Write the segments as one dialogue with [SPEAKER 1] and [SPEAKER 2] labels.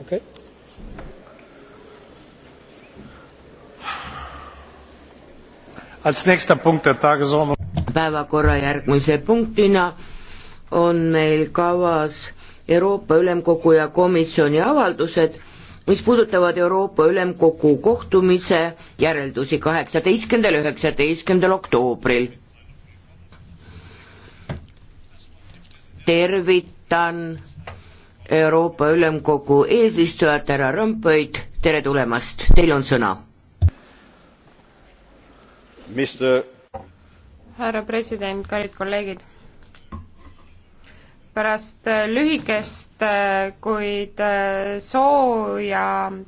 [SPEAKER 1] Okay.
[SPEAKER 2] päevakorra järgmise punktina on meil kavas Euroopa Ülemkogu ja komisjoni avaldused, mis puudutavad Euroopa Ülemkogu kohtumise järeldusi kaheksateistkümnendal, üheksateistkümnendal oktoobril. tervit-, tervitan Euroopa Ülemkogu eesistujat, härra Rõmpöid, tere tulemast, teil on sõna.
[SPEAKER 3] härra president, kallid kolleegid. pärast äh, lühikest, äh, kuid äh, sooja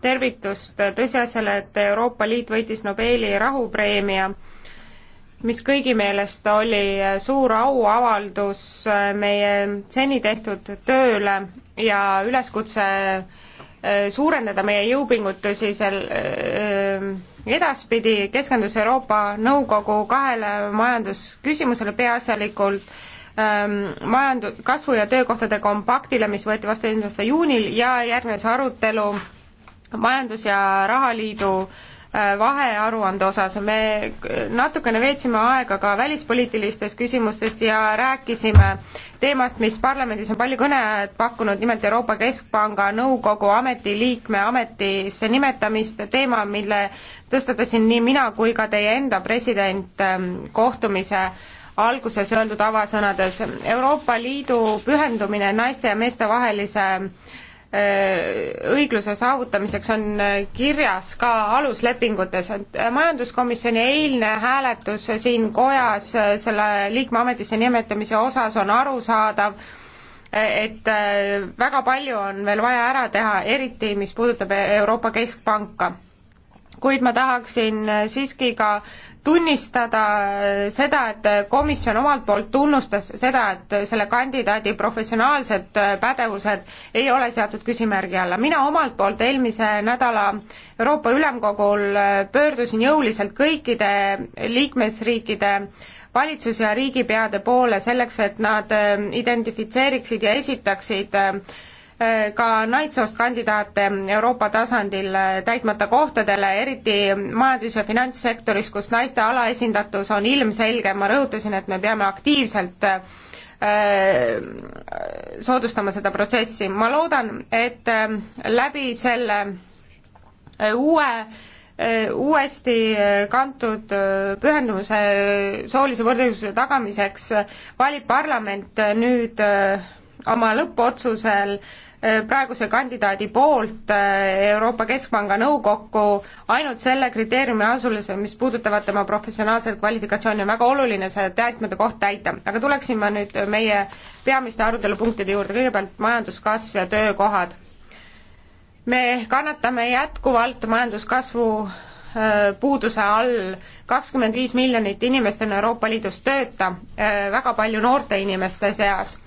[SPEAKER 3] tervitust tõsiasjale, et Euroopa Liit võitis Nobeli rahupreemia mis kõigi meelest oli suur auavaldus äh, meie seni tehtud tööle ja üleskutse äh, suurendada meie jõupingutusi sel äh, edaspidi, keskendus Euroopa Nõukogu kahele majandusküsimusele peaasjalikult ähm, majandu-, kasvu- ja töökohtade kompaktile, mis võeti vastu eelmise aasta juunil ja järgnes arutelu majandus- ja rahaliidu äh, Äh, vahearuande osas, me natukene veetsime aega ka välispoliitilistes küsimustes ja rääkisime teemast, mis parlamendis on palju kõne pakkunud, nimelt Euroopa Keskpanga nõukogu ametiliikme ametisse nimetamist, teema, mille tõstatasin nii mina kui ka teie enda president ähm, kohtumise alguses öeldud avasõnades. Euroopa Liidu pühendumine naiste ja meeste vahelise äh, Äh, õigluse saavutamiseks on äh, kirjas ka aluslepingutes, et äh, majanduskomisjoni eilne hääletus siin kojas selle liikme ametisse nimetamise osas on arusaadav, et väga palju on veel vaja ära teha, eriti mis puudutab Euroopa Keskpanka kuid ma tahaksin siiski ka tunnistada seda, et komisjon omalt poolt tunnustas seda, et selle kandidaadi professionaalsed pädevused ei ole seatud küsimärgi alla. mina omalt poolt eelmise nädala Euroopa Ülemkogul pöördusin jõuliselt kõikide liikmesriikide valitsus- ja riigipeade poole selleks, et nad identifitseeriksid ja esitaksid Äh, ka naissoost kandidaate Euroopa tasandil äh, täitmata kohtadele, eriti majandus- ja finantssektoris, kus naiste alaesindatus on ilmselge, ma rõhutasin, et me peame aktiivselt äh, soodustama seda protsessi. ma loodan, et läbi selle uue uuesti kantud pühendumuse soolise võrdõiguslikkuse tagamiseks valib parlament nüüd oma lõppotsusel praeguse kandidaadi poolt äh, Euroopa Keskpanga nõukokku ainult selle kriteeriumi asulis, mis puudutavad tema professionaalset kvalifikatsiooni, on väga oluline see teadmete koht täita. aga tuleksin ma nüüd meie peamiste arutelupunktide juurde, kõigepealt majanduskasv ja töökohad. me kannatame jätkuvalt majanduskasvu äh, puuduse all, kakskümmend viis miljonit inimest on Euroopa Liidus tööta, äh, väga palju noorte inimeste seas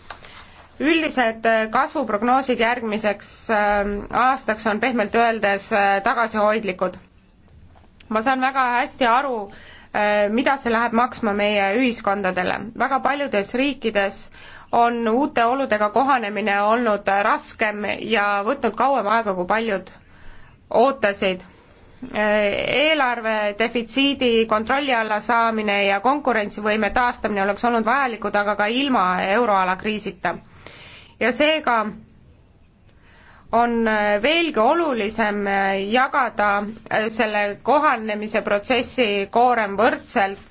[SPEAKER 3] üldised äh, kasvuprognoosid järgmiseks äh, aastaks on pehmelt öeldes äh, tagasihoidlikud. ma saan väga hästi aru, mida see läheb maksma meie ühiskondadele. väga paljudes riikides on uute oludega kohanemine olnud raskem ja võtnud kauem aega, kui paljud ootasid eelarve defitsiidi kontrolli alla saamine ja konkurentsivõime taastamine oleks olnud vajalikud, aga ka ilma euroala kriisita ja seega on veelgi olulisem jagada selle kohanemise protsessi koorem võrdselt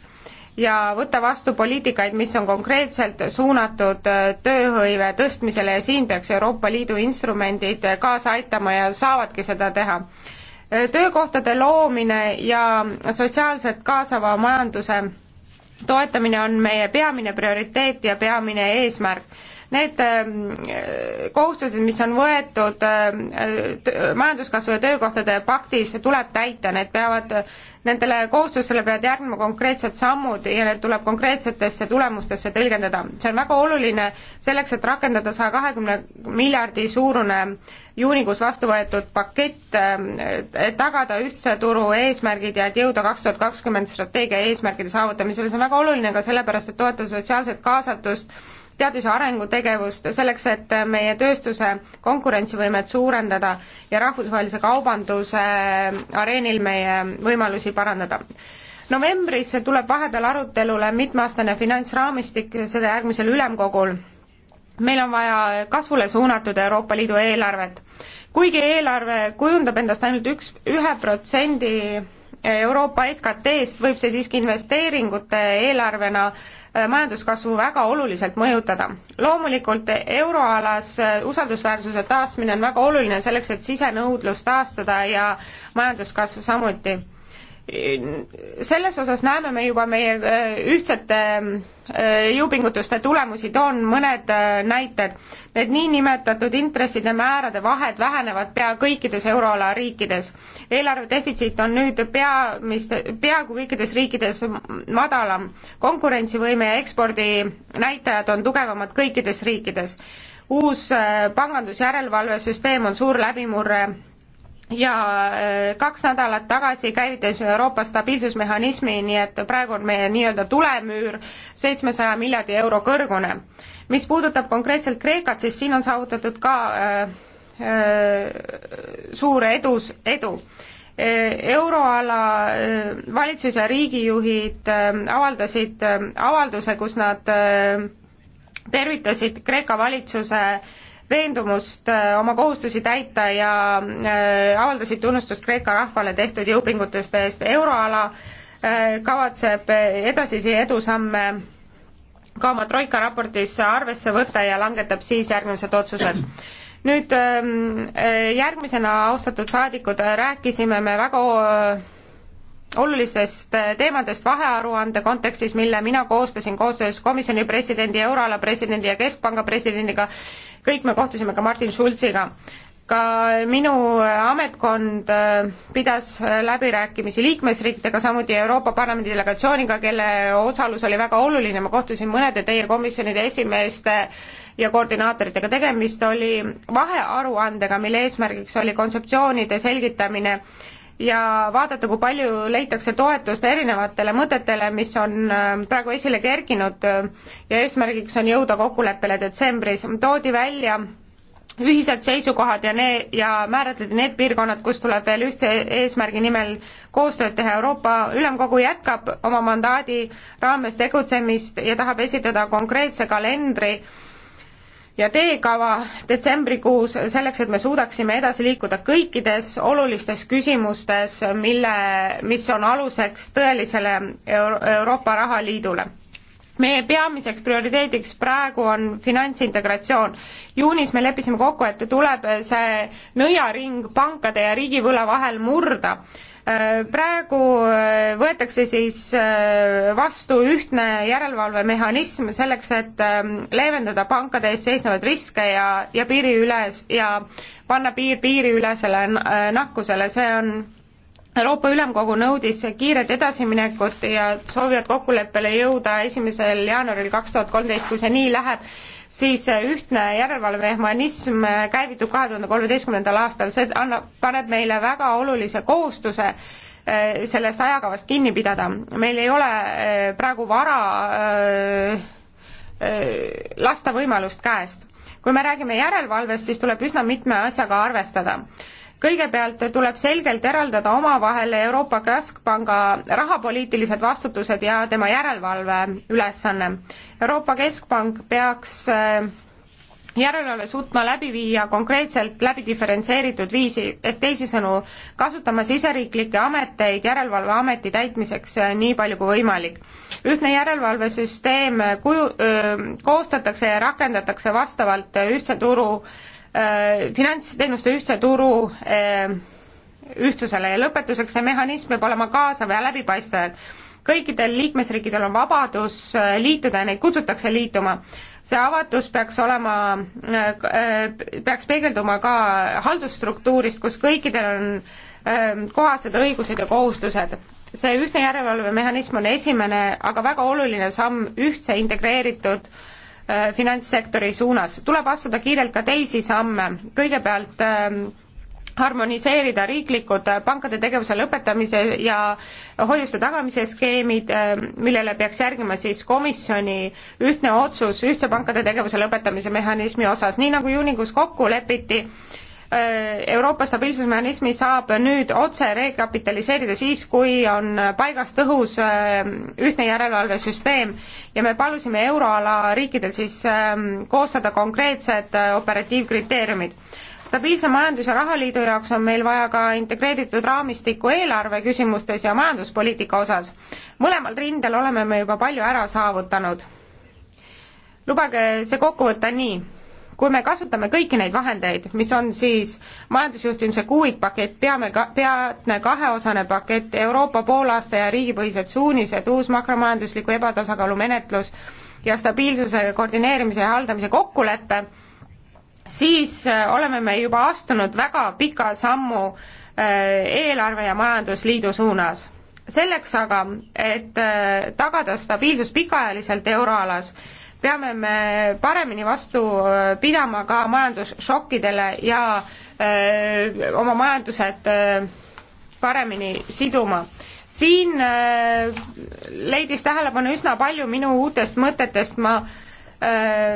[SPEAKER 3] ja võtta vastu poliitikaid, mis on konkreetselt suunatud tööhõive tõstmisele ja siin peaks Euroopa Liidu instrumendid kaasa aitama ja saavadki seda teha. töökohtade loomine ja sotsiaalselt kaasava majanduse toetamine on meie peamine prioriteet ja peamine eesmärk. Need ähm, kohustused, mis on võetud ähm, majanduskasvu ja töökohtade paktis, tuleb täita, need peavad, nendele kohustustele peavad järgnema konkreetsed sammud ja need tuleb konkreetsetesse tulemustesse tõlgendada. see on väga oluline selleks, et rakendada saja kahekümne miljardi suurune juunikuus vastu võetud pakett, ähm, et tagada ühtse turu eesmärgid ja et jõuda kaks tuhat kakskümmend strateegia eesmärkide saavutamisele, see on väga väga oluline ka sellepärast, et toetada sotsiaalset kaasatust, teadus- ja arengutegevust selleks, et meie tööstuse konkurentsivõimet suurendada ja rahvusvahelise kaubanduse areenil meie võimalusi parandada novembris tuleb vahepeal arutelule mitmeaastane finantsraamistik, seda järgmisel ülemkogul. meil on vaja kasvule suunatud Euroopa Liidu eelarvet. kuigi eelarve kujundab endast ainult üks, ühe protsendi Euroopa SKT-st võib see siiski investeeringute eelarvena äh, majanduskasvu väga oluliselt mõjutada. loomulikult euroalas äh, usaldusväärsuse taastamine on väga oluline selleks, et sisenõudlus taastada ja majanduskasv samuti selles osas näeme me juba meie äh, ühtsete äh, jõupingutuste tulemusi, toon mõned äh, näited. Need niinimetatud intresside määrade vahed vähenevad pea kõikides euroala riikides. eelarve defitsiit on nüüd peamiste, peaaegu kõikides riikides madalam. konkurentsivõime ja ekspordi näitajad on tugevamad kõikides riikides. uus pangandusjärelevalvesüsteem on suur läbimurre ja äh, kaks nädalat tagasi käivitas Euroopa stabiilsusmehhanismi, nii et praegu on meie nii-öelda tulemüür seitsmesaja miljardi euro kõrgune. mis puudutab konkreetselt Kreekat, siis siin on saavutatud ka äh, äh, suur edus, edu äh, euroala äh, valitsus ja riigijuhid avaldasid avalduse, kus nad tervitasid Kreeka valitsuse äh, veendumust äh, oma kohustusi täita ja äh, avaldasid tunnustust Kreeka rahvale tehtud jõupingutuste eest. euroala äh, kavatseb edasisi edusamme ka oma Troika raportis arvesse võtta ja langetab siis järgmised otsused nüüd ähm, järgmisena, austatud saadikud, rääkisime me väga olulistest äh, teemadest vahearuande kontekstis, mille mina koostasin koostöös komisjoni presidendi, euroala presidendi ja keskpanga presidendiga. kõik me kohtusime ka Martin Schulziga. ka minu äh, ametkond äh, pidas läbirääkimisi liikmesriikidega, samuti Euroopa Parlamendi delegatsiooniga, kelle osalus oli väga oluline, ma kohtusin mõnede teie komisjonide esimeeste ja koordinaatoritega, tegemist oli vahearuandega, mille eesmärgiks oli kontseptsioonide selgitamine äh, ja vaadata, kui palju leitakse toetust erinevatele mõtetele, mis on äh, praegu esile kerkinud äh, ja eesmärgiks on jõuda kokkuleppele detsembris. toodi välja ühised seisukohad ja need, ja määratleti need piirkonnad, kus tuleb veel ühtse eesmärgi nimel koostööd teha. Euroopa Ülemkogu jätkab oma mandaadi raames tegutsemist ja tahab esitada konkreetse kalendri äh, ja teekava detsembrikuus selleks, et me suudaksime edasi liikuda kõikides olulistes küsimustes, mille, mis on aluseks tõelisele Euro Euroopa rahaliidule meie peamiseks prioriteediks praegu on finantsintegratsioon. juunis me leppisime kokku, et tuleb see nõiaring pankade ja riigivõla vahel murda praegu äh, võetakse siis äh, vastu ühtne järelevalvemehhanism selleks, et ähm, leevendada pankade ees seisnevaid riske ja, ja piiriüles ja panna piir piiriülesele äh, nakkusele, see on Euroopa Ülemkogu nõudis kiiret edasiminekut ja soovivad kokkuleppele jõuda esimesel jaanuaril kaks tuhat kolmteist, kui see nii läheb, siis ühtne järelevalvemehhanism käivitub kahe tuhande kolmeteistkümnendal aastal, see annab, paneb meile väga olulise kohustuse eh, sellest ajakavast kinni pidada. meil ei ole eh, praegu vara eh, lasta võimalust käest. kui me räägime järelevalvest, siis tuleb üsna mitme asjaga arvestada kõigepealt tuleb selgelt eraldada omavahel Euroopa Keskpanga rahapoliitilised vastutused ja tema järelevalve ülesanne. Euroopa Keskpank peaks äh, järelevalve suutma läbi viia konkreetselt läbi diferentseeritud viisi, ehk teisisõnu, kasutama siseriiklikke ameteid Järelevalveameti täitmiseks äh, nii palju kui võimalik. ühtne järelevalvesüsteem kuju-, koostatakse ja rakendatakse vastavalt äh, ühtse turu Äh, finantsteenuste ühtse turu äh, ühtsusele ja lõpetuseks see mehhanism peab olema kaasav ja läbipaistev. kõikidel liikmesriikidel on vabadus äh, liituda ja neid kutsutakse liituma. see avatus peaks olema, peaks peegelduma ka haldusstruktuurist, kus kõikidel on kohased õigused ja kohustused. see ühtne järelevalvemehhanism on esimene, aga väga oluline samm ühtse integreeritud äh, Äh, finantssektori suunas. tuleb astuda kiirelt ka teisi samme, kõigepealt ähm, harmoniseerida riiklikud äh, pankade tegevuse lõpetamise ja hoiuste tagamise skeemid, äh, millele peaks järgima siis komisjoni ühtne otsus ühtse pankade tegevuse lõpetamise mehhanismi osas, nii nagu juunikuus kokku lepiti Äh, Euroopa stabiilsusmehhanismi saab nüüd otse rekapitaliseerida siis, kui on paigas tõhus äh, ühtne järelevalvesüsteem ja me palusime euroala riikidel siis ähm, koostada konkreetsed äh, operatiivkriteeriumid. stabiilse majandus- ja rahaliidu jaoks on meil vaja ka integreeritud raamistikku eelarve küsimustes ja majanduspoliitika osas. mõlemal rindel oleme me juba palju ära saavutanud. lubage see kokku võtta nii kui me kasutame kõiki neid vahendeid, mis on siis majandusjuhtimise kuuikpakett, peame ka, peatne kaheosane pakett, Euroopa poolaasta ja riigipõhised suunised, uus makromajandusliku ebatasakaalu menetlus ja stabiilsuse koordineerimise ja haldamise kokkulepe, siis äh, oleme me juba astunud väga pika sammu äh, eelarve- ja majandusliidu suunas. selleks aga, et äh, tagada stabiilsus pikaajaliselt euroalas, peame me paremini vastu äh, pidama ka majandusšokkidele ja öö, äh, oma majandused öö, äh, paremini siduma siin leidis tähelepanu üsna palju minu uutest mõtetest, ma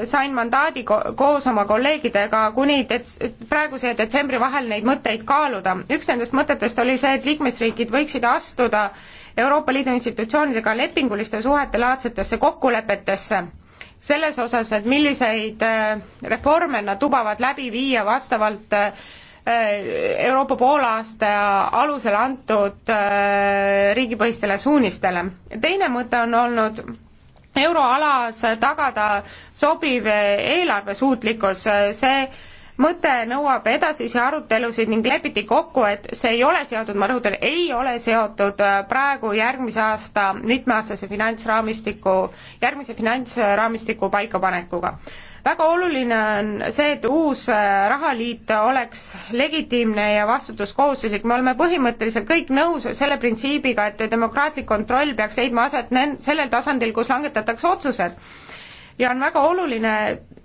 [SPEAKER 3] sain mandaadi ko koos oma kolleegidega kuni dets-, praeguse ja detsembri vahel neid mõtteid kaaluda. üks nendest mõtetest oli see, et liikmesriigid võiksid astuda Euroopa Liidu institutsioonidega lepinguliste suhete laadsetesse kokkulepetesse selles osas, et milliseid äh, reforme nad lubavad läbi viia vastavalt äh, Euroopa poolaasta alusel antud äh, riigipõhistele suunistele. teine mõte on olnud euroalas tagada sobiv eelarvesuutlikkus, see mõte nõuab edasisi arutelusid ning lepiti kokku, et see ei ole seotud, ma rõhutan, ei ole seotud äh, praegu järgmise aasta mitmeaastase finantsraamistiku, järgmise finantsraamistiku paikapanekuga. väga oluline on see, et uus äh, rahaliit oleks legitiimne ja vastutuskohustuslik, me oleme põhimõtteliselt kõik nõus selle printsiibiga, et demokraatlik kontroll peaks leidma aset nen-, sellel tasandil, kus langetatakse otsused ja on väga oluline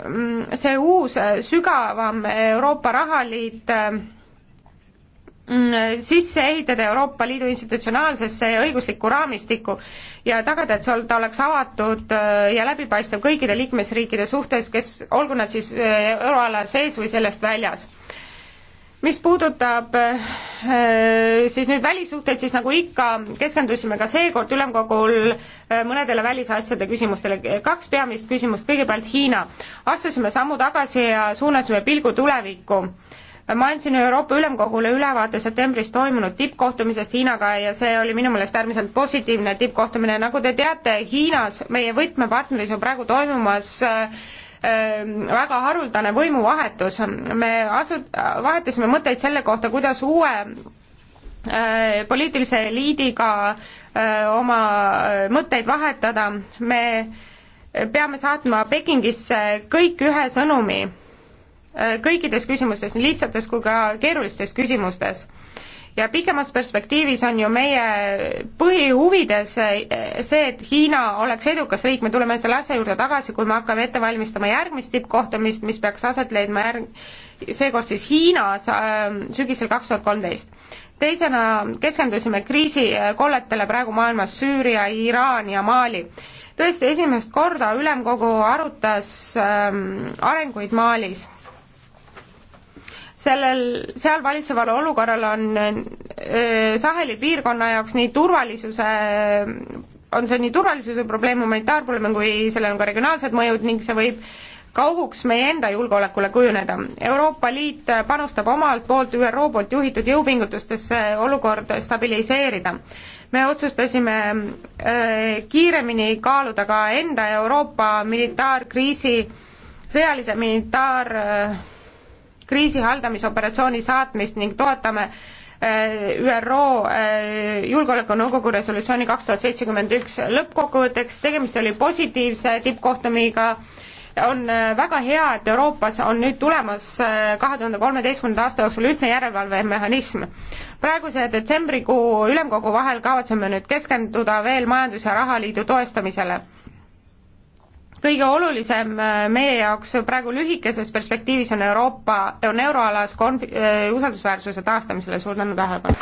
[SPEAKER 3] mm, see uus sügavam Euroopa rahaliit mm, sisse ehitada Euroopa Liidu institutsionaalsesse ja õiguslikku raamistikku ja tagada, et see ta oleks avatud äh, ja läbipaistev kõikide liikmesriikide suhtes, kes, olgu nad siis äh, euroala sees või sellest väljas mis puudutab eh, siis nüüd välissuhteid, siis nagu ikka, keskendusime ka seekord ülemkogul eh, mõnedele välisasjade küsimustele. kaks peamist küsimust, kõigepealt Hiina. astusime sammu tagasi ja suunasime pilgu tulevikku. ma andsin Euroopa Ülemkogule ülevaate septembris toimunud tippkohtumisest Hiinaga ja see oli minu meelest äärmiselt positiivne tippkohtumine. nagu te teate, Hiinas meie võtmepartneris on praegu toimumas äh, Ehm, väga haruldane võimuvahetus. me asu-, vahetasime mõtteid selle kohta, kuidas uue ehm, poliitilise eliidiga ehm, oma mõtteid vahetada, me peame saatma Pekingisse kõik ühe sõnumi kõikides küsimustes, nii lihtsates kui ka keerulistes küsimustes ja pikemas perspektiivis on ju meie põhihuvides eh, see, et Hiina oleks edukas riik, me tuleme selle asja juurde tagasi, kui me hakkame ette valmistama järgmist tippkohtumist, mis peaks aset leidma järg-, seekord siis Hiinas ähm, sügisel kaks tuhat kolmteist. teisena keskendusime kriisikolletele äh, praegu maailmas Süüria, Iraan ja Mali tõesti, esimest korda ülemkogu arutas ähm, arenguid Malis sellel, seal valitseval olukorral on Saheli piirkonna jaoks nii turvalisuse, on see nii turvalisuse probleem, humanitaarprobleem kui sellel on ka regionaalsed mõjud ning see võib kauguks meie enda julgeolekule kujuneda. Euroopa Liit panustab omalt poolt ÜRO poolt juhitud jõupingutustesse olukord stabiliseerida. me otsustasime öö, kiiremini kaaluda ka enda Euroopa militaarkriisi, sõjalise militaar öö, kriisi haldamisoperatsiooni saatmist ning toetame äh, ÜRO äh, Julgeolekunõukogu resolutsiooni kaks tuhat seitsekümmend üks lõppkokkuvõtteks, tegemist oli positiivse tippkohtumiga, on äh, väga hea, et Euroopas on nüüd tulemas kahe tuhande kolmeteistkümnenda aasta jooksul ühtne järelevalvemehhanism. praeguse detsembrikuu ülemkogu vahel kavatseme nüüd keskenduda veel Majandus- ja Rahaliidu toestamisele kõige olulisem äh, meie jaoks praegu lühikeses perspektiivis on Euroopa, on euroalas konf-, äh, usaldusväärsuse taastamisele, suur tänu tähelepanu!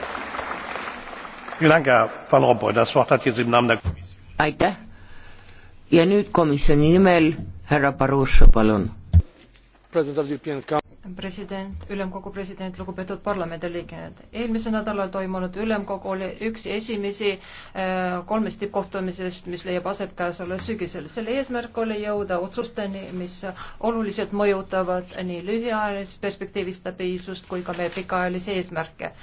[SPEAKER 3] aitäh ja nüüd komisjoni nimel härra Barroso, palun!
[SPEAKER 2] president, ülemkogu president, lugupeetud parlamendiliikmed. eelmisel nädalal toimunud ülemkogu oli üks esimesi äh, kolmest tippkohtumisest, mis leiab aset käesoleval sügisel. selle eesmärk oli jõuda otsusteni, mis oluliselt mõjutavad nii lühiajalises perspektiivis stabiilsust kui ka meie pikaajalisi eesmärke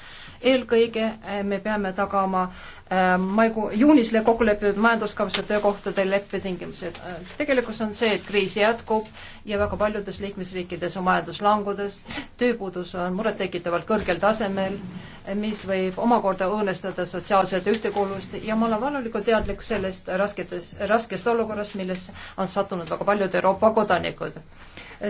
[SPEAKER 2] eelkõige äh, me peame tagama äh, maigu, juunis kokku lepitud majanduskavas ja töökohtade leppetingimused. Äh, tegelikkus on see, et kriis jätkub ja väga paljudes liikmesriikides on majanduslangudes, tööpuudus on murettekitavalt kõrgel tasemel, äh, mis võib omakorda õõnestada sotsiaalset ühtekuuluvust ja ma olen valulikult teadlik sellest rasketes, raskest olukorrast, millesse on sattunud väga paljud Euroopa kodanikud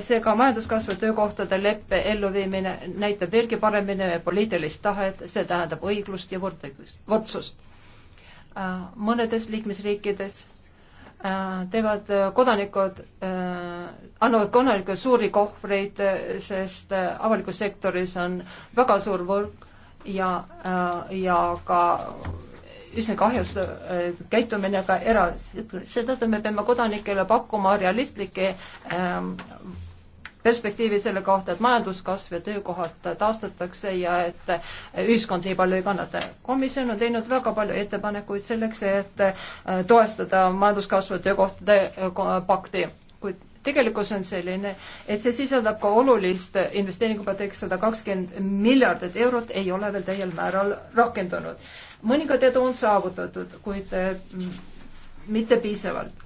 [SPEAKER 2] seega majanduskasvu töökohtade leppe elluviimine näitab veelgi paremini meie poliitilist tahet, see tähendab õiglust ja võrdõigust, võrdsust. Äh, mõnedes liikmesriikides äh, teevad äh, kodanikud, annavad kodanikele suuri kohvreid, sest avalikus sektoris on väga suur võlg ja, ja ka üsna kahjus käitumine ka eras-, seetõttu me peame kodanikele pakkuma realistlikke ähm, perspektiivid selle kohta, et majanduskasv ja töökohad taastatakse ja et ühiskond nii palju ei kannata. komisjon on teinud väga palju ettepanekuid selleks, et äh, toestada majanduskasvu ja töökohtade äh, pakti, kuid tegelikkus on selline, et see sisaldab ka olulist investeeringupatekst sada kakskümmend miljardit eurot ei ole veel täiel määral rakendunud. mõningad edu on saavutatud, kuid äh, mitte piisavalt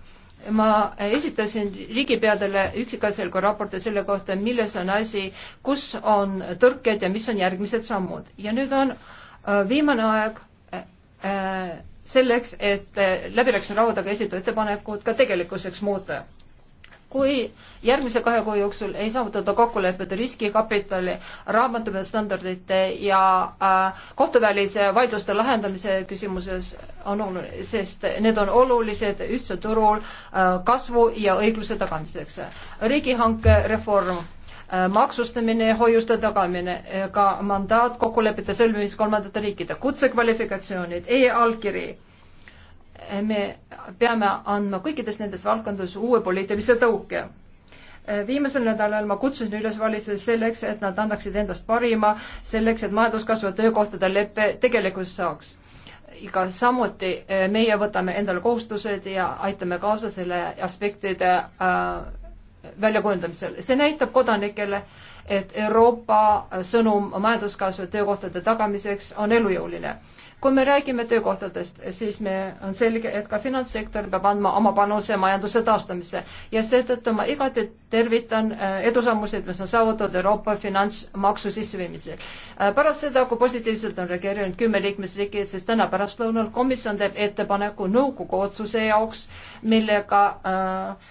[SPEAKER 2] ma esitasin riigipeadele üksikasjaliku raporti selle kohta, milles on asi, kus on tõrked ja mis on järgmised sammud. ja nüüd on äh, viimane aeg äh, äh, selleks, et läbirääkimisraudadega esitatud ettepanekud ka tegelikkuseks muuta kui järgmise kahe kuu jooksul ei saavutata kokkulepet riskikapitali, raamatupidamisstandardite ja äh, kohtuvälise vaidluste lahendamise küsimuses on oluline, sest need on olulised ühtse turul äh, kasvu ja õigluse tagamiseks. riigihanke reform äh, maksustamine ja hoiuste tagamine, äh, ka mandaat kokkulepete sõlmimiseks kolmandate riikide, kutsekvalifikatsioonid e, e-allkiri me peame andma kõikides nendes valdkondades uue poliitilise tõuke. Äh, viimasel nädalal ma kutsusin üles valitsusi selleks, et nad annaksid endast parima, selleks, et majanduskasvu ja töökohtade lepe tegelikkus saaks iga samuti äh, meie võtame endale kohustused ja aitame kaasa selle aspektide äh, väljakujundamisel. see näitab kodanikele, et Euroopa sõnum majanduskasvu ja töökohtade tagamiseks on elujõuline kui me räägime töökohtadest, siis me, on selge, et ka finantssektor peab andma oma panuse majanduse taastamisse ja seetõttu ma igati tervitan äh, edusammuseid, mis on saavutatud Euroopa finantsmaksu sisseviimisel. Äh, pärast seda, kui positiivselt on reageerinud kümme liikmesriiki, siis täna pärastlõunal komisjon teeb ettepaneku nõukogu otsuse jaoks, millega äh,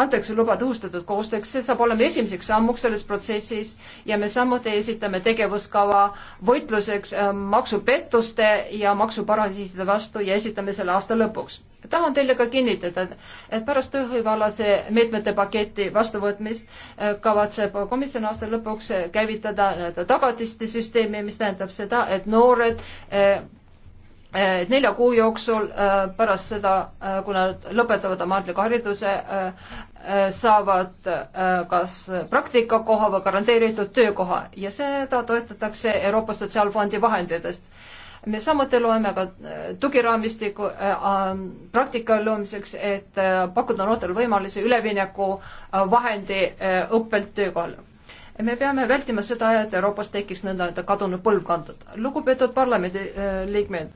[SPEAKER 2] antakse luba tõhustatud koostööks, see saab olema esimeseks sammuks selles protsessis ja me samuti esitame tegevuskava võitluseks äh, maksupettuste ja maksuparadiiside vastu ja esitame selle aasta lõpuks. tahan teile ka kinnitada, et pärast tööhõivealase meetmete paketi vastuvõtmist äh, kavatseb komisjon aasta lõpuks käivitada tagatiste süsteemi, mis tähendab seda, et noored äh, et äh, nelja kuu jooksul äh, pärast seda, äh, kui nad lõpetavad oma ametliku hariduse, saavad kas praktikakoha või garanteeritud töökoha ja seda toetatakse Euroopa Sotsiaalfondi vahenditest. me samuti loeme ka tugiraamistiku praktika loomiseks, et pakkuda noortele võimalusi ülemineku vahendi õppelt töökohale me peame vältima seda, et Euroopas tekiks nõnda-öelda kadunud põlvkond. lugupeetud parlamendi liikmed,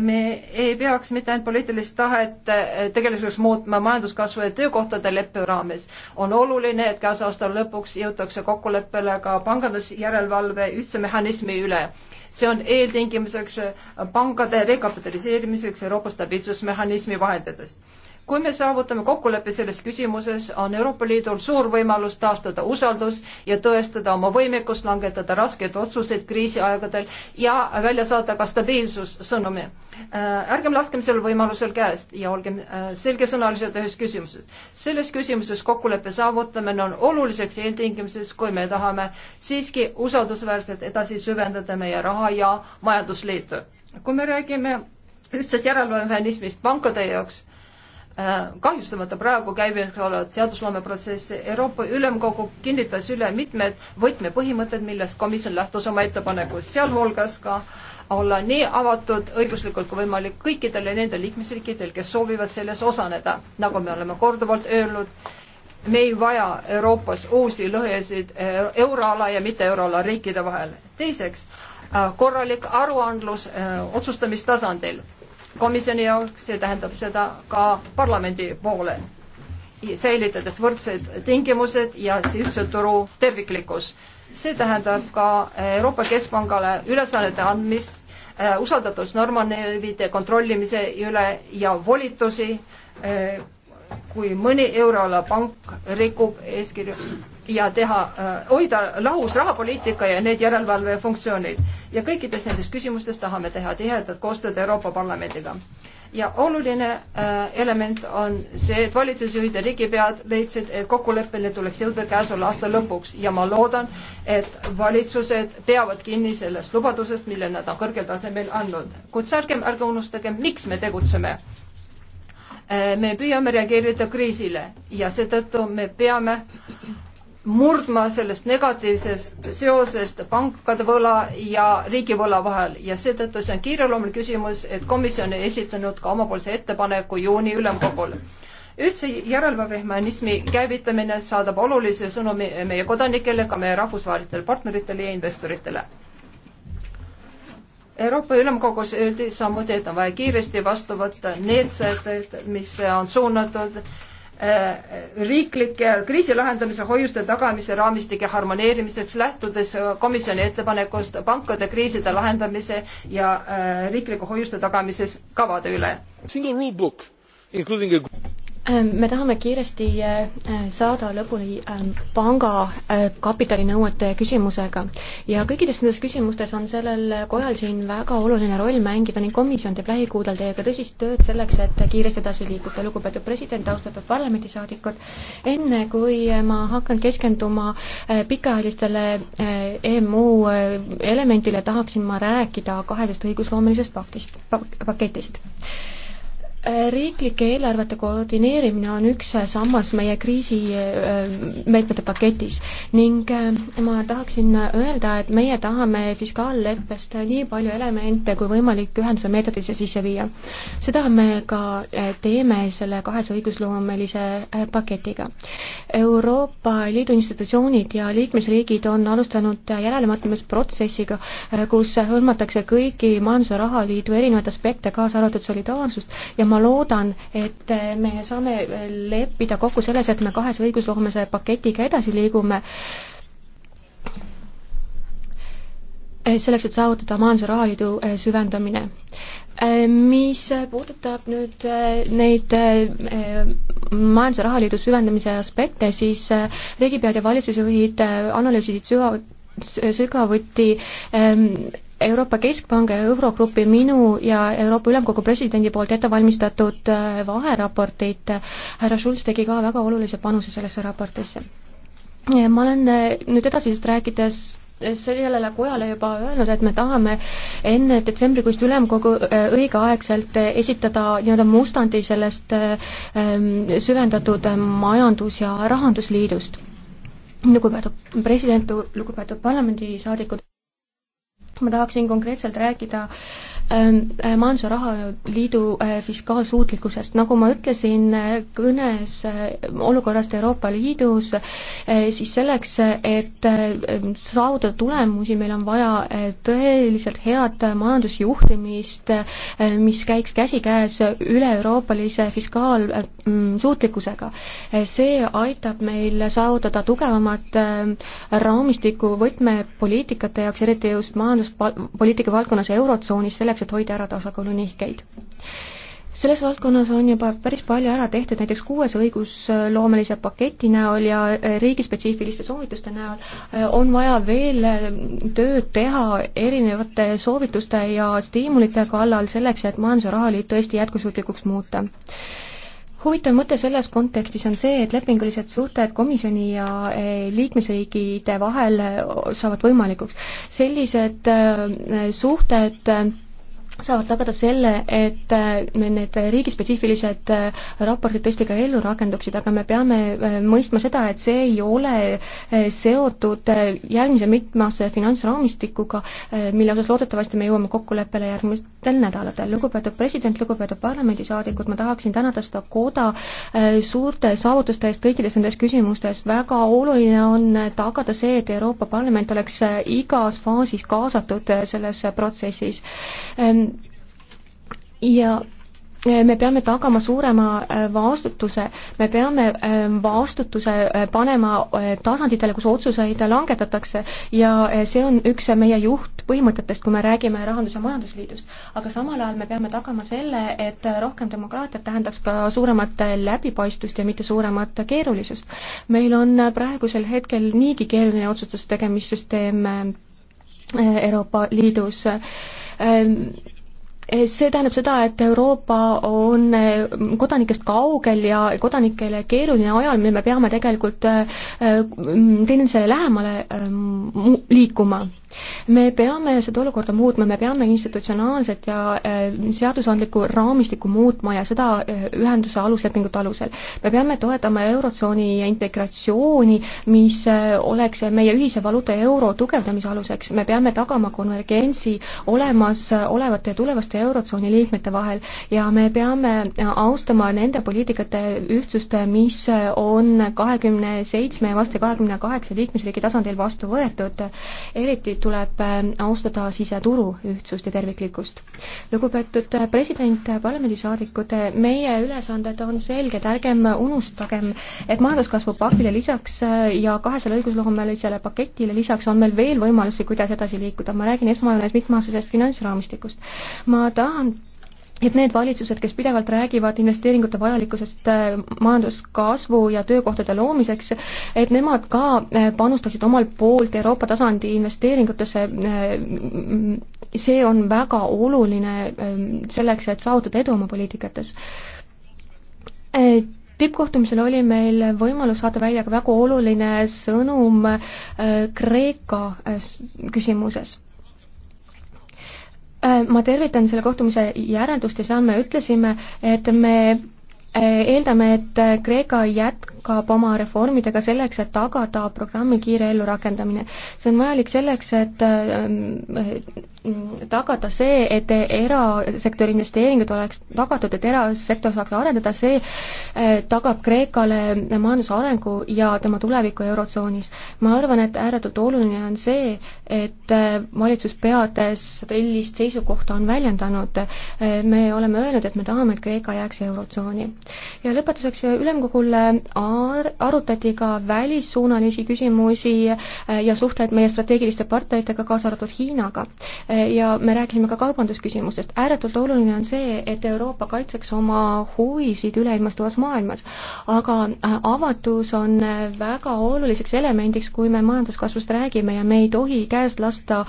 [SPEAKER 2] me ei peaks mitte ainult poliitilist tahet eh, tegelisuses muutma majanduskasvu ja töökohtade leppe raames. on oluline, et käesoleva aasta lõpuks jõutakse kokkuleppele ka pangandusjärelevalve ühtse mehhanismi üle. see on eeltingimuseks pankade rekapitaliseerimiseks Euroopa stabiilsusmehhanismi vahenditest kui me saavutame kokkuleppe selles küsimuses, on Euroopa Liidul suur võimalus taastada usaldus ja tõestada oma võimekust langetada raskeid otsuseid kriisiaegadel ja välja saada ka stabiilsussõnumi. Äh, ärgem laskem sellel võimalusel käest ja olgem äh, selgesõnalised ühes küsimuses. selles küsimuses kokkuleppe saavutamine on oluliseks eeltingimuseks, kui me tahame siiski usaldusväärselt edasi süvendada meie raha ja majandusliitu. kui me räägime ühtsest järelevalvemehhanismist pankade jaoks Äh, kahjustamata praegu käimasolevat seadusloomeprotsessi. Euroopa Ülemkogu kinnitas üle mitmed võtmepõhimõtted, millest komisjon lähtus oma ettepanekus, sealhulgas ka olla nii avatud õiguslikult kui võimalik kõikidele nende liikmesriikidel, kes soovivad selles osaneda, nagu me oleme korduvalt öelnud me ei vaja Euroopas uusi lõhesid euroala ja mitte euroala riikide vahel. teiseks, äh, korralik aruandlus öö, äh, otsustamistasandil komisjoni jaoks, see tähendab seda ka parlamendi poole, säilitades võrdsed tingimused ja ühtse turu terviklikkus. see tähendab ka Euroopa Keskpangale ülesannete andmist äh, usaldatusnormanevide kontrollimise üle ja volitusi äh, kui mõni euroala pank rikub eeskirju ja teha, äh, hoida lahus rahapoliitika ja need järelevalvefunktsioonid. ja kõikides nendes küsimustes tahame teha tihedat koostööd Euroopa Parlamendiga. ja oluline äh, element on see, et valitsusjuhid ja riigipead leidsid, et kokkuleppele tuleks jõuda käesoleva aasta lõpuks ja ma loodan, et valitsused peavad kinni sellest lubadusest, mille nad on kõrgel tasemel andnud. kuid ärgem, ärge unustagem, miks me tegutseme äh, me püüame reageerida kriisile ja seetõttu me peame murdma sellest negatiivsest seosest pankade võla ja riigivõla vahel ja seetõttu see on kiireloomuline küsimus, et komisjon ei esitanud ka omapoolse ettepaneku juuni ülemkogul. üldse järelevalvemehhanismi käivitamine saadab olulise sõnumi meie kodanikele, ka meie rahvusvahelistele partneritele ja investoritele. Euroopa Ülemkogus öeldi samuti, et on vaja kiiresti vastu võtta need sätted, mis on suunatud äh, Äh, riiklike kriisi lahendamise hoiuste tagamise raamistike harmoneerimiseks, lähtudes komisjoni ettepanekust pankade kriiside lahendamise ja äh, riiklike hoiuste tagamises kavade üle.
[SPEAKER 1] Ehm, me tahame kiiresti eh, saada lõpuni ehm, panga eh, kapitalinõuete küsimusega ja kõikides nendes küsimustes on sellel kojal siin väga oluline roll mängida ning komisjon teeb lähikuudel teiega tõsist tööd selleks, et kiiresti edasi liikuda. lugupeetud president, austatud parlamendisaadikud, enne kui ma hakkan keskenduma eh, pikaajalistele EMU e elementile, tahaksin ma rääkida kaheteist õigusloomelisest paktist, paketist riiklike eelarvete koordineerimine on üks sammas meie kriisimeetmete äh, paketis ning äh, ma tahaksin öelda, et meie tahame fiskaalleppest nii palju elemente kui võimalik ühenduse meetodisse sisse viia. seda me ka äh, teeme selle kahese õigusloomelise paketiga. Euroopa Liidu institutsioonid ja liikmesriigid on alustanud järelemõtlemisprotsessiga, kus hõlmatakse kõiki majandus- ja rahaliidu erinevaid aspekte, kaasa arvatud solidaarsust ja ma loodan, et me saame leppida kokku selles, et me kahes õigusloomelise paketiga edasi liigume, selleks, et saavutada majanduse rahaliidu eh, süvendamine. Eh, mis puudutab nüüd eh, neid majanduse rahaliidu süvendamise aspekte, siis riigipead ja valitsusjuhid analüüsisid süva-, sügavuti Euroopa Keskpanga ja Eurogrupi minu ja Euroopa Ülemkogu presidendi poolt ette valmistatud äh, vaheraporteid. Äh, härra Schulz tegi ka väga olulise panuse sellesse raportisse. ma olen äh, nüüd edasisest rääkides sellele kojale juba öelnud, et me tahame enne detsembrikuist ülemkogu õigeaegselt esitada nii-öelda mustandi sellest ähm, süvendatud majandus- ja rahandusliidust. lugupeetud president, lugupeetud parlamendisaadikud ma tahaksin konkreetselt rääkida Ähm, äh, Majandus- ja Rahaliidu äh, fiskaalsuutlikkusest. nagu ma ütlesin äh, kõnes olukorrast Euroopa Liidus, siis selleks, et saavutada tulemusi, meil on vaja tõeliselt head majandusjuhtimist, mis käiks käsikäes üle-euroopalise fiskaalsuutlikkusega. Mm, see aitab meil saavutada tugevamat raamistikku võtmepoliitikate jaoks, eriti just majanduspoliitika valdkonnas Eurotsoonis, selleks selleks, et hoida ära tasakaalunihkeid selles valdkonnas on juba päris palju ära tehtud, näiteks kuues õigusloomelise paketi näol ja äh, riigispetsiifiliste soovituste näol äh, on vaja veel äh, tööd teha erinevate soovituste ja stiimulite kallal selleks, et majandus- ja rahaliit tõesti jätkusuutlikuks muuta. huvitav mõte selles kontekstis on see, et lepingulised suhted komisjoni ja liikmesriigide vahel saavad võimalikuks. sellised suhted saavad tagada selle, et äh, need riigispetsiifilised äh, raportid tõesti ka ellu rakenduksid, aga me peame äh, mõistma seda, et see ei ole seotud järgmise mitmeaastase finantsraamistikuga, mille osas loodetavasti me jõuame kokkuleppele järgmistel nädalatel. lugupeetud president, lugupeetud parlamendisaadikud, ma tahaksin tänada seda koda suurte saavutuste eest kõikides nendes küsimustes. väga oluline on tagada see, et Euroopa Parlament oleks igas faasis kaasatud selles protsessis ähm, ja äh, me peame tagama suurema äh, vastutuse, me peame äh, vastutuse panema tasanditele, kus otsuseid langetatakse ja see on üks meie juhtpõhimõtetest, kui me räägime Rahandus- ja Majandusliidust. aga samal ajal me peame tagama selle, et rohkem demokraatiat tähendaks ka suuremat läbipaistvust ja mitte suuremat keerulisust. meil on praegusel hetkel niigi keeruline otsustustegemissüsteem Euroopa Liidus Eh, see tähendab seda, et Euroopa on eh, kodanikest kaugel ja kodanikele keeruline ajal, mil me peame tegelikult eh, teineteisele lähemale liikuma me peame seda olukorda muutma, me peame institutsionaalset ja äh, seadusandlikku raamistikku muutma ja seda äh, ühenduse aluslepingute alusel. me peame toetama Eurotsooni integratsiooni, mis äh, oleks meie ühise valuuta euro tugevdamise aluseks, me peame tagama konvergentsi olemasolevate ja tulevaste Eurotsooni liikmete vahel ja me peame austama nende poliitikate ühtsust, mis on kahekümne seitsme ja vastu kahekümne kaheksa liikmesriigi tasandil vastu võetud, eriti tuleb äh, austada siseturu ühtsust ja terviklikkust. lugupeetud äh, president, äh, parlamendisaadikud, meie ülesanded on selged, ärgem unustagem, et majanduskasvu paktile lisaks ja kahesele õigusloomelisele paketile lisaks on meil veel võimalusi, kuidas edasi liikuda, ma räägin esmajoones mitmeaastasest finantsraamistikust. ma tahan et need valitsused, kes pidevalt räägivad investeeringute vajalikkusest äh, majanduskasvu ja töökohtade loomiseks, et nemad ka äh, panustaksid omalt poolt Euroopa tasandi investeeringutesse, äh, see on väga oluline ähm, selleks, et saavutada edu oma poliitikates. tippkohtumisel oli meil võimalus saada välja ka väga oluline sõnum Kreeka küsimuses Äh, ma tervitan selle kohtumise järeldust ja seal me ütlesime, et me äh, eeldame, et äh, Kreeka jätkab oma reformidega selleks, et tagada programmi kiire ellurakendamine. see on vajalik selleks, et tagada see, et erasektori investeeringud oleks tagatud, et erasektor saaks arendada, see eh, tagab Kreekale majanduse arengu ja tema tuleviku Eurotsoonis. ma arvan, et ääretult oluline on see, et eh, valitsus peades sellist seisukohta on väljendanud, eh, me oleme öelnud, et me tahame, et Kreeka jääks Eurotsooni. ja lõpetuseks ülemkogul ar-, arutati ka välissuunalisi küsimusi ja suhteid meie strateegiliste partneritega, kaasa arvatud Hiinaga ja me rääkisime ka kaubandusküsimustest. ääretult oluline on see, et Euroopa kaitseks oma huvisid üleilmastuvas maailmas. aga äh, avatus on väga oluliseks elemendiks, kui me majanduskasvust räägime ja me ei tohi käest lasta äh,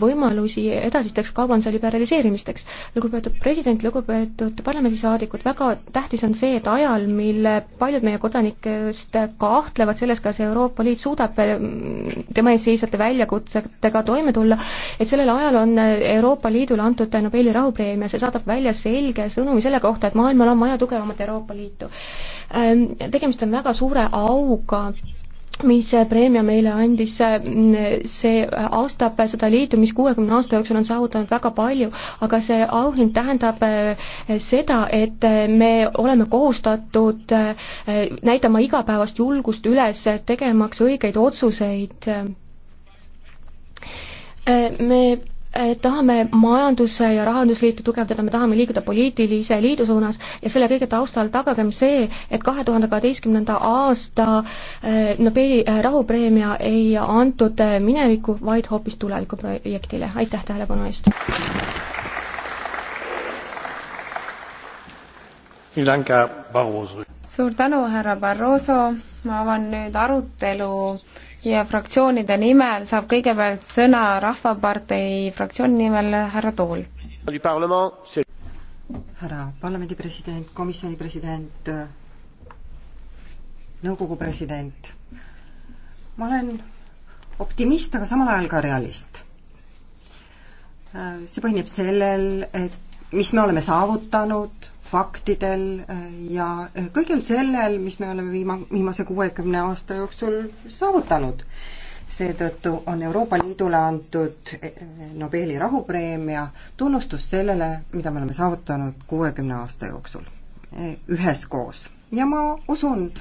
[SPEAKER 1] võimalusi edasisteks kaubanduse liberaliseerimisteks. lugupeetud president, lugupeetud parlamendisaadikud, väga tähtis on see, et ajal, mil paljud meie kodanikest kahtlevad selles, kas Euroopa Liit suudab äh, tema ees seisvate väljakutsetega toime tulla, et sellel ajal on Euroopa Liidule antud Nobeli rahupreemia, see saadab välja selge sõnumi selle kohta, et maailmal on vaja tugevamat Euroopa Liitu. Ähm, tegemist on väga suure auga mis preemia meile andis, mm, see austab seda liitu, mis kuuekümne aasta jooksul on saavutanud väga palju, aga see auhind tähendab äh, seda, et me oleme kohustatud äh, näitama igapäevast julgust üles, tegemaks õigeid otsuseid Äh, me äh, tahame majanduse ja rahandusliitu tugevdada, me tahame liikuda poliitilise liidu suunas ja selle kõige taustal tagagem see, et kahe tuhande kaheteistkümnenda aasta äh, Nobeli rahupreemia ei antud minevikku, vaid hoopis tulevikuprojektile. aitäh tähelepanu eest!
[SPEAKER 4] suur tänu, härra Barroso, ma avan nüüd arutelu ja fraktsioonide nimel saab kõigepealt sõna Rahvapartei fraktsiooni nimel
[SPEAKER 5] härra Tool. härra parlamendi president, komisjoni president, nõukogu president, ma olen optimist, aga samal ajal ka realist. Äh, see põhineb sellel, et mis me oleme saavutanud faktidel äh, ja äh, kõigel sellel, mis me oleme viima, viimase kuuekümne aasta jooksul saavutanud. seetõttu on Euroopa Liidule antud äh, Nobeli rahupreemia tunnustus sellele, mida me oleme saavutanud kuuekümne aasta jooksul üheskoos. ja ma usun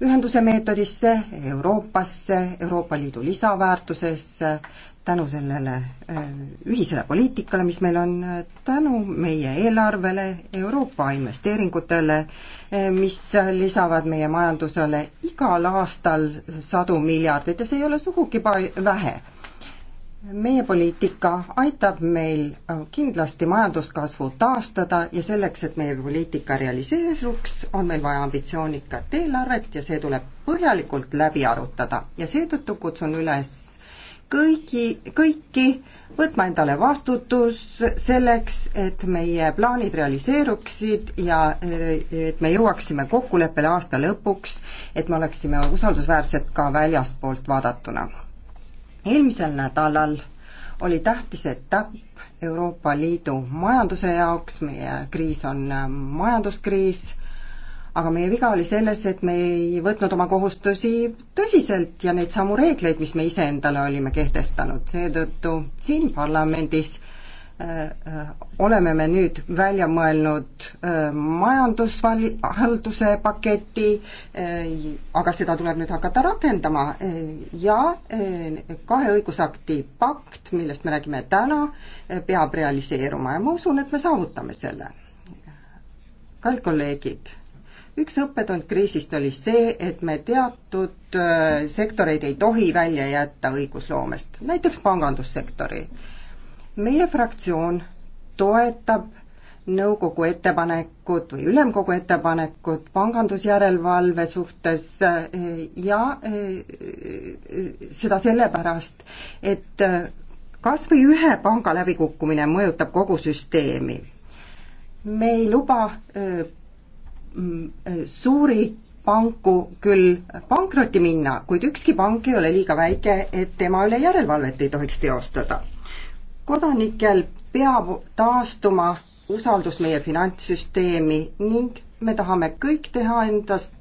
[SPEAKER 5] ühenduse meetodisse, Euroopasse, Euroopa Liidu lisaväärtusesse, tänu sellele äh, ühisele poliitikale, mis meil on, äh, tänu meie eelarvele, Euroopa investeeringutele, äh, mis lisavad meie majandusele igal aastal sadu miljardeid ja see ei ole sugugi pal-, vähe. meie poliitika aitab meil kindlasti majanduskasvu taastada ja selleks, et meie poliitika realiseeruks, on meil vaja ambitsioonikat eelarvet ja see tuleb põhjalikult läbi arutada ja seetõttu kutsun üles kõigi, kõiki võtma endale vastutus selleks, et meie plaanid realiseeruksid ja et me jõuaksime kokkuleppele aasta lõpuks, et me oleksime usaldusväärsed ka väljastpoolt vaadatuna. eelmisel nädalal oli tähtis etapp Euroopa Liidu majanduse jaoks, meie kriis on majanduskriis aga meie viga oli selles, et me ei võtnud oma kohustusi tõsiselt ja neid samu reegleid, mis me iseendale olime kehtestanud, seetõttu siin parlamendis äh, äh, oleme me nüüd välja mõelnud äh, majandushalduse paketi, aga seda tuleb nüüd hakata rakendama ja kahe õigusakti pakt, millest me räägime täna, peab realiseeruma ja ma usun, et me saavutame selle. kallid kolleegid üks õppetund kriisist oli see, et me teatud äh, sektoreid ei tohi välja jätta õigusloomest, näiteks pangandussektori. meie fraktsioon toetab nõukogu ettepanekut või ülemkogu ettepanekut pangandusjärelevalve suhtes äh, ja äh, seda sellepärast, et kas või ühe panga läbikukkumine mõjutab kogu süsteemi. me ei luba Mm, äh, suuri panku küll pankrotti minna, kuid ükski pank ei ole liiga väike, et tema üle järelevalvet ei tohiks teostada. kodanikel peab taastuma usaldus meie finantssüsteemi ning me tahame kõik teha endast,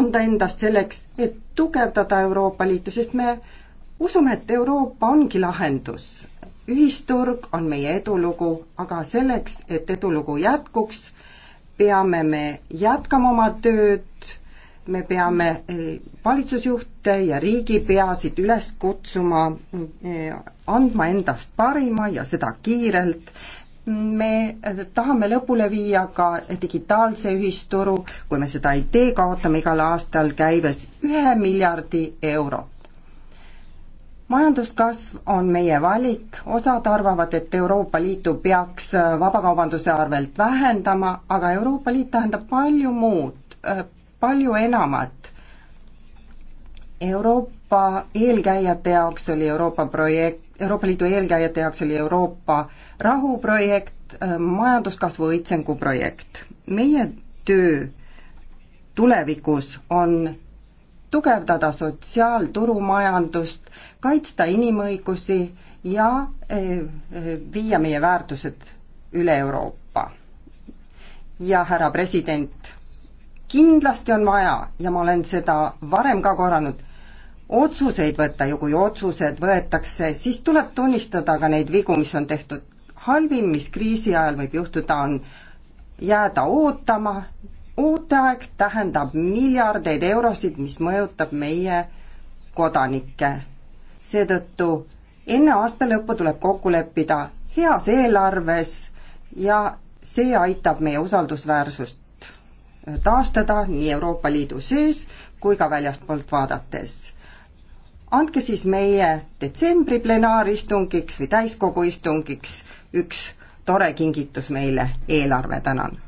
[SPEAKER 5] anda endast selleks, et tugevdada Euroopa Liitu, sest me usume, et Euroopa ongi lahendus. ühisturg on meie edulugu, aga selleks, et edulugu jätkuks, peame me jätkama oma tööd, me peame eh, valitsusjuhte ja riigipeasid üles kutsuma eh, andma endast parima ja seda kiirelt. me tahame lõpule viia ka digitaalse ühisturu, kui me seda ei tee, kaotame igal aastal käibes ühe miljardi eurot majanduskasv on meie valik, osad arvavad, et Euroopa Liitu peaks äh, vabakaubanduse arvelt vähendama, aga Euroopa Liit tähendab palju muud, äh, palju enamat. Euroopa eelkäijate jaoks oli Euroopa projekt, Euroopa Liidu eelkäijate jaoks oli Euroopa rahuprojekt, äh, majanduskasvu õitsengu projekt. meie töö tulevikus on tugevdada sotsiaalturumajandust, kaitsta inimõigusi ja eh, eh, viia meie väärtused üle Euroopa. ja härra president, kindlasti on vaja ja ma olen seda varem ka korranud, otsuseid võtta ja kui otsused võetakse, siis tuleb tunnistada ka neid vigu, mis on tehtud. halvim, mis kriisi ajal võib juhtuda, on jääda ootama uuteaeg tähendab miljardeid eurosid, mis mõjutab meie kodanikke. seetõttu enne aasta lõppu tuleb kokku leppida heas eelarves ja see aitab meie usaldusväärsust taastada nii Euroopa Liidu sees kui ka väljastpoolt vaadates andke siis meie detsembri plenaaristungiks või täiskogu istungiks üks tore kingitus meile, eelarve, tänan!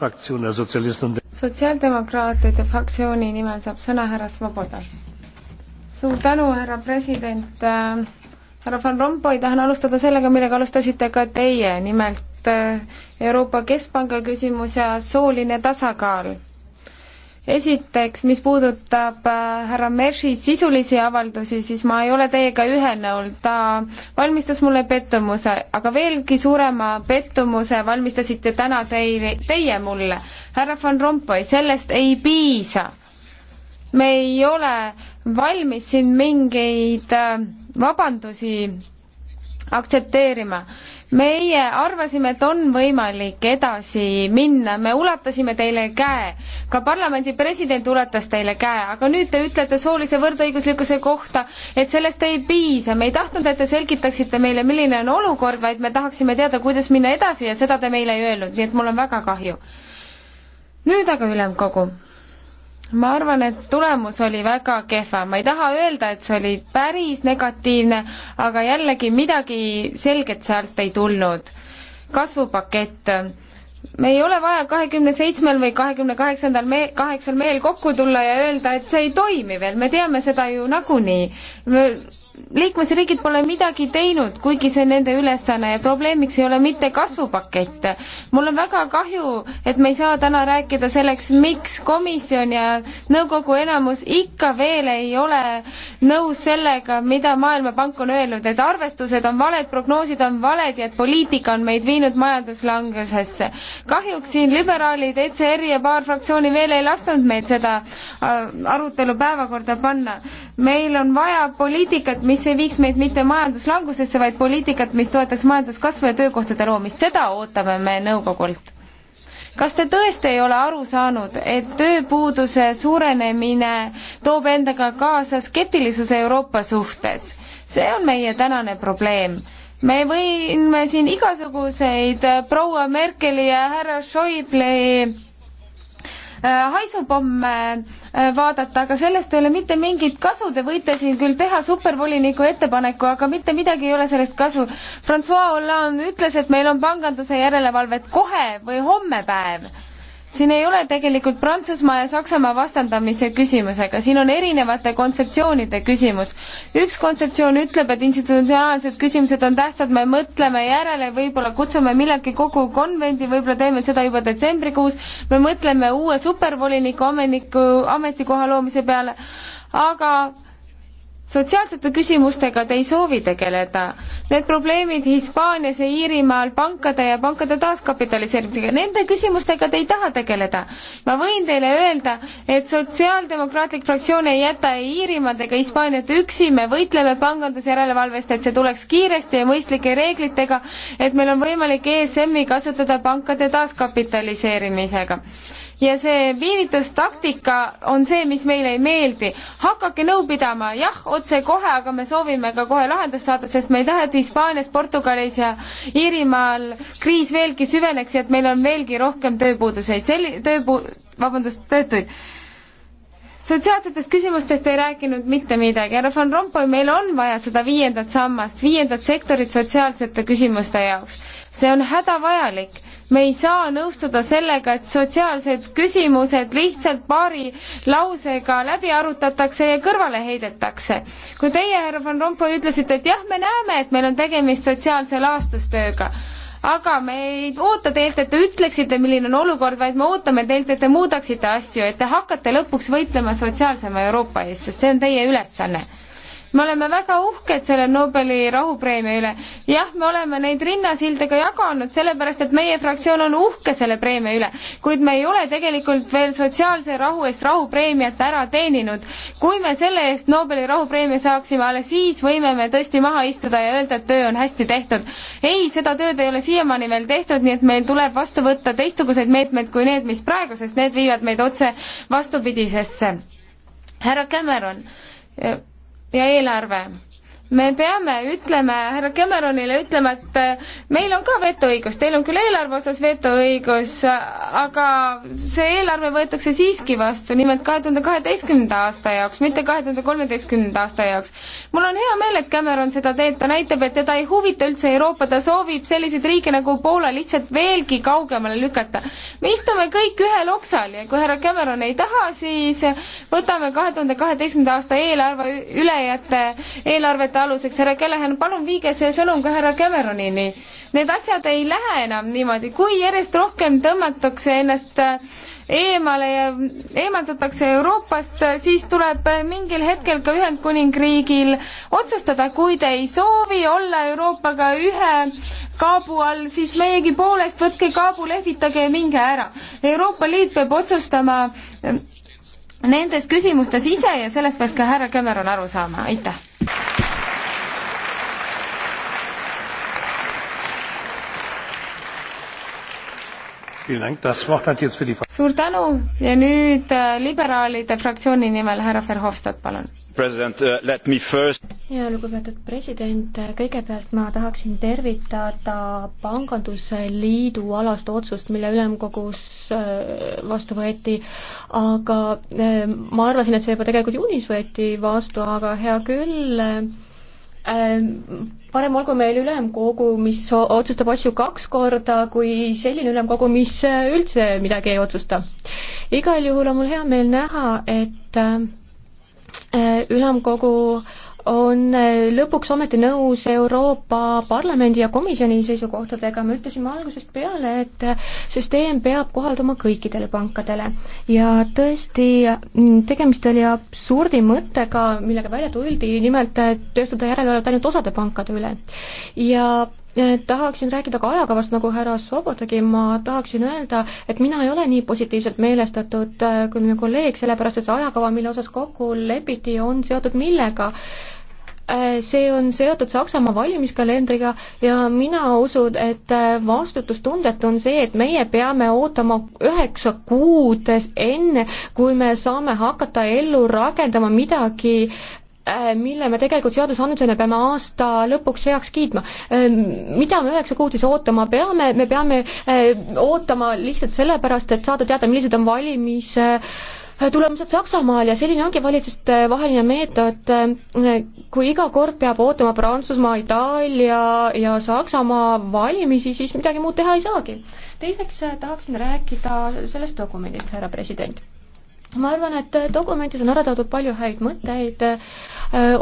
[SPEAKER 4] Fraktion der Sozialisten und sotsiaaldemokraatide fraktsiooni nimel saab sõna härra Svoboda. suur tänu, härra president, äh, härra Van Rompuy, tahan alustada sellega, millega alustasite ka teie, nimelt äh, Euroopa Keskpanga küsimus ja sooline tasakaal esiteks, mis puudutab äh, härra Merši sisulisi avaldusi, siis ma ei ole teiega ühel nõul, ta valmistas mulle pettumuse, aga veelgi suurema pettumuse valmistasite täna teile, teie mulle. härra Van Rompuy, sellest ei piisa. me ei ole valmis siin mingeid äh, vabandusi aktsepteerima. meie arvasime, et on võimalik edasi minna, me ulatasime teile käe, ka parlamendi president ulatas teile käe, aga nüüd te ütlete soolise võrdõiguslikkuse kohta, et sellest ei piisa, me ei tahtnud, et te selgitaksite meile, milline on olukord, vaid me tahaksime teada, kuidas minna edasi ja seda te meile ei öelnud, nii et mul on väga kahju. nüüd aga ülemkogu ma arvan, et tulemus oli väga kehva, ma ei taha öelda, et see oli päris negatiivne, aga jällegi midagi selget sealt ei tulnud. kasvupakett me ei ole vaja kahekümne seitsmel või kahekümne kaheksandal me-, kaheksal mehel kokku tulla ja öelda, et see ei toimi veel, me teame seda ju nagunii. liikmesriigid pole midagi teinud, kuigi see on nende ülesanne ja probleemiks ei ole mitte kasvupakett. mul on väga kahju, et me ei saa täna rääkida selleks, miks komisjon ja nõukogu enamus ikka veel ei ole nõus sellega, mida Maailmapank on öelnud, et arvestused on valed, prognoosid on valed ja et poliitika on meid viinud majanduslangusesse kahjuks siin liberaalid, ECR-i ja paar fraktsiooni veel ei lasknud meil seda äh, arutelu päevakorda panna. meil on vaja poliitikat, mis ei viiks meid mitte majanduslangusesse, vaid poliitikat, mis toetaks majanduskasvu ja töökohtade loomist, seda ootame me nõukogult kas te tõesti ei ole aru saanud, et tööpuuduse suurenemine toob endaga kaasa skeptilisuse Euroopa suhtes? see on meie tänane probleem me võime siin igasuguseid proua Merkeli ja härra Schäuble äh, haisupomme äh, vaadata, aga sellest ei ole mitte mingit kasu, te võite siin küll teha supervoliniku ettepaneku, aga mitte midagi ei ole sellest kasu. Francois Hollande ütles, et meil on panganduse järelevalvet kohe või homme päev siin ei ole tegelikult Prantsusmaa ja Saksamaa vastandamise küsimusega, siin on erinevate kontseptsioonide küsimus. üks kontseptsioon ütleb, et institutsionaalsed küsimused on tähtsad, me mõtleme järele, võib-olla kutsume millalgi kogu konvendi, võib-olla teeme seda juba detsembrikuus, me mõtleme uue supervoliniku ametiku, ametikoha loomise peale, aga sotsiaalsete küsimustega te ei soovi tegeleda. Need probleemid Hispaanias ja Iirimaal pankade ja pankade taaskapitaliseerimisega, nende küsimustega te ei taha tegeleda. ma võin teile öelda, et Sotsiaaldemokraatlik fraktsioon ei jäta ei Iirimaad ega Hispaaniat üksi, me võitleme pangandusjärelevalvest, et see tuleks kiiresti ja mõistlike reeglitega, et meil on võimalik ESM-i kasutada pankade taaskapitaliseerimisega ja see viivitustaktika on see, mis meile ei meeldi. hakake nõu pidama, jah, otsekohe, aga me soovime ka kohe lahendust saada, sest me ei taha, et Hispaanias, Portugalis ja Iirimaal kriis veelgi süveneks ja et meil on veelgi rohkem tööpuuduseid, selli-, tööpu-, vabandust, töötuid sotsiaalsetest küsimustest ei rääkinud mitte midagi, härra Van Rompuy, meil on vaja seda viiendat sammast, viiendat sektorit sotsiaalsete küsimuste jaoks. see on hädavajalik me ei saa nõustuda sellega, et sotsiaalsed küsimused lihtsalt paari lausega läbi arutatakse ja kõrvale heidetakse. kui teie, härra Van Rompuy, ütlesite, et jah, me näeme, et meil on tegemist sotsiaalse laastustööga, aga me ei oota teilt, et te ütleksite, milline on olukord, vaid me ootame teilt, et te muudaksite asju, et te hakkate lõpuks võitlema sotsiaalsema Euroopa eest, sest see on teie ülesanne me oleme väga uhked selle Nobeli rahupreemia üle. jah, me oleme neid rinnasildega jaganud, sellepärast et meie fraktsioon on uhke selle preemia üle, kuid me ei ole tegelikult veel sotsiaalse rahu eest rahupreemiat ära teeninud. kui me selle eest Nobeli rahupreemia saaksime, alles siis võime me tõesti maha istuda ja öelda, et töö on hästi tehtud. ei, seda tööd ei ole siiamaani veel tehtud, nii et meil tuleb vastu võtta teistsuguseid meetmeid kui need, mis praegu, sest need viivad meid otse vastupidisesse. härra Cameron ja eelarve me peame ütlema härra Cameronile, ütlema, et eh, meil on ka vetoõigus, teil on küll eelarve osas vetoõigus, aga see eelarve võetakse siiski vastu nimelt kahe tuhande kaheteistkümnenda aasta jaoks, mitte kahe tuhande kolmeteistkümnenda aasta jaoks. mul on hea meel, et Cameron seda teeb, ta näitab, et teda ei huvita üldse Euroopa, ta soovib selliseid riike nagu Poola lihtsalt veelgi kaugemale lükata. me istume kõik ühel oksal ja kui härra Cameron ei taha, siis võtame kahe tuhande kaheteistkümnenda aasta eelarve ülejätte eelarvet otsuste aluseks. härra Kelehen, palun viige see sõnum ka härra Cameronini. Need asjad ei lähe enam niimoodi, kui järjest rohkem tõmmatakse ennast äh, eemale ja eemaldatakse Euroopast, äh, siis tuleb äh, mingil hetkel ka Ühendkuningriigil otsustada, kui te ei soovi olla Euroopaga ühe kaabu all, siis meiegi poolest võtke kaabu, lehvitage ja minge ära. Euroopa Liit peab otsustama nendes küsimustes ise ja sellest peaks ka härra Cameron aru saama, aitäh! suur tänu ja nüüd äh, liberaalide fraktsiooni nimel härra Verhofstadt, palun. Uh, first...
[SPEAKER 1] ja lugupeetud president, äh, kõigepealt ma tahaksin tervitada Pangandusliidu alast otsust, mille ülemkogus äh, vastu võeti, aga ma arvasin, et see juba tegelikult juunis võeti vastu, aga hea küll, Ähm, parem olgu meil ülemkogu, mis otsustab asju kaks korda, kui selline ülemkogu, mis äh, üldse midagi ei otsusta. igal juhul on mul hea meel näha, et äh, äh, ülemkogu on äh, lõpuks ometi nõus Euroopa Parlamendi ja komisjoni seisukohtadega, me ütlesime algusest peale, et äh, süsteem peab kohalduma kõikidele pankadele. ja tõesti, mm, tegemist oli absurdi mõttega, millega välja tuldi, nimelt äh, teostada järelevalvet ainult osade pankade üle. ja tahaksin rääkida ka ajakavast, nagu härra Sobotagi, ma tahaksin öelda, et mina ei ole nii positiivselt meelestatud kui minu kolleeg, sellepärast et see ajakava, mille osas kokku lepiti, on seotud millega? Äh, see on seotud Saksamaa valimiskalendriga ja mina usun, et äh, vastutustundetu on see, et meie peame ootama üheksa kuud enne, kui me saame hakata ellu rakendama midagi, äh, mille me tegelikult seadusandlusena peame aasta lõpuks heaks kiitma. mida me üheksa kuud siis ootama peame, me peame ootama lihtsalt sellepärast, et saada teada, millised on valimis äh, Äh, tulemused Saksamaal ja selline ongi valitsuste vaheline meetod, äh, kui iga kord peab ootama Prantsusmaa, Itaalia ja Saksamaa valimisi, siis midagi muud teha ei saagi. teiseks äh, tahaksin rääkida sellest dokumendist, härra president ma arvan, et dokumentides on ära toodud palju häid mõtteid,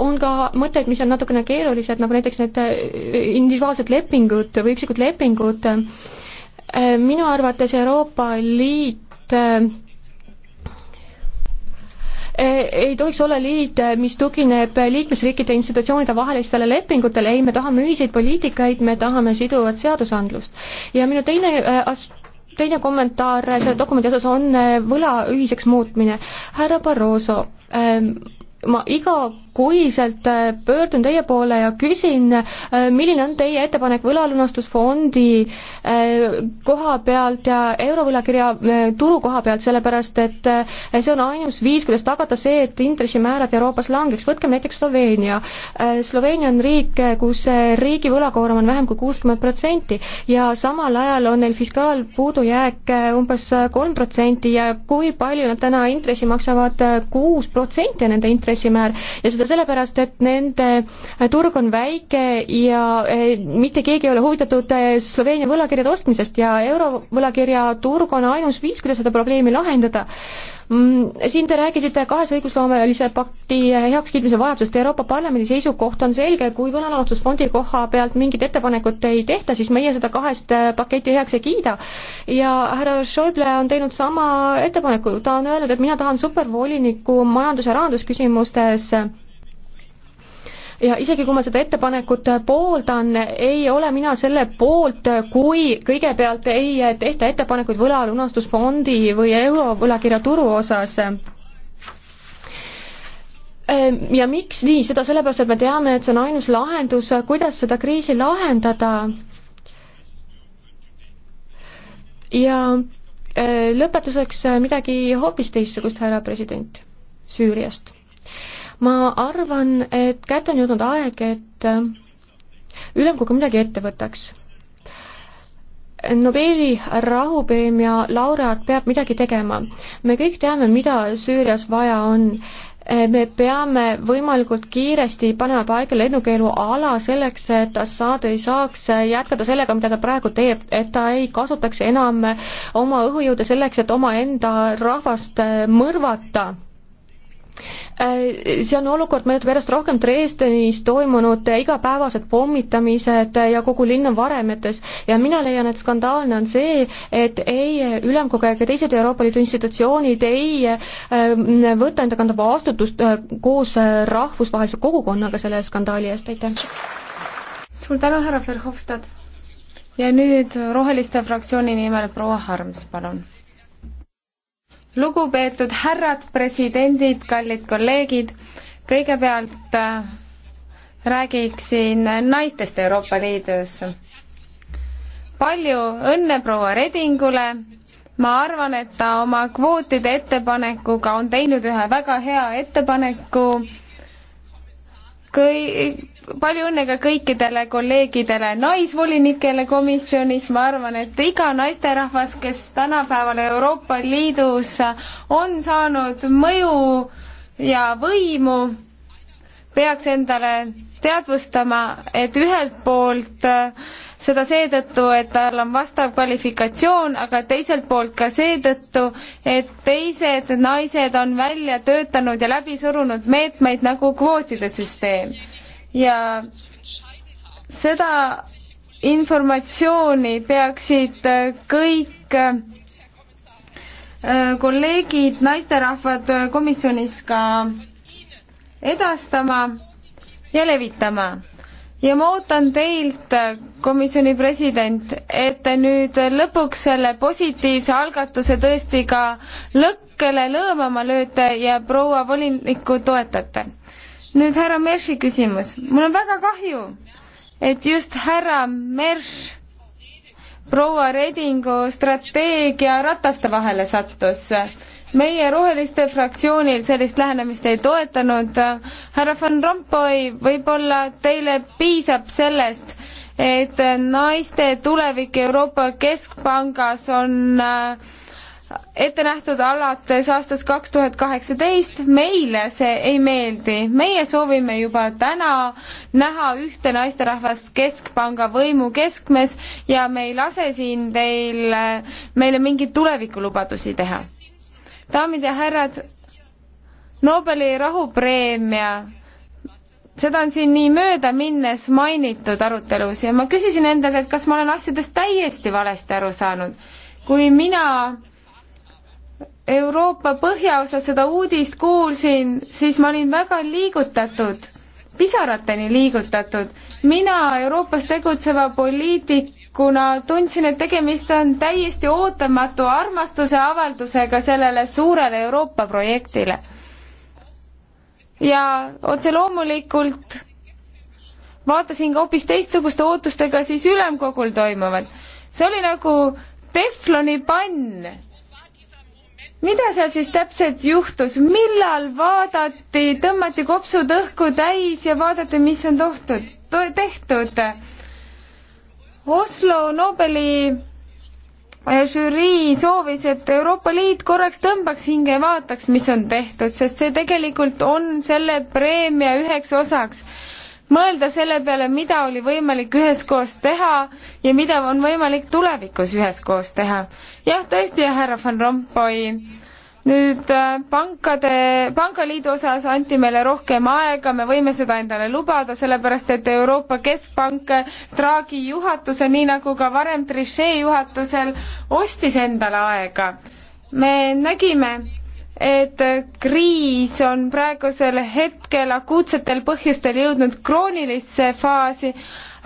[SPEAKER 1] on ka mõtteid, mis on natukene keerulised, nagu näiteks need individuaalsed lepingud või üksikud lepingud, minu arvates Euroopa Liit Eh, ei tohiks olla liit, eh, mis tugineb liikmesriikide institutsioonide vahelistele lepingutele, ei, me tahame ühiseid poliitikaid, me tahame siduvat seadusandlust. ja minu teine eh, as-, teine kommentaar selle dokumendi osas on võla ühiseks muutmine. härra Barroso, ma iga kuiselt äh, pöördun teie poole ja küsin, äh, milline on teie ettepanek võlalunastusfondi äh, koha pealt ja eurovõlakirja turu koha pealt, sellepärast et see on ainus viis, kuidas tagada see, et intressimäärad Euroopas langeks, võtkem näiteks Sloveenia. Sloveenia on riik, kus riigi võlakoorem on vähem kui kuuskümmend protsenti ja samal ajal on neil fiskaalpuudujääk umbes kolm protsenti ja kui palju nad täna intressi maksavad, kuus protsenti on nende intressimäär ja seda sellepärast, et nende turg on väike ja eh, mitte keegi ei ole huvitatud eh, Sloveenia võlakirjade ostmisest ja eurovõlakirja turg on ainus viis, kuidas seda probleemi lahendada mm, Siin te rääkisite kahes õigusloomelise pakti heakskiitmise vajadusest, Euroopa Parlamendi seisukoht on selge, kui võlanõustusfondi koha pealt mingit ettepanekut ei tehta, siis meie seda kahest eh, paketi heaks ei kiida. ja härra Schäuble on teinud sama ettepaneku, ta on öelnud, et mina tahan supervoliniku majandus- ja rahandusküsimustes ja isegi kui ma seda ettepanekut pooldan, ei ole mina selle poolt, kui kõigepealt ei tehta ettepanekuid võlalunastusfondi või eurovõlakirjaturu osas ehm, ja miks nii, seda sellepärast, et me teame, et see on ainus lahendus, kuidas seda kriisi lahendada. ja ehm, lõpetuseks midagi hoopis teistsugust, härra president, Süüriast ma arvan, et kätte on jõudnud aeg, et äh, ülemkogu midagi ette võtaks. Nobeli rahupreemia laureaat peab midagi tegema. me kõik teame, mida Süürias vaja on äh, me peame võimalikult kiiresti panema paika lennukeeluala selleks, et Assad ei saaks jätkata sellega, mida ta praegu teeb, et ta ei kasutaks enam oma õhujõude selleks, et omaenda rahvast äh, mõrvata Äh, see on olukord, mõjutab järjest rohkem Dresdenis toimunud igapäevased pommitamised ja kogu linn on varemetes ja mina leian, et skandaalne on see, et ei Ülemkogu ega teised Euroopa Liidu institutsioonid ei äh, võta enda kanda vastutust äh, koos rahvusvahelise kogukonnaga selle skandaali eest, aitäh!
[SPEAKER 4] suur tänu, härra Verhofstadt!
[SPEAKER 1] ja nüüd Roheliste fraktsiooni nimel proua Harms,
[SPEAKER 4] palun! lugupeetud härrad presidendid, kallid kolleegid, kõigepealt äh, räägiksin naistest Euroopa Liidus. palju õnne proua Redingule, ma arvan, et ta oma kvootide ettepanekuga on teinud ühe väga hea ettepaneku, kõi-, palju õnne ka kõikidele kolleegidele naisvolinikele komisjonis, ma arvan, et iga naisterahvas, kes tänapäeval Euroopa Liidus on saanud mõju ja võimu, peaks endale teadvustama, et ühelt poolt äh, seda seetõttu, et tal on vastav kvalifikatsioon, aga teiselt poolt ka seetõttu, et teised naised on välja töötanud ja läbi surunud meetmeid nagu kvootide süsteem ja seda informatsiooni peaksid äh, kõik äh, kolleegid, naisterahvad äh, komisjonis ka edastama ja levitama. ja ma ootan teilt, komisjoni president, et te nüüd lõpuks selle positiivse algatuse tõesti ka lõkkele lõõmama lööte ja proua volinikku toetate nüüd härra Mershi küsimus. mul on väga kahju, et just härra Mersh proua Redingu strateegia rataste vahele sattus. meie Roheliste fraktsioonil sellist lähenemist ei toetanud. härra Van Rompuy, võib-olla teile piisab sellest, et naiste tulevik Euroopa Keskpangas on äh, ette nähtud alates aastast kaks tuhat kaheksateist, meile see ei meeldi. meie soovime juba täna näha ühte naisterahvast keskpanga võimu keskmes ja me ei lase siin teil, meile mingeid tulevikulubadusi teha. daamid ja härrad, Nobeli rahupreemia seda on siin nii mööda minnes mainitud arutelus ja ma küsisin endalt, et kas ma olen asjadest täiesti valesti aru saanud. kui mina Euroopa põhjaosas seda uudist kuulsin, siis ma olin väga liigutatud, pisarateni liigutatud. mina Euroopas tegutseva poliitikuna tundsin, et tegemist on täiesti ootamatu armastuse avaldusega sellele suurele Euroopa projektile. ja otse loomulikult vaatasin ka hoopis teistsuguste ootustega siis ülemkogul toimuvat. see oli nagu tefloni pann mida seal siis täpselt juhtus, millal vaadati, tõmmati kopsud õhku täis ja vaadati, mis on tohtud, tehtud? Oslo Nobeli eh, žürii soovis, et Euroopa Liit korraks tõmbaks hinge ja vaataks, mis on tehtud, sest see tegelikult on selle preemia üheks osaks mõelda selle peale, mida oli võimalik üheskoos teha ja mida on võimalik tulevikus üheskoos teha. jah, tõesti, härra Van Rompuy, nüüd äh, pankade, pangaliidu osas anti meile rohkem aega, me võime seda endale lubada, sellepärast et Euroopa Keskpank Draghi juhatuse, nii nagu ka varem Trichet juhatusel, ostis endale aega. me nägime, et kriis on praegusel hetkel akuutsetel põhjustel jõudnud kroonilisse faasi,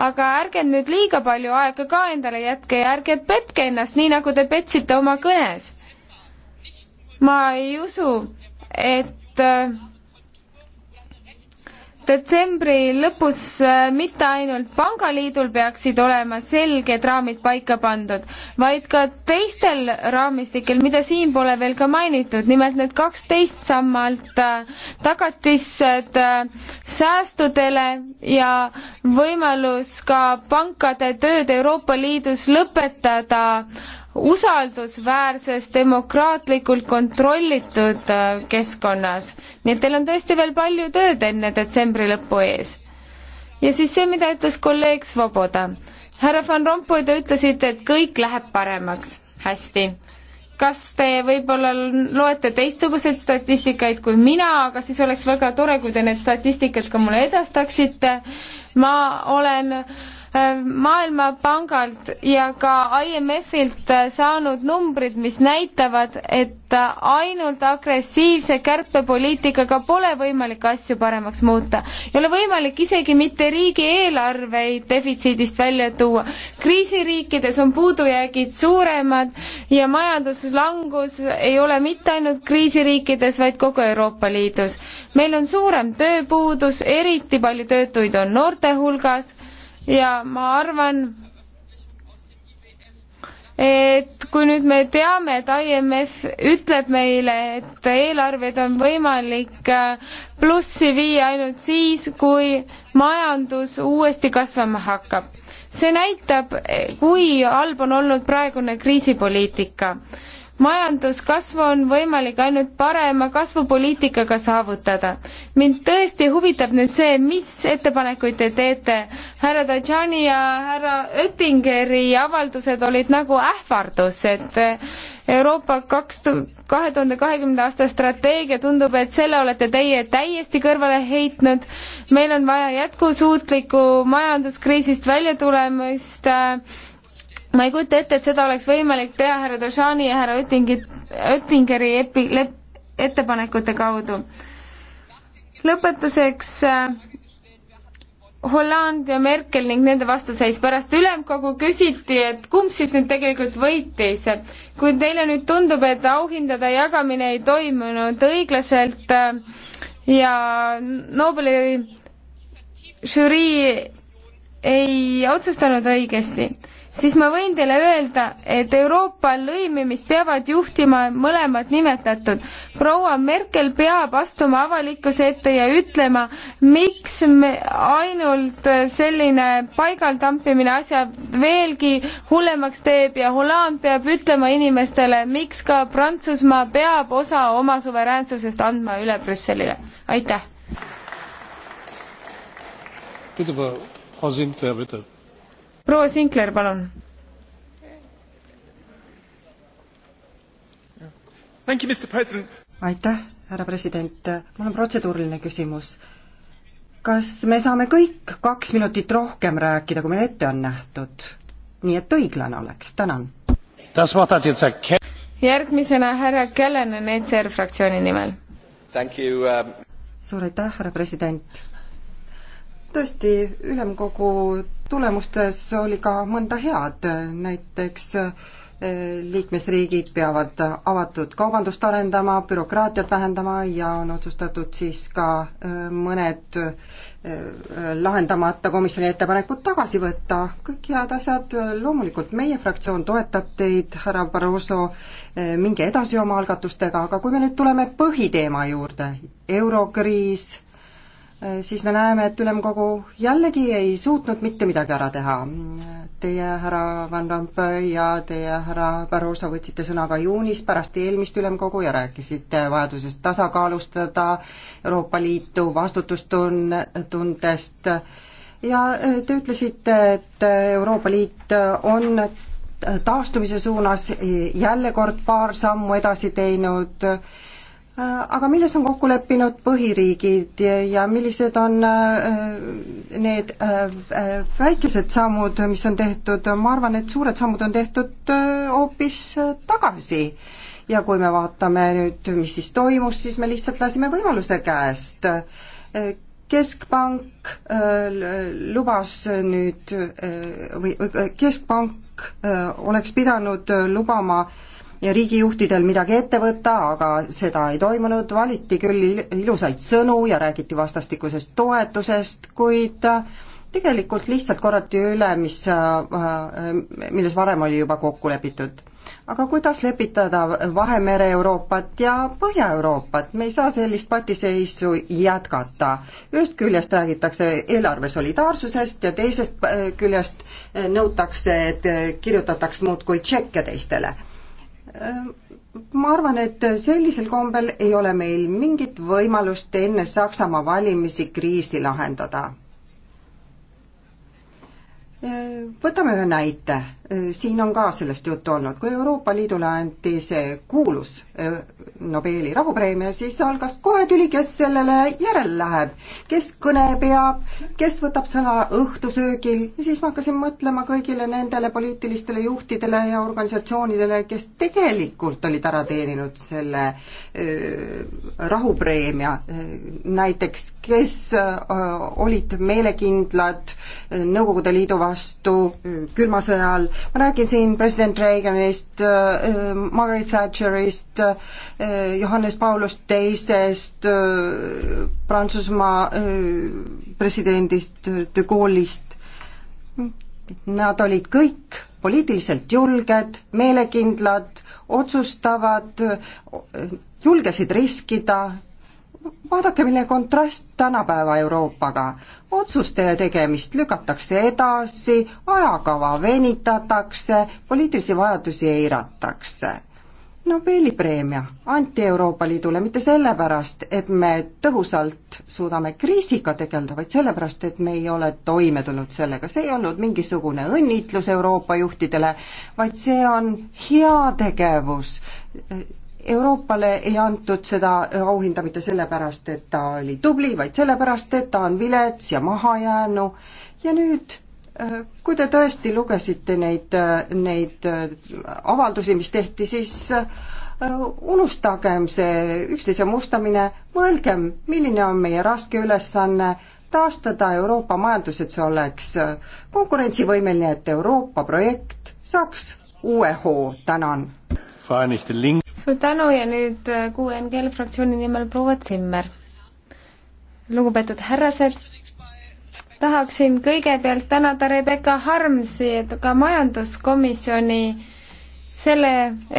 [SPEAKER 4] aga ärge nüüd liiga palju aega ka endale jätke ja ärge petke ennast, nii nagu te petsite oma kõnes. ma ei usu, et detsembri lõpus äh, mitte ainult Pangaliidul peaksid olema selged raamid paika pandud, vaid ka teistel raamistikel, mida siin pole veel ka mainitud, nimelt need kaksteist sammalt äh, tagatised äh, säästudele ja võimalus ka pankade tööd Euroopa Liidus lõpetada usaldusväärses, demokraatlikult kontrollitud äh, keskkonnas. nii et teil on tõesti veel palju tööd enne detsembri lõpu ees. ja siis see, mida ütles kolleeg Svoboda. härra Van Rompuy, te ütlesite, et kõik läheb paremaks. hästi. kas te võib-olla loete teistsuguseid statistikaid kui mina, aga siis oleks väga tore, kui te need statistikad ka mulle edastaksite. ma olen äh, Äh, Maailmapangalt ja ka IMF-ilt äh, saanud numbrid, mis näitavad, et äh, ainult agressiivse kärpepoliitikaga pole võimalik asju paremaks muuta. ei ole võimalik isegi mitte riigieelarveid defitsiidist välja tuua. kriisiriikides on puudujäägid suuremad ja majanduslangus ei ole mitte ainult kriisiriikides, vaid kogu Euroopa Liidus. meil on suurem tööpuudus, eriti palju töötuid on noorte hulgas ja ma arvan, et kui nüüd me teame, et IMF ütleb meile, et eelarved on võimalik äh, plussi viia ainult siis, kui majandus uuesti kasvama hakkab. see näitab, kui halb on olnud praegune kriisipoliitika majanduskasvu on võimalik ainult parema kasvupoliitikaga saavutada. mind tõesti huvitab nüüd see, mis ettepanekuid te teete. härra Tajani ja härra Oettingeri avaldused olid nagu ähvardus, et Euroopa kaks, kahe tuhande kahekümnenda aasta strateegia tundub, et selle olete teie täiesti kõrvale heitnud. meil on vaja jätkusuutlikku majanduskriisist väljatulemist äh, ma ei kujuta ette, et seda oleks võimalik teha härra Dožani ja härra Oettingi, Oettingeri epi-, lep-, ettepanekute kaudu. lõpetuseks äh, Holland ja Merkel ning nende vastuseis pärast ülemkogu küsiti, et kumb siis nüüd tegelikult võitis. kui teile nüüd tundub, et auhindade jagamine ei toimunud õiglaselt äh, ja Nobeli žürii ei otsustanud õigesti siis ma võin teile öelda, et Euroopa lõimimist peavad juhtima mõlemad nimetatud. proua Merkel peab astuma avalikkuse ette ja ütlema, miks me ainult selline paigal tampimine asja veelgi hullemaks teeb ja Hollande peab ütlema inimestele, miks ka Prantsusmaa peab osa oma suveräänsusest andma üle Brüsselile. aitäh!
[SPEAKER 5] Bitte, Frau Sinclair, bitte proua Sinkler, palun. aitäh, härra president, mul on protseduuriline küsimus. kas me saame kõik kaks minutit rohkem rääkida, kui meil ette on nähtud? nii et õiglane oleks, tänan.
[SPEAKER 4] järgmisena härra Kellenen ECR fraktsiooni nimel.
[SPEAKER 5] Um... suur aitäh, härra president tõesti, ülemkogu tulemustes oli ka mõnda head, näiteks eh, liikmesriigid peavad avatud kaubandust arendama, bürokraatiat vähendama ja on otsustatud siis ka eh, mõned eh, lahendamata komisjoni ettepanekud tagasi võtta. kõik head asjad, loomulikult meie fraktsioon toetab teid, härra Barroso, minge edasi oma algatustega, aga kui me nüüd tuleme põhiteema juurde, eurokriis Äh, siis me näeme, et ülemkogu jällegi ei suutnud mitte midagi ära teha. Teie, härra Van Rompuy ja teie, härra Barroso, võtsite sõna ka juunis pärast eelmist ülemkogu ja rääkisite vajadusest tasakaalustada Euroopa Liitu vastutustundest ja äh, te ütlesite, et Euroopa Liit on taastumise suunas jälle kord paar sammu edasi teinud äh, Äh, aga milles on kokku leppinud põhiriigid ja millised on äh, need äh, väikesed sammud, mis on tehtud, ma arvan, et suured sammud on tehtud hoopis tagasi. ja kui me vaatame nüüd, mis siis toimus, siis me lihtsalt lasime võimaluse käest. keskpank lubas nüüd või keskpank oleks pidanud lubama äh, ja riigijuhtidel midagi ette võtta, aga seda ei toimunud, valiti küll ilusaid sõnu ja räägiti vastastikusest toetusest, kuid tegelikult lihtsalt korrati üle, mis, milles varem oli juba kokku lepitud. aga kuidas lepitada Vahemere Euroopat ja Põhja-Euroopat, me ei saa sellist patiseisu jätkata. ühest küljest räägitakse eelarve solidaarsusest ja teisest eh, küljest eh, nõutakse, et eh, kirjutataks muudkui tšekke teistele Ehm, ma arvan, et sellisel kombel ei ole meil mingit võimalust enne Saksamaa valimisi kriisi lahendada. Ehm, võtame ühe näite Äh, siin on ka sellest juttu olnud, kui Euroopa Liidule anti see kuulus äh, Nobeli rahupreemia, siis algas kohe tüli, kes sellele järele läheb, kes kõne peab, kes võtab sõna õhtusöögil ja siis ma hakkasin mõtlema kõigile nendele poliitilistele juhtidele ja organisatsioonidele, kes tegelikult olid ära teeninud selle äh, rahupreemia, näiteks kes olid meelekindlad Nõukogude Liidu vastu külma sõja all, ma räägin siin president Reaganist, äh, äh, Margaret Thatcherist, äh, Johannes Paulust teisest, Prantsusmaa presidendist de Gaulle'ist. Nad olid kõik poliitiliselt julged, meelekindlad, otsustavad, julgesid riskida vaadake, milline kontrast tänapäeva Euroopaga. otsuste tegemist lükatakse edasi, ajakava venitatakse, poliitilisi vajadusi eiratakse. Nobeli preemia anti Euroopa Liidule mitte sellepärast, et me tõhusalt suudame kriisiga tegeleda, vaid sellepärast, et me ei ole toime tulnud sellega. see ei olnud mingisugune õnnitlus Euroopa juhtidele, vaid see on heategevus Euroopale ei antud seda auhinda mitte sellepärast, et ta oli tubli, vaid sellepärast, et ta on vilets ja mahajäänu ja nüüd äh, kui te tõesti lugesite neid, äh, neid äh, avaldusi, mis tehti, siis unustagem see üksteise mustamine, mõelgem, milline on meie raske ülesanne, taastada Euroopa majandus, et see oleks konkurentsivõimeline, et Euroopa projekt saaks uue UH, hoo, tänan!
[SPEAKER 4] suur tänu ja nüüd äh, QNGL fraktsiooni nimel proua Zimmer. lugupeetud härrased, tahaksin kõigepealt tänada Rebecca Harmsi, et ka majanduskomisjoni selle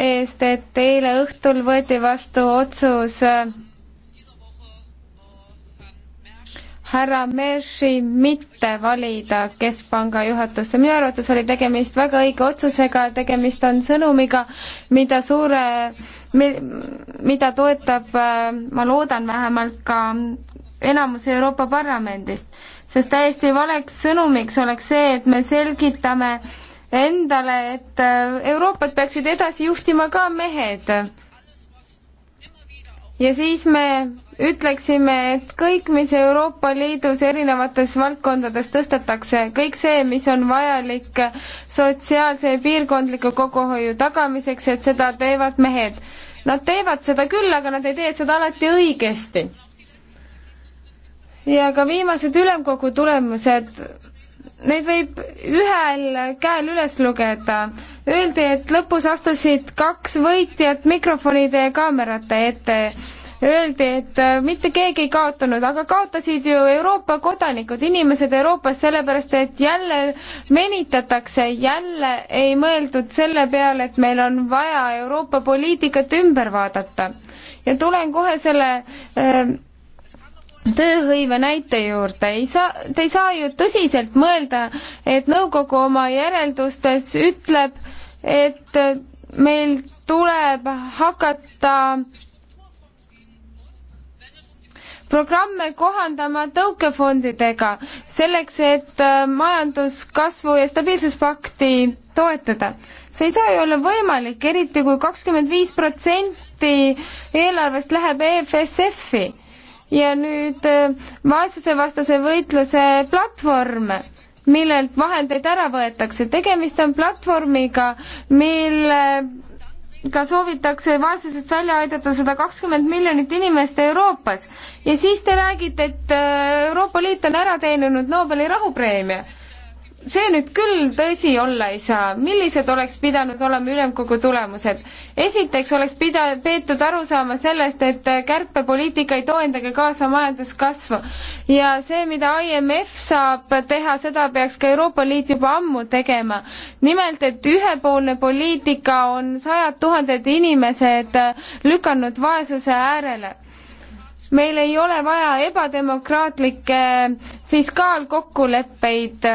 [SPEAKER 4] eest, et eile õhtul võeti vastu otsus äh, härra Merši mitte valida Keskpanga juhatusse. minu arvates oli tegemist väga õige otsusega, tegemist on sõnumiga, mida suure, mida toetab, äh, ma loodan vähemalt ka enamus Euroopa Parlamendist, sest täiesti valeks sõnumiks oleks see, et me selgitame endale, et äh, Euroopat peaksid edasi juhtima ka mehed ja siis me ütleksime, et kõik, mis Euroopa Liidus erinevates valdkondades tõstetakse, kõik see, mis on vajalik sotsiaalse ja piirkondliku kokkuhoiu tagamiseks, et seda teevad mehed. Nad teevad seda küll, aga nad ei tee seda alati õigesti. ja ka viimased ülemkogu tulemused Neid võib ühel käel üles lugeda. Öeldi, et lõpus astusid kaks võitjat mikrofonide ja kaamerate ette. Öeldi, et äh, mitte keegi ei kaotanud, aga kaotasid ju Euroopa kodanikud, inimesed Euroopas, sellepärast et jälle venitatakse, jälle ei mõeldud selle peale, et meil on vaja Euroopa poliitikat ümber vaadata. ja tulen kohe selle äh, tööhõive näite juurde, ei saa, te ei saa ju tõsiselt mõelda, et nõukogu oma järeldustes ütleb, et meil tuleb hakata programme kohandama tõukefondidega selleks, et äh, majanduskasvu ja stabiilsuspakti toetada. see ei saa ju olla võimalik, eriti kui kakskümmend viis protsenti eelarvest läheb EFSF-i ja nüüd äh, vaesusevastase võitluse platvorm, millelt vahendeid ära võetakse. tegemist on platvormiga, millega soovitakse vaesusest välja aidata sada kakskümmend miljonit inimest Euroopas ja siis te räägite, et äh, Euroopa Liit on ära teeninud Nobeli rahupreemia see nüüd küll tõsi olla ei saa, millised oleks pidanud olema ülemkogu tulemused? esiteks oleks pida-, peetud aru saama sellest, et kärpepoliitika ei too endaga kaasa majanduskasvu ja see, mida IMF saab teha, seda peaks ka Euroopa Liit juba ammu tegema. nimelt, et ühepoolne poliitika on sajad tuhanded inimesed lükanud vaesuse äärele meil ei ole vaja ebademokraatlikke fiskaalkokkuleppeid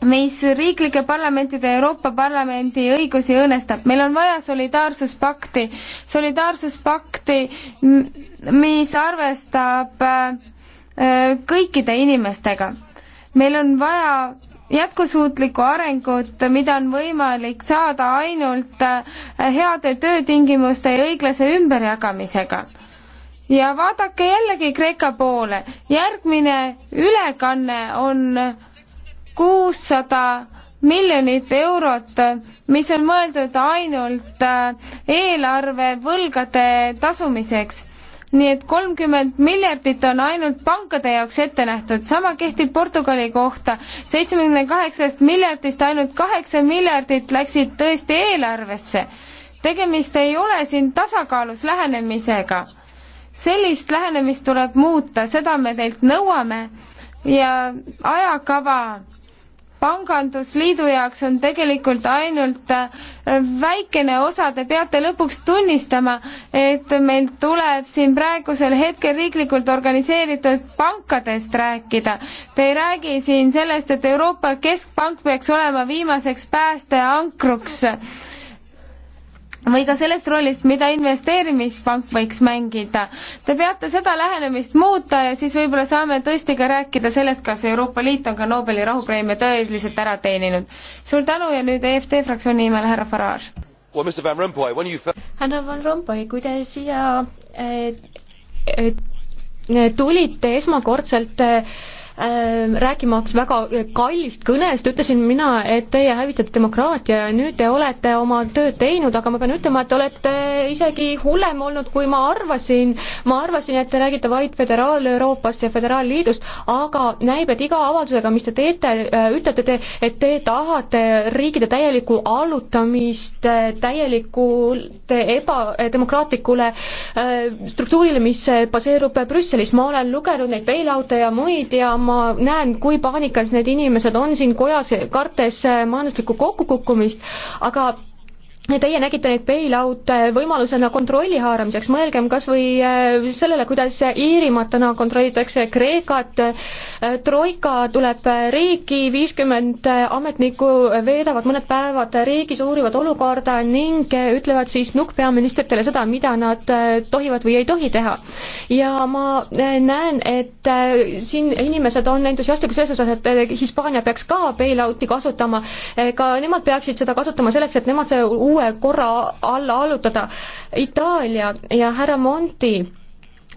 [SPEAKER 4] mis riiklike parlamentide ja Euroopa Parlamendi õigusi õõnestab. meil on vaja solidaarsuspakti, solidaarsuspakti, mis arvestab äh, kõikide inimestega. meil on vaja jätkusuutlikku arengut, mida on võimalik saada ainult äh, heade töötingimuste ja õiglase ümberjagamisega ja vaadake jällegi Kreeka poole, järgmine ülekanne on kuussada miljonit eurot, mis on mõeldud ainult äh, eelarve võlgade tasumiseks. nii et kolmkümmend miljardit on ainult pankade jaoks ette nähtud, sama kehtib Portugali kohta. seitsmekümne kaheksast miljardist ainult kaheksa miljardit läksid tõesti eelarvesse. tegemist ei ole siin tasakaalus lähenemisega. sellist lähenemist tuleb muuta, seda me teilt nõuame ja ajakava pangandusliidu jaoks on tegelikult ainult äh, väikene osa, te peate lõpuks tunnistama, et meil tuleb siin praegusel hetkel riiklikult organiseeritud pankadest rääkida. Te ei räägi siin sellest, et Euroopa Keskpank peaks olema viimaseks päästeankruks või ka sellest rollist, mida investeerimispank võiks mängida. Te peate seda lähenemist muuta ja siis võib-olla saame tõesti ka rääkida sellest, kas Euroopa Liit on ka Nobeli rahupreemia tõeliselt ära teeninud. suur tänu ja nüüd EFT fraktsiooni nimel härra Farage.
[SPEAKER 5] härra
[SPEAKER 1] Van Rompuy, kui te siia eh, eh, tulite esmakordselt eh, Äh, rääkimaks väga äh, kallist kõnest, ütlesin mina, et teie hävitate demokraatia ja nüüd te olete oma tööd teinud, aga ma pean ütlema, et te olete isegi hullem olnud, kui ma arvasin. ma arvasin, et te räägite vaid Föderaal-Euroopast ja Föderaalliidust, aga näib, et iga avaldusega, mis te teete, äh, ütlete te, et te tahate riikide täielikku allutamist täielikult ebademokraatlikule struktuurile, mis baseerub Brüsselis. ma olen lugenud neid bailout'e ja muid ja ma ma näen, kui paanikas need inimesed on siin kojas, kartes eh, majanduslikku kokkukukkumist, aga Teie nägite neid bail-out võimalusena kontrolli haaramiseks, mõelgem kas või äh, sellele, kuidas Iirimaa täna kontrollitakse Kreekat, äh, troika tuleb äh, riiki, viiskümmend ametnikku veedavad mõned päevad riigis, uurivad olukorda ning ütlevad siis nukkpeaministritele seda, mida nad tohivad või ei tohi teha. ja ma näen, et siin inimesed on entusiastlikud selles osas, et Hispaania peaks ka bail-out'i kasutama, ka nemad peaksid seda kasutama selleks, et nemad see uue uue korra alla allutada. Itaalia ja härra Monti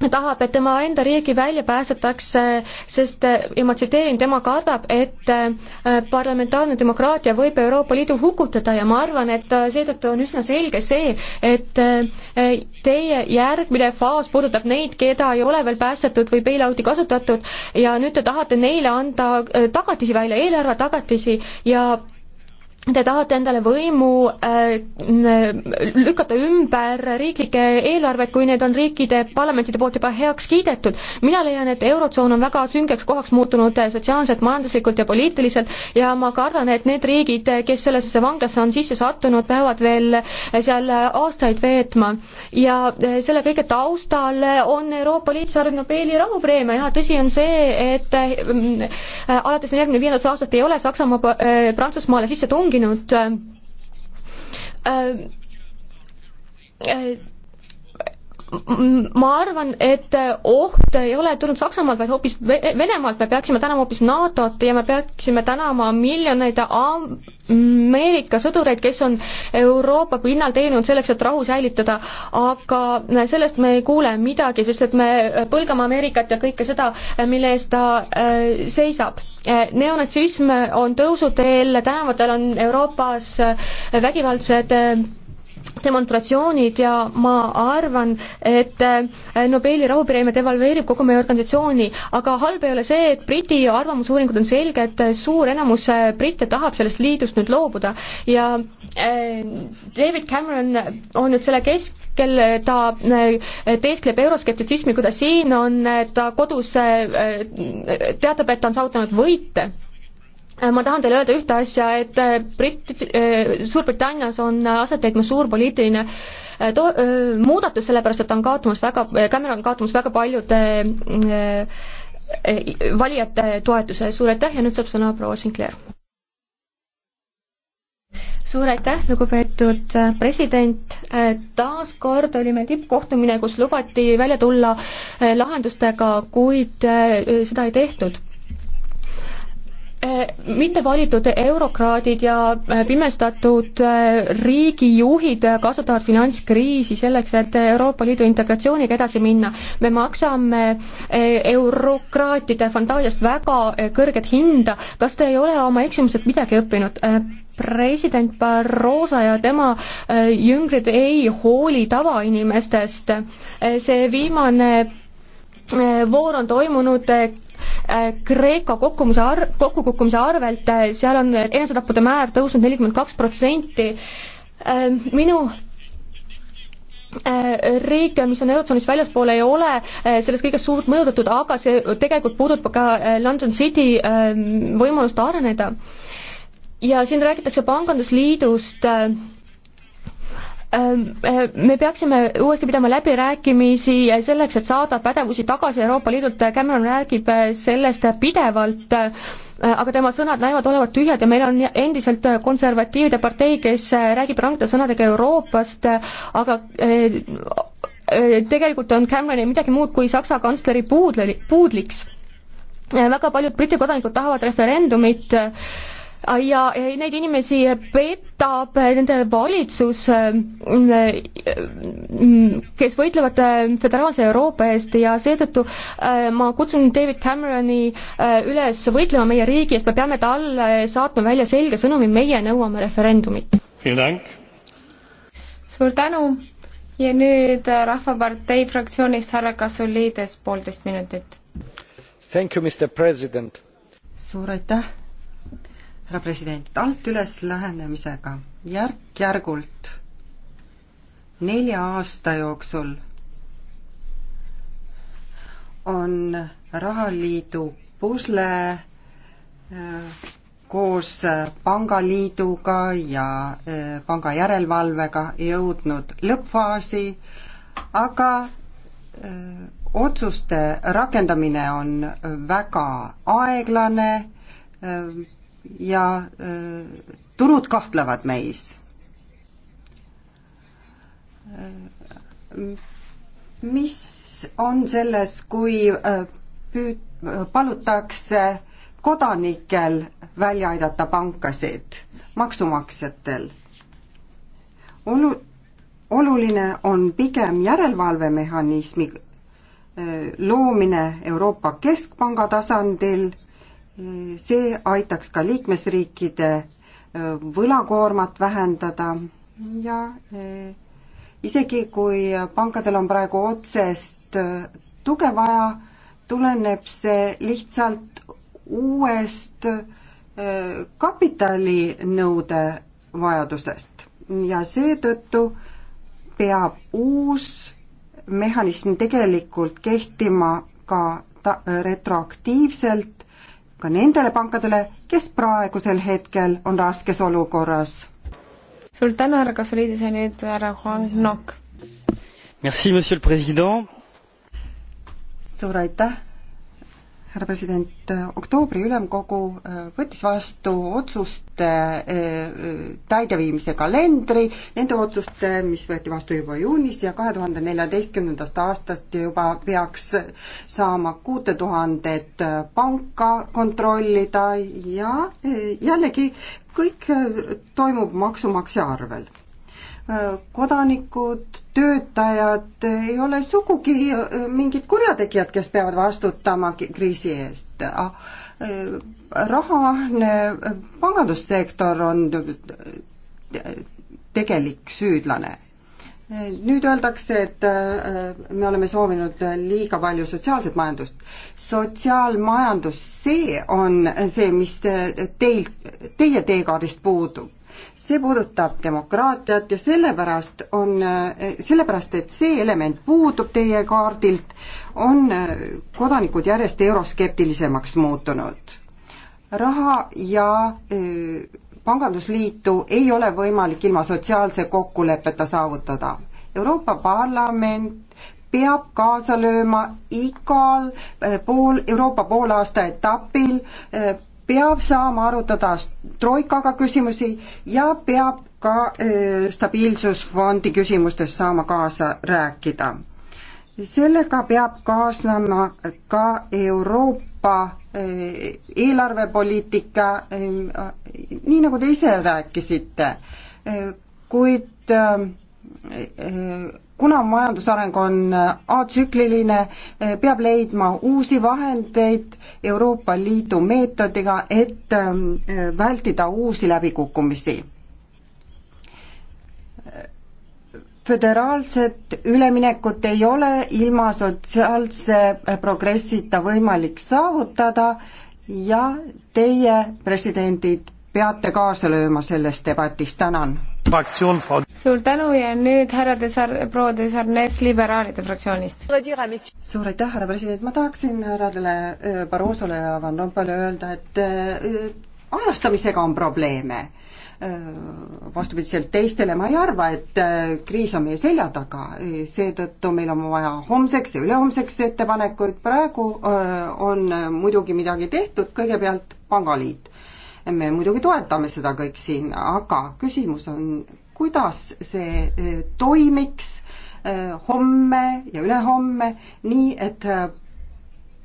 [SPEAKER 1] tahab, et tema enda riigi välja päästetakse, sest ja ma tsiteerin, tema kardab, et äh, parlamentaarne demokraatia võib Euroopa Liidu hukutada ja ma arvan, et äh, seetõttu on üsna selge see, et äh, teie järgmine faas puudutab neid, keda ei ole veel päästetud või bailout'i kasutatud ja nüüd te tahate neile anda tagatisi välja, eelarve tagatisi ja Te tahate endale võimu äh, lükata ümber riiklikke eelarveid, kui need on riikide parlamentide poolt juba heaks kiidetud. mina leian, et Eurotsoon on väga süngeks kohaks muutunud äh, sotsiaalselt, majanduslikult ja poliitiliselt ja ma kardan, et need riigid, äh, kes sellesse vanglasse on sisse sattunud, peavad veel äh, seal aastaid veetma. ja selle kõige taustal on Euroopa Liit saanud Nobeli rahupreemia ja tõsi on see, et äh, alates neljakümne viiendast aastast ei ole Saksamaa äh, Prantsusmaale sisse tungnud, mänginud äh, äh, ma arvan, et oht ei ole tulnud Saksamaalt, vaid hoopis Venemaalt, me peaksime tänama hoopis NATO-t ja me peaksime tänama miljoneid Ameerika sõdureid, kes on Euroopa pinnal teeninud selleks, et rahu säilitada, aga sellest me ei kuule midagi, sest et me põlgame Ameerikat ja kõike seda, mille eest ta äh, seisab neonatsism on tõusuteel, tänavatel on Euroopas vägivaldsed demonstratsioonid ja ma arvan, et Nobeli rahupreemia devalveerib kogu meie organisatsiooni, aga halb ei ole see, et Briti arvamusuuringud on selged, suur enamus britte tahab sellest liidust nüüd loobuda ja eh, David Cameron on nüüd selle kesk, kel ta eh, teeskleb euroskeptitsismi, kui ta siin on, eh, ta kodus eh, teatab, et ta on saavutanud võite ma tahan teile öelda ühte asja, et Brit-, Suurbritannias on aset leidmas suur poliitiline to-, muudatus, sellepärast et ta on kaotamas väga, Cameron on kaotamas väga paljude valijate toetuse, suur aitäh ja nüüd saab sõna proua Sinclair suur aitäh, lugupeetud äh, president, äh, taas kord oli meil tippkohtumine, kus lubati välja tulla äh, lahendustega, kuid seda ei tehtud mitte valitud eurokraadid ja pimestatud riigijuhid kasutavad finantskriisi selleks, et Euroopa Liidu integratsiooniga edasi minna. me maksame eurokraatide fantaasiast väga kõrget hinda, kas te ei ole oma eksimuselt midagi õppinud? president Barroso ja tema äh, jüngrid ei hooli tavainimestest. Äh, see viimane äh, voor on toimunud Kreeka kokkumise ar-, kokkukukkumise arvelt, seal on enesetappude määr tõusnud nelikümmend kaks protsenti. minu riike, mis on Eurotsoonist väljaspool, ei ole sellest kõigest suurt mõjutatud, aga see tegelikult puudutab ka London City võimalust areneda ja siin räägitakse pangandusliidust äh, äh, me peaksime uuesti pidama läbirääkimisi selleks, et saada pädevusi tagasi Euroopa Liidult, Cameron räägib äh, sellest pidevalt, aga tema sõnad näivad olevat tühjad ja meil on endiselt konservatiivide partei, kes räägib rangete sõnadega Euroopast, aga tegelikult on Cameroni midagi muud kui Saksa kantsleri puudle, puudliks. väga paljud Briti kodanikud tahavad referendumit äh, ja neid inimesi petab nende valitsus, ähm, ähm, kes võitlevad ähm, föderaalse Euroopa eest ja seetõttu äh, ma kutsun David Cameroni äh, üles võitlema meie riigi eest, me peame talle saatma välja selge sõnumi, meie nõuame referendumit. suur tänu
[SPEAKER 4] ja nüüd äh, Rahvapartei fraktsioonist härra Kasuliides, poolteist minutit.
[SPEAKER 5] suur aitäh härra president, alt üles lähenemisega järk-järgult nelja aasta jooksul on rahaliidu pusle äh, koos äh, pangaliiduga ja äh, panga järelevalvega jõudnud lõppfaasi, aga otsuste rakendamine on väga aeglane, ja äh, turud kahtlevad meis. Äh, mis on selles, kui äh, püüd-, palutakse kodanikel välja aidata pankasid, maksumaksjatel. olu-, oluline on pigem järelevalvemehhanismi loomine Euroopa Keskpanga tasandil see aitaks ka liikmesriikide äh, võlakoormat vähendada ja äh, isegi kui pankadel on praegu otsest äh, tuge vaja, tuleneb see lihtsalt uuest kapitalinõude vajadusest ja seetõttu peab uus mehhanism tegelikult kehtima ka ta-, retroaktiivselt ka nendele pankadele, kes praegusel hetkel on raskes olukorras.
[SPEAKER 4] suur tänu, härra Kasuliidis ja nüüd härra Juan Nok.
[SPEAKER 5] Merci, monsieur le president. suur aitäh, härra president, oktoobri ülemkogu äh, võttis vastu otsuste äh, äh, täideviimise kalendri, nende otsuste, mis võeti vastu juba juunis ja kahe tuhande neljateistkümnendast aastast juba peaks saama kuute tuhandet panka kontrollida ja jällegi kõik toimub maksumaksja arvel kodanikud, töötajad ei ole sugugi äh, mingid kurjategijad, kes peavad vastutama kriisi eest. Ah, äh, rahaahne äh, pangandussektor on tegelik süüdlane. nüüd öeldakse, et me oleme soovinud liiga palju sotsiaalset majandust. sotsiaalmajandus, see on see, mis teil, teie teekaardist puudub see puudutab demokraatiat ja sellepärast on, sellepärast, et see element puudub teie kaardilt, on kodanikud järjest euroskeptilisemaks muutunud. raha ja e, pangandusliitu ei ole võimalik ilma sotsiaalse kokkuleppeta saavutada. Euroopa Parlament peab kaasa lööma igal e, pool Euroopa poolaasta etapil e, peab saama arutada troikaga küsimusi ja peab ka stabiilsusfondi küsimustes saama kaasa rääkida. sellega peab kaasnema ka Euroopa eelarvepoliitika, nii nagu te ise rääkisite, kuid kuna majandusareng on äh, atsükliline, äh, peab leidma uusi vahendeid Euroopa Liidu meetodiga, et ähm, äh, vältida uusi läbikukkumisi. föderaalset üleminekut ei ole ilma sotsiaalse progressita võimalik saavutada ja teie, presidendid, peate kaasa lööma selles debatis, tänan suur tänu ja nüüd härra Desar-, proua
[SPEAKER 4] Desarnes liberaalide fraktsioonist.
[SPEAKER 5] suur aitäh, härra president, ma tahaksin härradele äh, Barrosole ja Van Rompuy'le öelda, et äh, ajastamisega on probleeme. Äh, vastupidiselt teistele ma ei arva, et kriis on meie selja taga, seetõttu meil on vaja homseks ja ülehomseks ettepanekuid, praegu on muidugi midagi tehtud, kõigepealt pangaliit me muidugi toetame seda kõik siin, aga küsimus on, kuidas see e, toimiks e, homme ja ülehomme, nii et e,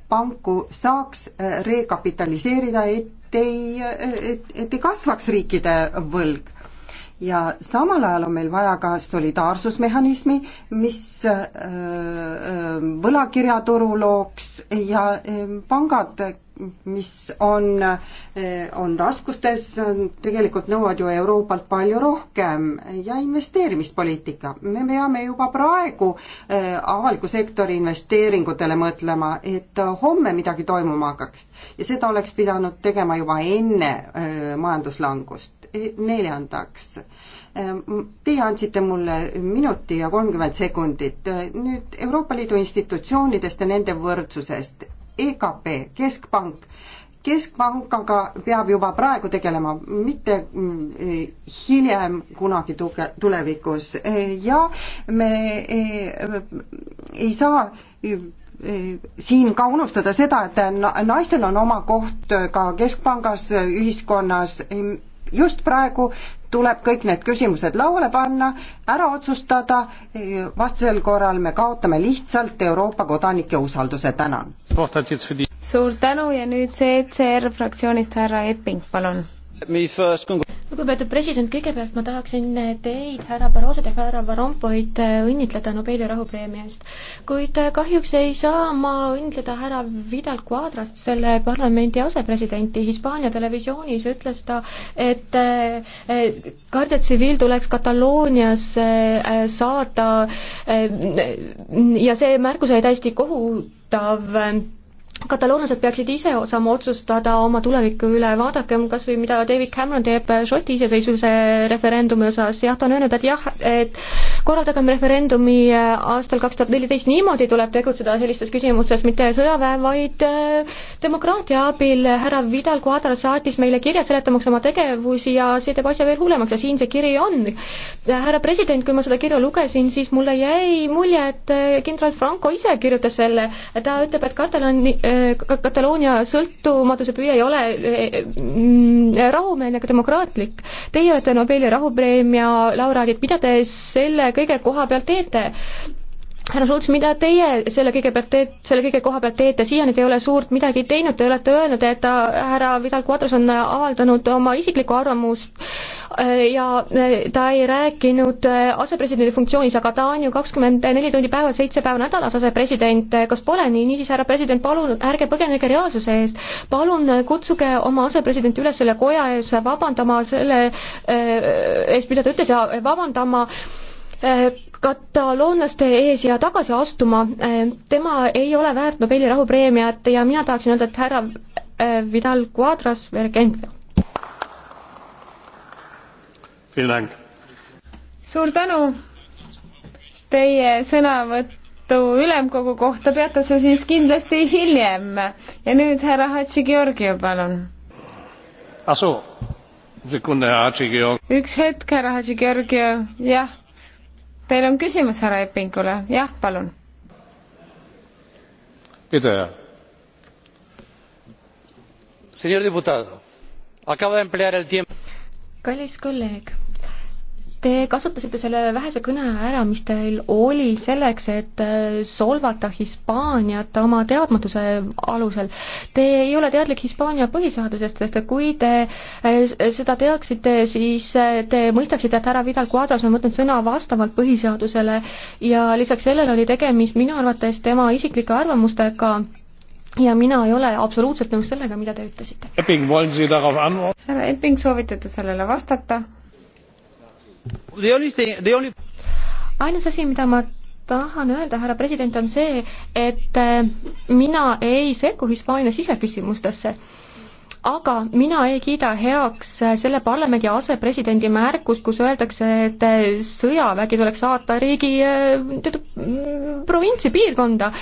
[SPEAKER 5] panku saaks rekapitaliseerida, et ei, et, et ei kasvaks riikide võlg ja samal ajal on meil vaja ka solidaarsusmehhanismi, mis võlakirjaturu looks ja pangad mis on, eh, on raskustes, tegelikult nõuavad ju Euroopalt palju rohkem ja investeerimispoliitika. me peame juba praegu eh, avaliku sektori investeeringutele mõtlema, et homme midagi toimuma hakkaks. ja seda oleks pidanud tegema juba enne eh, majanduslangust. E, neljandaks, teie andsite mulle minuti ja kolmkümmend sekundit. nüüd Euroopa Liidu institutsioonidest ja nende võrdsusest EKP, keskpank. keskpankaga peab juba praegu tegelema, mitte mm, hiljem kunagi tuge, tulevikus ja me ei, eh, ei saa eh, siin ka unustada seda, et naistel on oma koht ka keskpangas, ühiskonnas just praegu tuleb kõik need küsimused lauale panna, ära otsustada, vastasel korral me kaotame lihtsalt Euroopa kodanike usalduse, tänan.
[SPEAKER 1] suur tänu ja nüüd see ECR fraktsioonist härra Epping, palun lugupeetud president, kõigepealt ma tahaksin teid, härra Barroset ja härra Van Rompuyd äh, õnnitleda Nobeli rahupreemia eest. kuid äh, kahjuks ei saa ma õnnitleda härra Vidal Quadrast, selle parlamendi asepresidenti. Hispaania televisioonis ütles ta, et äh, Guardia Civil tuleks Kataloonias saada ja see märkus oli täiesti kohutav kataloonlased peaksid ise saama otsustada oma tuleviku üle, vaadakem kas või mida David Cameron teeb Šoti iseseisvuse referendumi osas, jah, ta on öelnud, et jah, et korraldagem referendumi aastal kaks tuhat neliteist, niimoodi tuleb tegutseda sellistes küsimustes, mitte sõjaväe, vaid äh, demokraatia abil. härra Vidal Cuadra saatis meile kirja seletamaks oma tegevusi ja see teeb asja veel hullemaks ja siin see kiri on. härra president, kui ma seda kirja lugesin, siis mulle jäi mulje, et äh, kindral Franco ise kirjutas selle, ta ütleb, et Katalani Kataloonia sõltumatuse püüe ei ole eh, mm, rahumeelne ega demokraatlik. Teie olete Nobeli rahupreemia laureaadid, mida te selle kõige koha peal teete? härra Schultz, mida teie selle kõige pealt teed, selle kõige koha pealt teete, siiani te ei ole suurt midagi teinud, te olete öelnud, et äh, härra Vidal Quadras on äh, avaldanud oma isiklikku arvamust äh, ja ta ei rääkinud asepresidendi funktsioonis, aga ta on ju kakskümmend neli tundi päevas, seitse päeva nädalas asepresident, kas pole nii, niisiis härra president, palun ärge põgenege reaalsuse eest, palun kutsuge oma asepresidenti üles selle koja ees vabandama selle eest, mida ta ütles ja vabandama kataloonlaste ees ja tagasi astuma, eh, tema ei ole väärt Nobeli rahupreemiat ja mina tahaksin öelda, et härra eh, Vidal Quadras Vergenza. suur tänu teie
[SPEAKER 4] sõnavõttu ülemkogu kohta, peatuse siis kindlasti hiljem. ja nüüd härra Hatši Georgiev, palun. üks hetk, härra Hatši Georgiev, jah Teil on küsimus härra Epingule, jah, palun.
[SPEAKER 5] pidaja.
[SPEAKER 1] kallis kolleeg Te kasutasite selle vähese kõne ära, mis teil oli selleks, et äh, solvata Hispaaniat oma teadmatuse alusel. Te ei ole teadlik Hispaania põhiseadusest, sest kui te äh, seda teaksite, siis äh, te mõistaksite, et härra Vidal Cuadras on võtnud sõna vastavalt põhiseadusele ja lisaks sellele oli tegemist minu arvates tema isiklike arvamustega ja mina ei ole absoluutselt nõus sellega, mida te ütlesite. härra Epping, soovite te sellele vastata?
[SPEAKER 2] Only...
[SPEAKER 1] ainus asi, mida ma tahan öelda, härra president, on see, et äh, mina ei sekku Hispaania siseküsimustesse aga mina ei kiida heaks äh, selle parlamendi asepresidendi märkust, kus öeldakse, et äh, sõjavägi tuleks saata riigi äh, teatud mm, provintsi, piirkonda.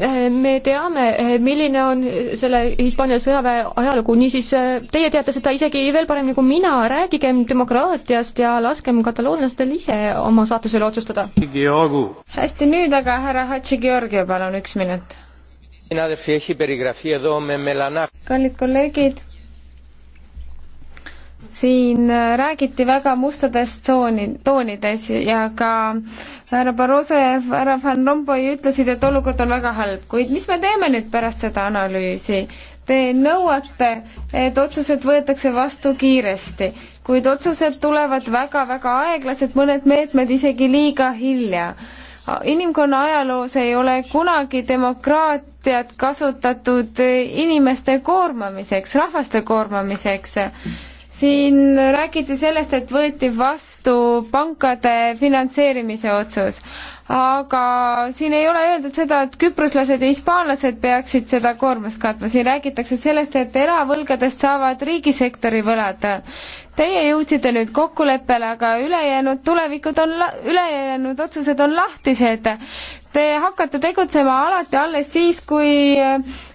[SPEAKER 1] me teame, milline on selle Hispaania sõjaväe ajalugu, niisiis teie teate seda isegi veel paremini kui mina, rääkigem demokraatiast ja laskem kataloonlastel ise oma saatuse üle otsustada.
[SPEAKER 4] hästi, nüüd aga härra Hatši Georgiev, palun üks minut kallid kolleegid, siin räägiti väga mustadest tsooni, toonides ja ka härra Barroso ja härra Van Rompuy ütlesid, et olukord on väga halb, kuid mis me teeme nüüd pärast seda analüüsi? Te nõuate, et otsused võetakse vastu kiiresti, kuid otsused tulevad väga-väga aeglaselt, mõned meetmed isegi liiga hilja inimkonna ajaloos ei ole kunagi demokraat bürokraatiat kasutatud inimeste koormamiseks, rahvaste koormamiseks. siin räägiti sellest, et võeti vastu pankade finantseerimise otsus, aga siin ei ole öeldud seda, et küproslased ja hispaanlased peaksid seda koormust katma, siin räägitakse sellest, et eravõlgadest saavad riigisektori võlad. Teie jõudsite nüüd kokkuleppele, aga ülejäänud tulevikud on, ülejäänud otsused on lahtised. Te hakkate tegutsema alati alles siis, kui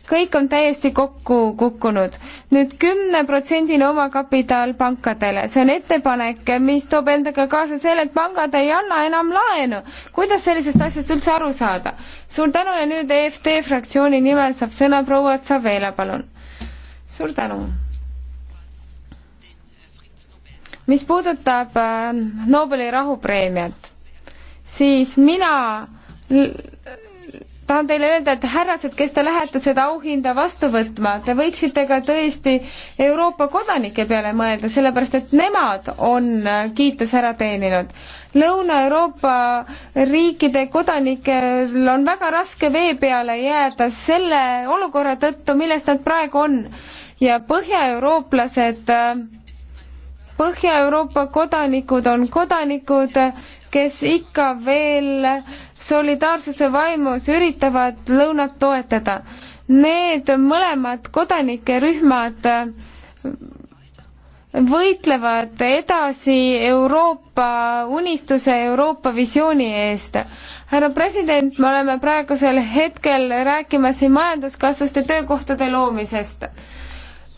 [SPEAKER 4] kõik on täiesti kokku kukkunud. nüüd kümneprotsendine omakapital pankadele, see on ettepanek, mis toob endaga kaasa selle, et pangad ei anna enam laenu. kuidas sellisest asjast üldse aru saada? suur tänu ja nüüd EFT fraktsiooni nimel saab sõna proua Tsavela, palun. suur tänu mis puudutab äh, Nobeli rahupreemiat, siis mina tahan teile öelda, et härrased, kes te lähete seda auhinda vastu võtma, te võiksite ka tõesti Euroopa kodanike peale mõelda, sellepärast et nemad on äh, kiituse ära teeninud. Lõuna-Euroopa riikide kodanikel on väga raske vee peale jääda selle olukorra tõttu, milles nad praegu on. ja põhjaeurooplased äh, Põhja-Euroopa kodanikud on kodanikud, kes ikka veel solidaarsuse vaimus üritavad lõunat toetada. Need mõlemad kodanike rühmad võitlevad edasi Euroopa unistuse, Euroopa visiooni eest. härra president, me oleme praegusel hetkel rääkimas siin majanduskasvust ja töökohtade loomisest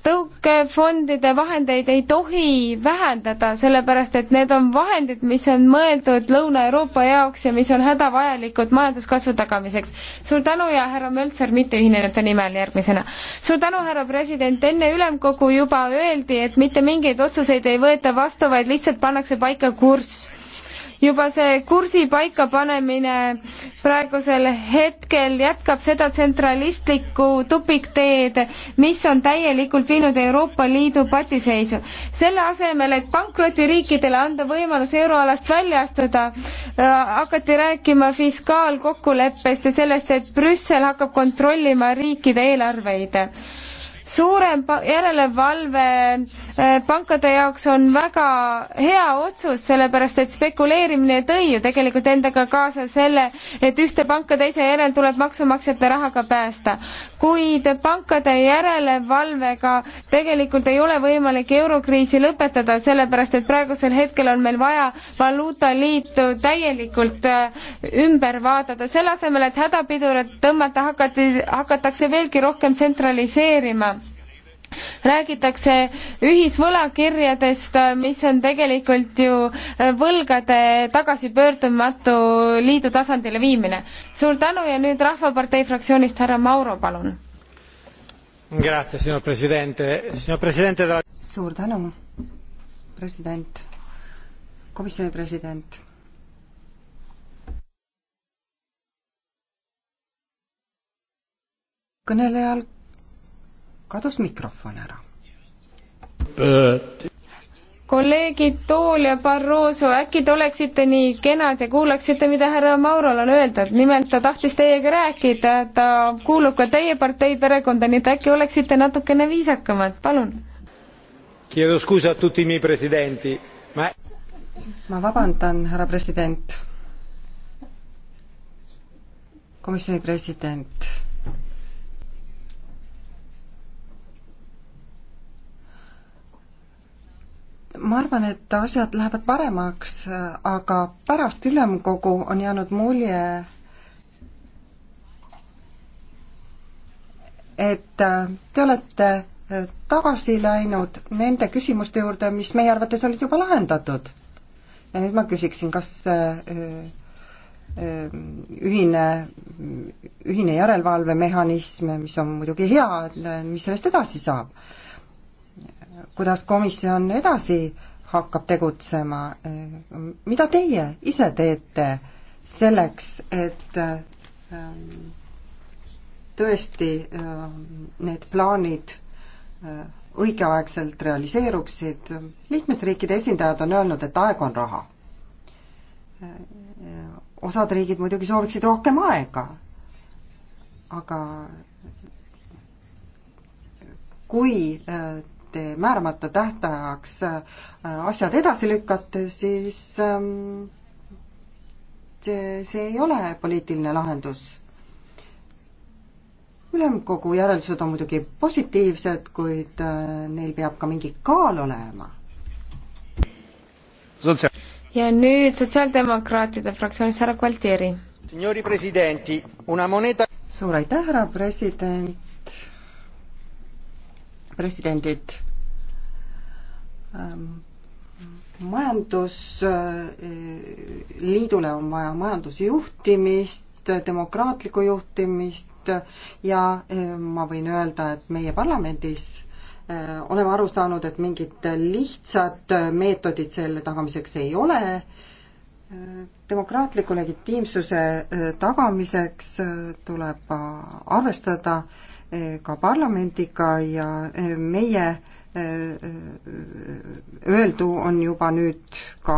[SPEAKER 4] tõukefondide vahendeid ei tohi vähendada, sellepärast et need on vahendid, mis on mõeldud Lõuna-Euroopa jaoks ja mis on hädavajalikud majanduskasvu tagamiseks. suur tänu ja härra Möltser mitteühinenute nimel järgmisena. suur tänu, härra president, enne ülemkogu juba öeldi, et mitte mingeid otsuseid ei võeta vastu, vaid lihtsalt pannakse paika kurss juba see kursi paikapanemine praegusel hetkel jätkab seda tsentralistlikku tupikteed, mis on täielikult viinud Euroopa Liidu patiseisu. selle asemel, et pankrotiriikidele anda võimalus euroalast välja astuda, äh, hakati rääkima fiskaalkokkuleppest ja sellest, et Brüssel hakkab kontrollima riikide eelarveid. suurem järelevalve Eh, pankade jaoks on väga hea otsus, sellepärast et spekuleerimine tõi ju tegelikult endaga kaasa selle, et ühte panka teise järel tuleb maksumaksjate rahaga päästa. kuid pankade järelevalvega tegelikult ei ole võimalik eurokriisi lõpetada, sellepärast et praegusel hetkel on meil vaja valuutaliitu täielikult eh, ümber vaadata, selle asemel, et hädapidurit tõmmata hakati, hakatakse veelgi rohkem tsentraliseerima räägitakse ühisvõlakirjadest, mis on tegelikult ju äh, võlgade tagasipöördumatu liidu tasandile viimine. suur tänu ja nüüd Rahvapartei fraktsioonist härra Mauro, palun.
[SPEAKER 5] suur tänu, president, komisjoni president kõnelejal kadus mikrofon ära. kolleegid
[SPEAKER 4] Tool ja Barroso, äkki te oleksite nii kenad ja kuulaksite, mida härra Maurol on öeldud, nimelt ta tahtis teiega rääkida, ta kuulub ka teie partei perekonda, nii et äkki oleksite natukene viisakamad, palun.
[SPEAKER 5] Ma... ma vabandan, härra president komisjoni president ma arvan, et asjad lähevad paremaks, aga pärast ülemkogu on jäänud mulje, et te olete tagasi läinud nende küsimuste juurde, mis meie arvates olid juba lahendatud. ja nüüd ma küsiksin, kas äh, äh, ühine, ühine järelevalvemehhanism, mis on muidugi hea, mis sellest edasi saab kuidas komisjon edasi hakkab tegutsema, mida teie ise teete selleks, et ähm, tõesti ähm, need plaanid äh, õigeaegselt realiseeruksid, liikmesriikide esindajad on öelnud, et aeg on raha. Äh, osad riigid muidugi sooviksid rohkem aega, aga kui äh, te määramata tähtajaks äh, asjad edasi lükkate, siis ähm, see, see ei ole poliitiline lahendus. ülemkogu järeldused on muidugi positiivsed, kuid äh, neil peab ka mingi kaal olema. ja nüüd Sotsiaaldemokraatide fraktsioonist härra Gualtieri. suur aitäh, härra president presidendid ähm,. majandusliidule on vaja majandusjuhtimist, demokraatlikku juhtimist ja äh, ma võin öelda, et meie parlamendis äh, oleme aru saanud, et mingit lihtsat meetodit selle tagamiseks ei ole. demokraatliku legitiimsuse äh, tagamiseks tuleb arvestada ka parlamendiga ja e, meie e, e, öeldu on juba nüüd ka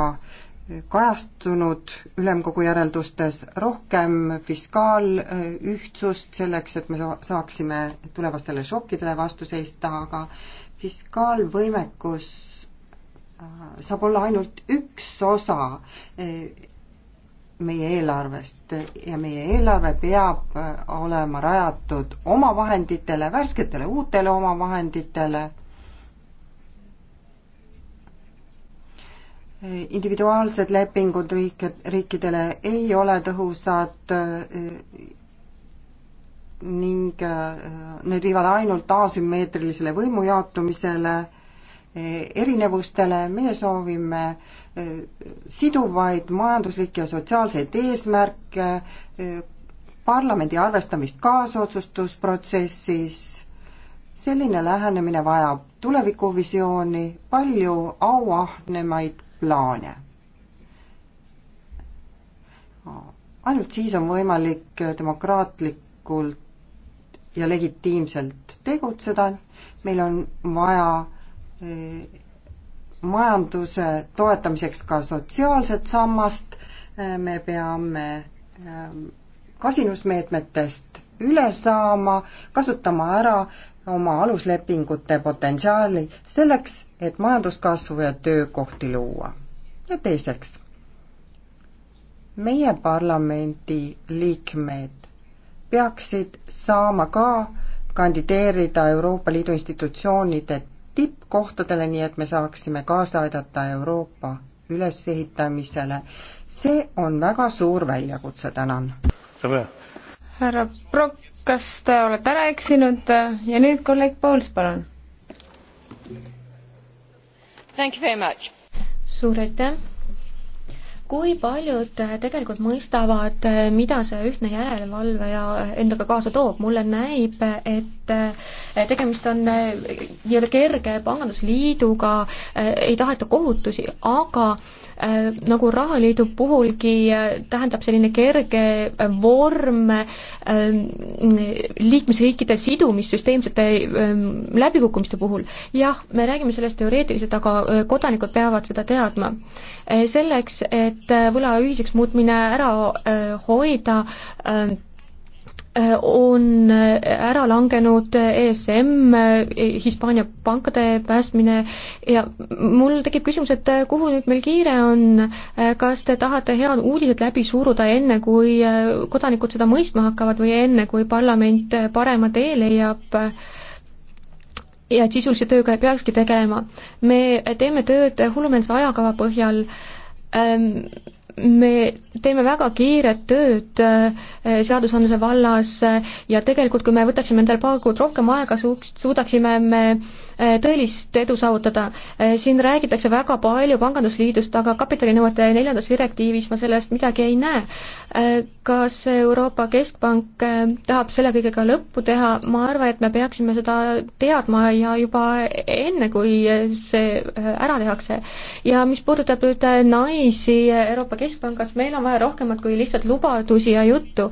[SPEAKER 5] kajastunud ülemkogu järeldustes rohkem fiskaalühtsust selleks, et me saaksime tulevastele šokkidele vastu seista, aga fiskaalvõimekus äh, saab olla ainult üks osa meie eelarvest ja meie eelarve peab äh, olema rajatud omavahenditele, värsketele uutele omavahenditele, individuaalsed lepingud riike, riikidele ei ole tõhusad äh, ning äh, need viivad ainult asümmeetrilisele võimu jaotumisele, erinevustele, meie soovime äh, siduvaid majanduslikke ja sotsiaalseid eesmärke, parlamendi arvestamist kaasotsustusprotsessis, selline lähenemine vajab tulevikuvisiooni, palju auahnemaid plaane. ainult siis on võimalik demokraatlikult ja legitiimselt tegutseda, meil on vaja eh, majanduse toetamiseks ka sotsiaalset sammast, me peame ähm, kasinusmeetmetest üle saama, kasutama ära oma aluslepingute potentsiaali selleks, et majanduskasvu ja töökohti luua. ja teiseks, meie parlamendi liikmed peaksid saama ka kandideerida Euroopa Liidu institutsioonide tippkohtadele, nii et me saaksime kaasa aidata Euroopa ülesehitamisele. see on väga suur väljakutse, tänan. härra Prokk, kas te olete ära eksinud ja nüüd
[SPEAKER 4] kolleeg Pools, palun.
[SPEAKER 1] suur aitäh kui paljud tegelikult mõistavad, mida see ühtne järelevalve ja endaga kaasa toob, mulle näib, et et tegemist on äh, nii-öelda kerge pangandusliiduga, äh, ei taheta kohutusi, aga äh, nagu rahaliidu puhulgi tähendab selline kerge vorm liikmesriikide sidumist süsteemsete ähm, läbikukkumiste puhul. jah, me räägime sellest teoreetiliselt, aga kodanikud peavad seda teadma. selleks, et võla ühiseks muutmine ära hoida, on ära langenud ESM, Hispaania pankade päästmine ja mul tekib küsimus, et kuhu nüüd meil kiire on, kas te tahate head uudised läbi suruda enne, kui kodanikud seda mõistma hakkavad või enne, kui parlament parema tee leiab ja et sisulise tööga ei peakski tegelema. me teeme tööd hullumeelse ajakava põhjal ähm, me teeme väga kiiret tööd äh, seadusandluse vallas äh, ja tegelikult, kui me võtaksime endale paar kuud rohkem aega, suuks, suudaksime me tõelist edu saavutada. Eh, siin räägitakse väga palju pangandusliidust, aga kapitalinõuete neljandas direktiivis ma sellest midagi ei näe. Eh, kas Euroopa Keskpank eh, tahab selle kõigega lõppu teha, ma arvan, et me peaksime seda teadma ja juba enne, kui see ära tehakse. ja mis puudutab nüüd naisi Euroopa Keskpangas, meil on vaja rohkemat kui lihtsalt lubadusi ja juttu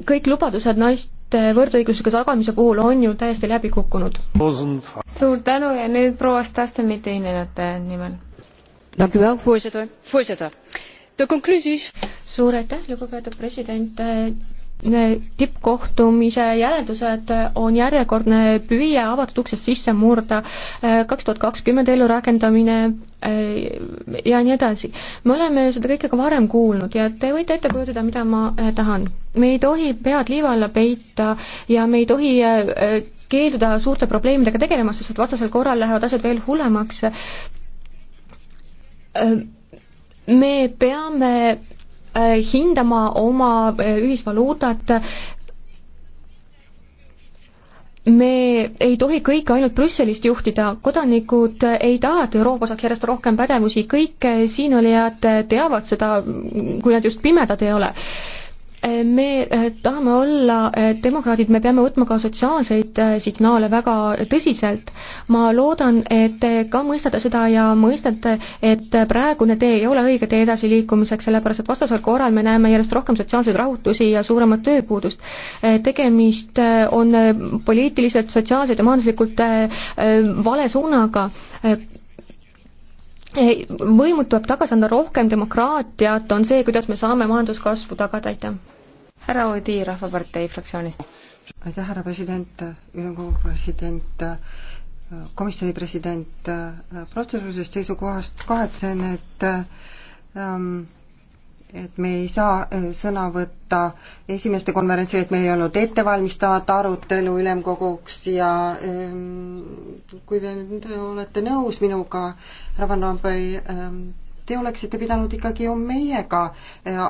[SPEAKER 1] kõik lubadused naist, võrdsete, võrdõiguslikkuse tagamise puhul on ju täiesti läbi kukkunud. suur tänu ja nüüd proua Stassemit ühinenute nimel. suur aitäh, lugupeetud president Äh, tippkohtumise järeldused on järjekordne püüe avatud uksest sisse murda, äh, kaks tuhat kakskümmend ellurakendamine äh, ja nii edasi. me oleme seda kõike ka varem kuulnud ja te võite ette kujutada, mida ma tahan. me ei tohi pead liiva alla peita ja me ei tohi keelduda suurte probleemidega tegelemast, sest et vastasel korral lähevad asjad veel hullemaks me peame Äh, hindama oma äh, ühisvaluutat, me ei tohi kõike ainult Brüsselist juhtida, kodanikud ei taha, et Euroopa saaks järjest rohkem pädevusi, kõik siinolijad teavad seda, kui nad just pimedad ei ole me eh, tahame olla eh, demokraadid, me peame võtma ka sotsiaalseid eh, signaale väga tõsiselt. ma loodan, et te ka mõistate seda ja mõistate, et praegune tee ei ole õige tee edasiliikumiseks, sellepärast et vastasel korral me näeme järjest rohkem sotsiaalseid rahutusi ja suuremat tööpuudust. tegemist on poliitiliselt, sotsiaalselt ja majanduslikult vale suunaga võimud tuleb tagasi anda, rohkem demokraatiat on see, kuidas me saame majanduskasvu tagada, aitäh.
[SPEAKER 5] härra Oudi Rahvapartei fraktsioonist. aitäh, härra president, ülemkogu president, komisjoni president, protseduurilisest seisukohast kahetsen, et ähm, et me ei saa äh, sõna võtta esimeste konverentsil, et meil ei olnud ettevalmistavat arutelu ülemkoguks ja ähm, kui te nüüd olete nõus minuga, härra Van Rompuy, ähm, te oleksite pidanud ikkagi ju meiega äh,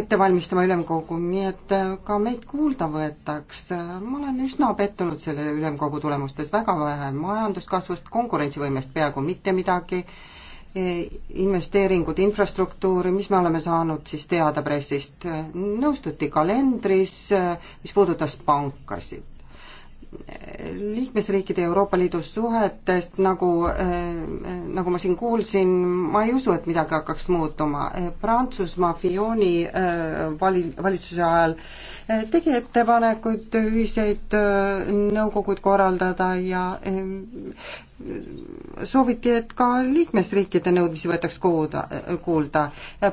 [SPEAKER 5] ette valmistama ülemkogu, nii et äh, ka meid kuulda võetaks. ma olen üsna pettunud selle ülemkogu tulemustes, väga vähe majanduskasvust, konkurentsivõimest peaaegu mitte midagi E, investeeringud infrastruktuuri, mis me oleme saanud siis teada pressist, nõustuti kalendris, e, mis puudutas pankasid. liikmesriikide Euroopa Liidu suhetest, nagu, e, nagu ma siin kuulsin, ma ei usu, et midagi hakkaks muutuma. Prantsusmaa Fioni vali-, valitsuse ajal tegi ettepanekuid ühiseid nõukoguid korraldada ja sooviti, et ka liikmesriikide nõudmisi võetaks kuuda, kuulda.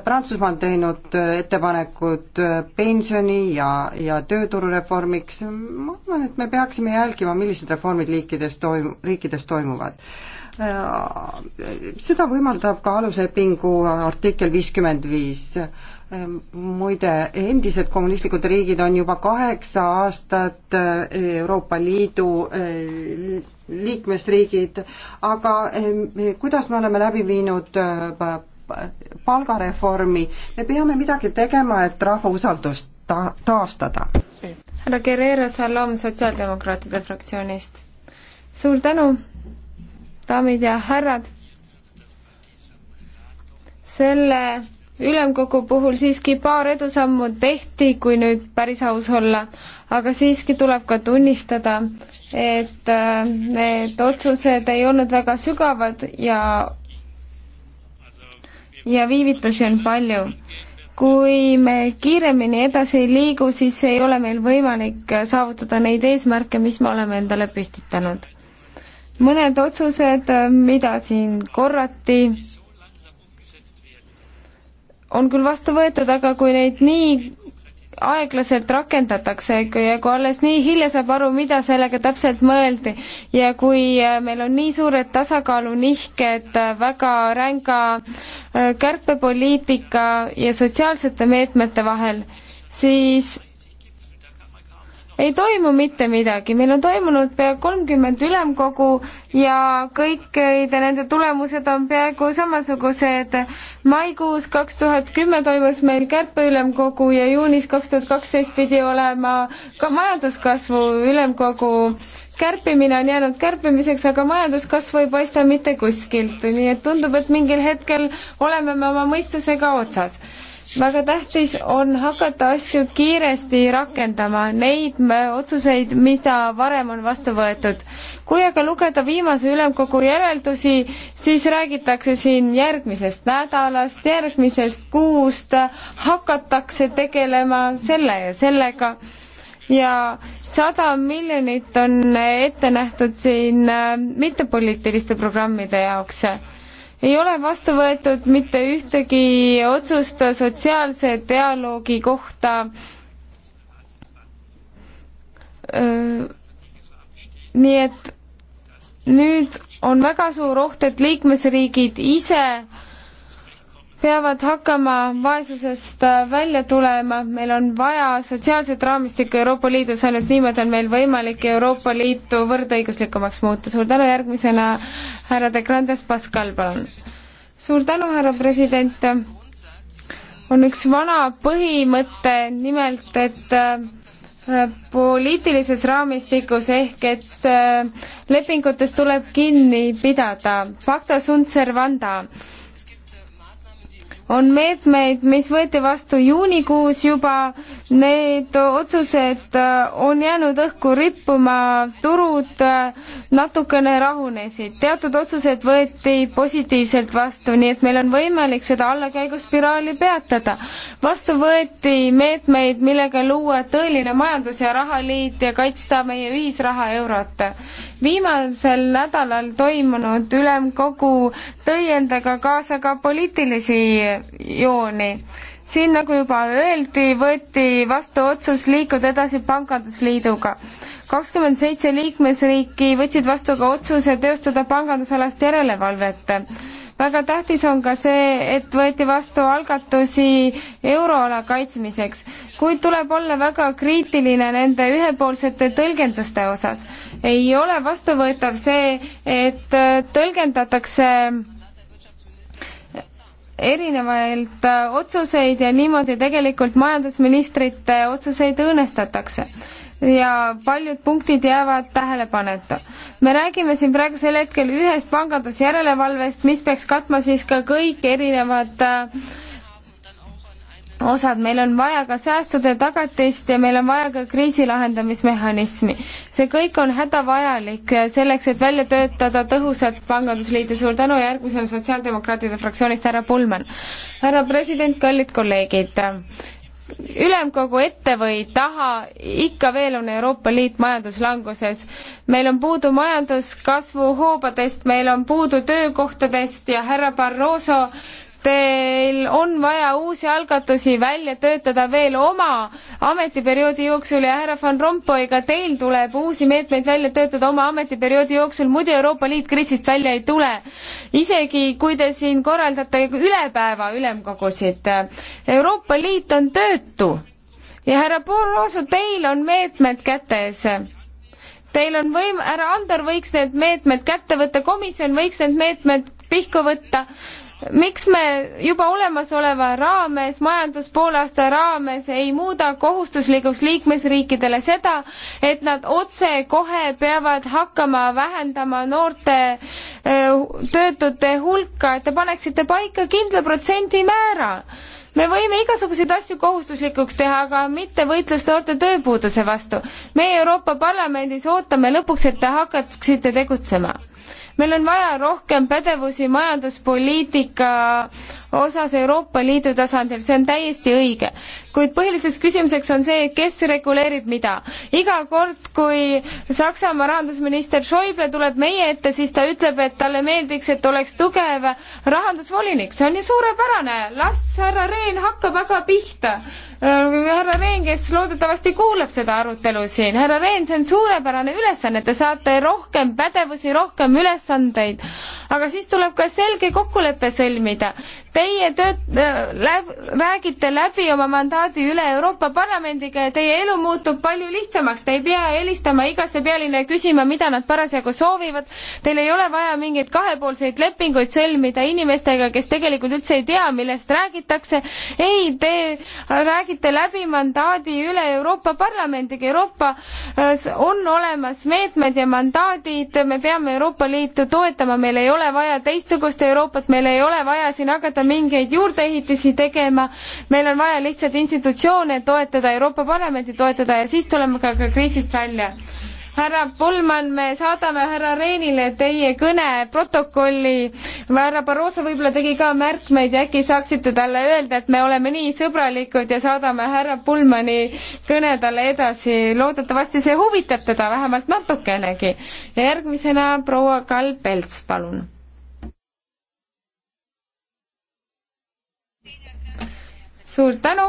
[SPEAKER 5] Prantsusmaa on teinud ettepanekud pensioni ja, ja tööturureformiks, ma arvan, et me peaksime jälgima, millised reformid liikides toim-, riikides toimuvad. Seda võimaldab ka aluslepingu artikkel viiskümmend viis muide, endised kommunistlikud riigid on juba kaheksa aastat Euroopa Liidu liikmesriigid, aga eh, kuidas me oleme läbi viinud äh, palgareformi, me peame midagi tegema, et rahva usaldust ta-, taastada.
[SPEAKER 4] härra Guerrero Salom Sotsiaaldemokraatide fraktsioonist. suur tänu, daamid ja härrad. selle ülemkogu puhul siiski paar edusammu tehti, kui nüüd päris aus olla, aga siiski tuleb ka tunnistada, et äh, need otsused ei olnud väga sügavad ja ja viivitusi on palju. kui me kiiremini edasi ei liigu, siis ei ole meil võimalik saavutada neid eesmärke, mis me oleme endale püstitanud. mõned otsused, mida siin korrati, on küll vastu võetud, aga kui neid nii aeglaselt rakendatakse ja kui alles nii hilja saab aru, mida sellega täpselt mõeldi ja kui äh, meil on nii suured tasakaalunihked äh, väga ränga äh, kärpepoliitika ja sotsiaalsete meetmete vahel, siis ei toimu mitte midagi, meil on toimunud pea kolmkümmend ülemkogu ja kõikide nende tulemused on peaaegu samasugused. maikuus kaks tuhat kümme toimus meil kärpeülemkogu ja juunis kaks tuhat kaksteist pidi olema ka majanduskasvu ülemkogu kärpimine on jäänud kärpimiseks, aga majanduskasvu ei paista mitte kuskilt, nii et tundub, et mingil hetkel oleme me oma mõistusega otsas väga tähtis on hakata asju kiiresti rakendama, neid otsuseid, mida varem on vastu võetud. kui aga lugeda viimase ülemkogu järeldusi, siis räägitakse siin järgmisest nädalast, järgmisest kuust, hakatakse tegelema selle ja sellega ja sada miljonit on ette nähtud siin äh, mittepoliitiliste programmide jaoks ei ole vastu võetud mitte ühtegi otsust sotsiaalse dialoogi kohta nii et nüüd on väga suur oht, et liikmesriigid ise peavad hakkama vaesusest äh, välja tulema, meil on vaja sotsiaalset raamistikku Euroopa Liidus, ainult niimoodi on meil võimalik Euroopa Liitu võrdõiguslikumaks muuta. suur tänu, järgmisena härra De Grandes Pascal, palun. suur tänu, härra president. on üks vana põhimõte, nimelt et äh, poliitilises raamistikus ehk et äh, lepingutest tuleb kinni pidada. Pacta sunt servanda on meetmeid, mis võeti vastu juunikuus juba, need otsused äh, on jäänud õhku rippuma, turud äh, natukene rahunesid, teatud otsused võeti positiivselt vastu, nii et meil on võimalik seda allakäiguspiraali peatada. vastu võeti meetmeid, millega luua tõeline majandus- ja rahaliit ja kaitsta meie ühisraha eurot. viimasel nädalal toimunud ülemkogu tõi endaga kaasa ka poliitilisi jooni. siin, nagu juba öeldi, võeti vastu otsus liikuda edasi pangandusliiduga. kakskümmend seitse liikmesriiki võtsid vastu ka otsuse teostada pangandusalast järelevalvet väga tähtis on ka see, et võeti vastu algatusi euroala kaitsmiseks, kuid tuleb olla väga kriitiline nende ühepoolsete tõlgenduste osas. ei ole vastuvõetav see, et tõlgendatakse erinevaid äh, otsuseid ja niimoodi tegelikult majandusministrite otsuseid õõnestatakse ja paljud punktid jäävad tähelepaneta. me räägime siin praegusel hetkel ühest pangandusjärelevalvest, mis peaks katma siis ka kõik erinevad äh, osad, meil on vaja ka säästude tagatist ja meil on vaja ka kriisi lahendamismehhanismi. see kõik on hädavajalik selleks, et välja töötada tõhusat pangandusliitu. suur tänu järgmisele Sotsiaaldemokraatide fraktsioonist, härra Pulmen. härra president, kallid kolleegid, ülemkogu ette või taha, ikka veel on Euroopa Liit majanduslanguses. meil on puudu majanduskasvu hoobadest, meil on puudu töökohtadest ja härra Barroso Teil on vaja uusi algatusi välja töötada veel oma ametiperioodi jooksul ja härra Van Rompuy, ka teil tuleb uusi meetmeid välja töötada oma ametiperioodi jooksul, muidu Euroopa Liit kriisist välja ei tule. isegi kui te siin korraldate ülepäeva ülemkogusid. Euroopa Liit on töötu ja härra Barroso, teil on meetmed kätes teil on võim-, härra Andor võiks need meetmed kätte võtta, komisjon võiks need meetmed pihku võtta miks me juba olemasoleva raames, majanduspoolaasta raames ei muuda kohustuslikuks liikmesriikidele seda, et nad otsekohe peavad hakkama vähendama noorte töötute hulka, et te paneksite paika kindla protsendi määra? me võime igasuguseid asju kohustuslikuks teha, aga mitte võitlust noorte tööpuuduse vastu. meie Euroopa Parlamendis ootame lõpuks, et te hakkaksite tegutsema meil on vaja rohkem pädevusi majanduspoliitika osas Euroopa Liidu tasandil, see on täiesti õige. kuid põhiliseks küsimuseks on see, kes reguleerib mida. iga kord, kui Saksamaa rahandusminister Schäuble tuleb meie ette, siis ta ütleb, et talle meeldiks, et oleks tugev rahandusvolinik, see on ju suurepärane, las härra Rehn hakkab aga pihta. härra Rehn, kes loodetavasti kuulab seda arutelu siin, härra Rehn, see on suurepärane ülesanne, te saate rohkem pädevusi, rohkem ülesandeid, aga siis tuleb ka selge kokkulepe sõlmida Teie tööt- äh, läb,, räägite läbi oma mandaadi üle Euroopa Parlamendiga ja teie elu muutub palju lihtsamaks, te ei pea helistama igasse pealinna ja küsima, mida nad parasjagu soovivad, teil ei ole vaja mingeid kahepoolseid lepinguid sõlmida inimestega, kes tegelikult üldse ei tea, millest räägitakse, ei, te räägite läbi mandaadi üle Euroopa Parlamendiga, Euroopas äh, on olemas meetmed ja mandaadid, me peame Euroopa Liitu toetama, meil ei ole vaja teistsugust Euroopat, meil ei ole vaja siin hakata mingeid juurdeehitisi tegema, meil on vaja lihtsalt institutsioone toetada, Euroopa Parlamenti toetada ja siis tuleme ka, ka kriisist välja härra Pullmann, me saadame härra Reinile teie kõne protokolli. härra Barroso võib-olla tegi ka märkmeid ja äkki saaksite talle öelda, et me oleme nii sõbralikud ja saadame härra Pullmanni kõne talle edasi. loodetavasti see huvitab teda vähemalt natukenegi. ja järgmisena proua Kall Pelts, palun suur tänu,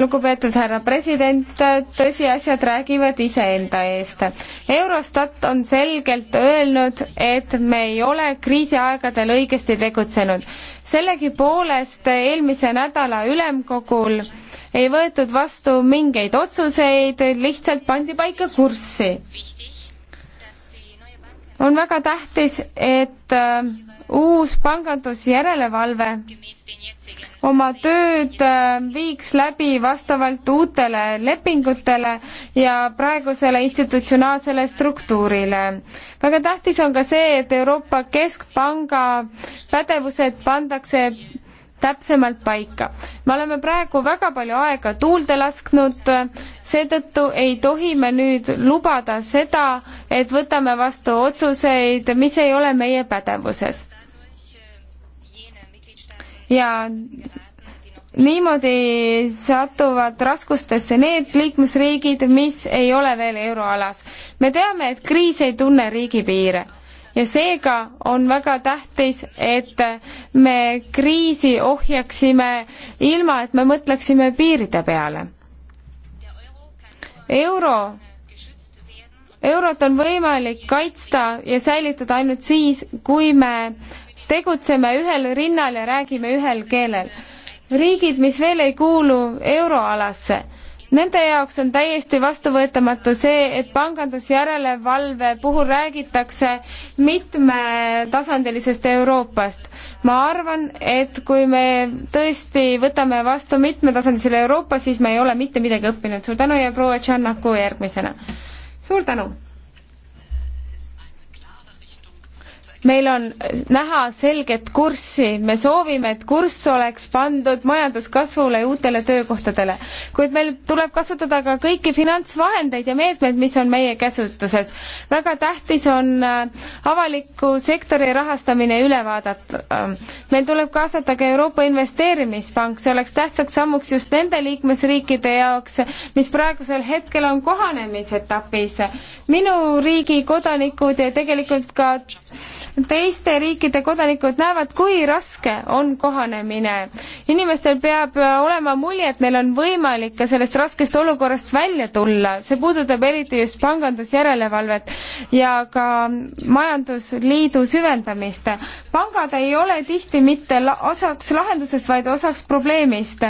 [SPEAKER 4] lugupeetud härra president, tõsiasjad räägivad iseenda eest. Eurostat on selgelt öelnud, et me ei ole kriisiaegadel õigesti tegutsenud. sellegipoolest eelmise nädala ülemkogul ei võetud vastu mingeid otsuseid, lihtsalt pandi paika kurssi. on väga tähtis, et äh, uus pangandusjärelevalve oma tööd äh, viiks läbi vastavalt uutele lepingutele ja praegusele institutsionaalsele struktuurile. väga tähtis on ka see, et Euroopa Keskpanga pädevused pandakse täpsemalt paika. me oleme praegu väga palju aega tuulde lasknud, seetõttu ei tohi me nüüd lubada seda, et võtame vastu otsuseid, mis ei ole meie pädevuses ja niimoodi satuvad raskustesse need liikmesriigid, mis ei ole veel euroalas. me teame, et kriis ei tunne riigipiire ja seega on väga tähtis, et me kriisi ohjaksime ilma, et me mõtleksime piiride peale. euro, eurot on võimalik kaitsta ja säilitada ainult siis, kui me tegutseme ühel rinnal ja räägime ühel keelel. riigid, mis veel ei kuulu euroalasse, nende jaoks on täiesti vastuvõetamatu see, et pangandusjärelevalve puhul räägitakse mitmetasandilisest Euroopast. ma arvan, et kui me tõesti võtame vastu mitmetasandisele Euroopa, siis me ei ole mitte midagi õppinud. suur tänu ja proua Tšernaku järgmisena. suur tänu! meil on näha selget kurssi, me soovime, et kurss oleks pandud majanduskasvule ja uutele töökohtadele. kuid meil tuleb kasutada ka kõiki finantsvahendeid ja meetmeid, mis on meie käsutuses. väga tähtis on äh, avaliku sektori rahastamine üle vaadata. meil tuleb kaasata ka Euroopa Investeerimispank, see oleks tähtsaks sammuks just nende liikmesriikide jaoks, mis praegusel hetkel on kohanemisetapis. minu riigi kodanikud ja tegelikult ka teiste riikide kodanikud näevad, kui raske on kohanemine. inimestel peab olema mulje, et neil on võimalik ka sellest raskest olukorrast välja tulla, see puudutab eriti just pangandusjärelevalvet ja ka majandusliidu süvendamist. pangad ei ole tihti mitte osaks lahendusest, vaid osaks probleemist.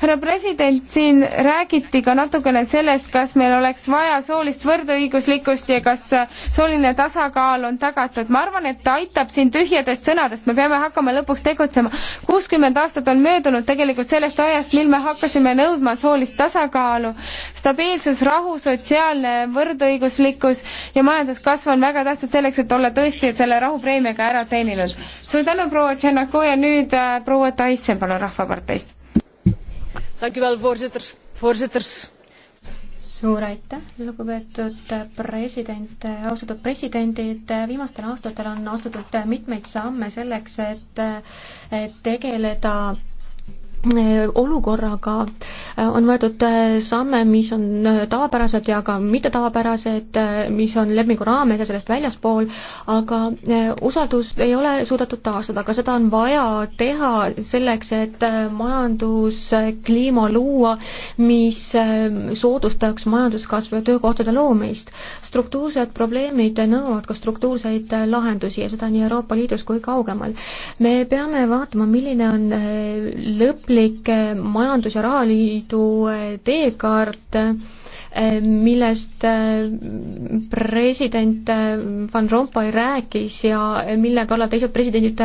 [SPEAKER 4] härra president, siin räägiti ka natukene sellest, kas meil oleks vaja soolist võrdõiguslikkust ja kas sooline tasakaal on tagatud. ma arvan, et aitab siin tühjadest sõnadest, me peame hakkama lõpuks tegutsema. kuuskümmend aastat on möödunud tegelikult sellest ajast, mil me hakkasime nõudma soolist tasakaalu. stabiilsus, rahu, sotsiaalne võrdõiguslikkus ja majanduskasv on väga tähtsad selleks, et olla tõesti selle rahupreemiaga ära teeninud. suur tänu, proua Tšernako ja nüüd äh, proua Taisen, palun, Rahvaparteist.
[SPEAKER 2] tänan, voorzitter, voorzitter suur aitäh, lugupeetud
[SPEAKER 1] president, austatud presidendid, viimastel aastatel on astutud mitmeid samme selleks, et tegeleda olukorraga äh, on võetud äh, samme, mis on äh, tavapärased ja ka mittetavapärased, mis on lepingu raames ja sellest väljaspool, aga usaldust ei ole suudetud taastada, aga seda on vaja teha selleks, et majanduskliima luua, mis soodustaks majanduskasvu ja töökohtade loomist. struktuursed probleemid nõuavad ka struktuurseid lahendusi ja seda nii Euroopa Liidus kui kaugemal. me peame vaatama, milline on lõpp terviklik eh, majandus- ja rahaliidu eh, teekaart, eh, millest president Van Rompuy rääkis ja mille kallal teised presidendid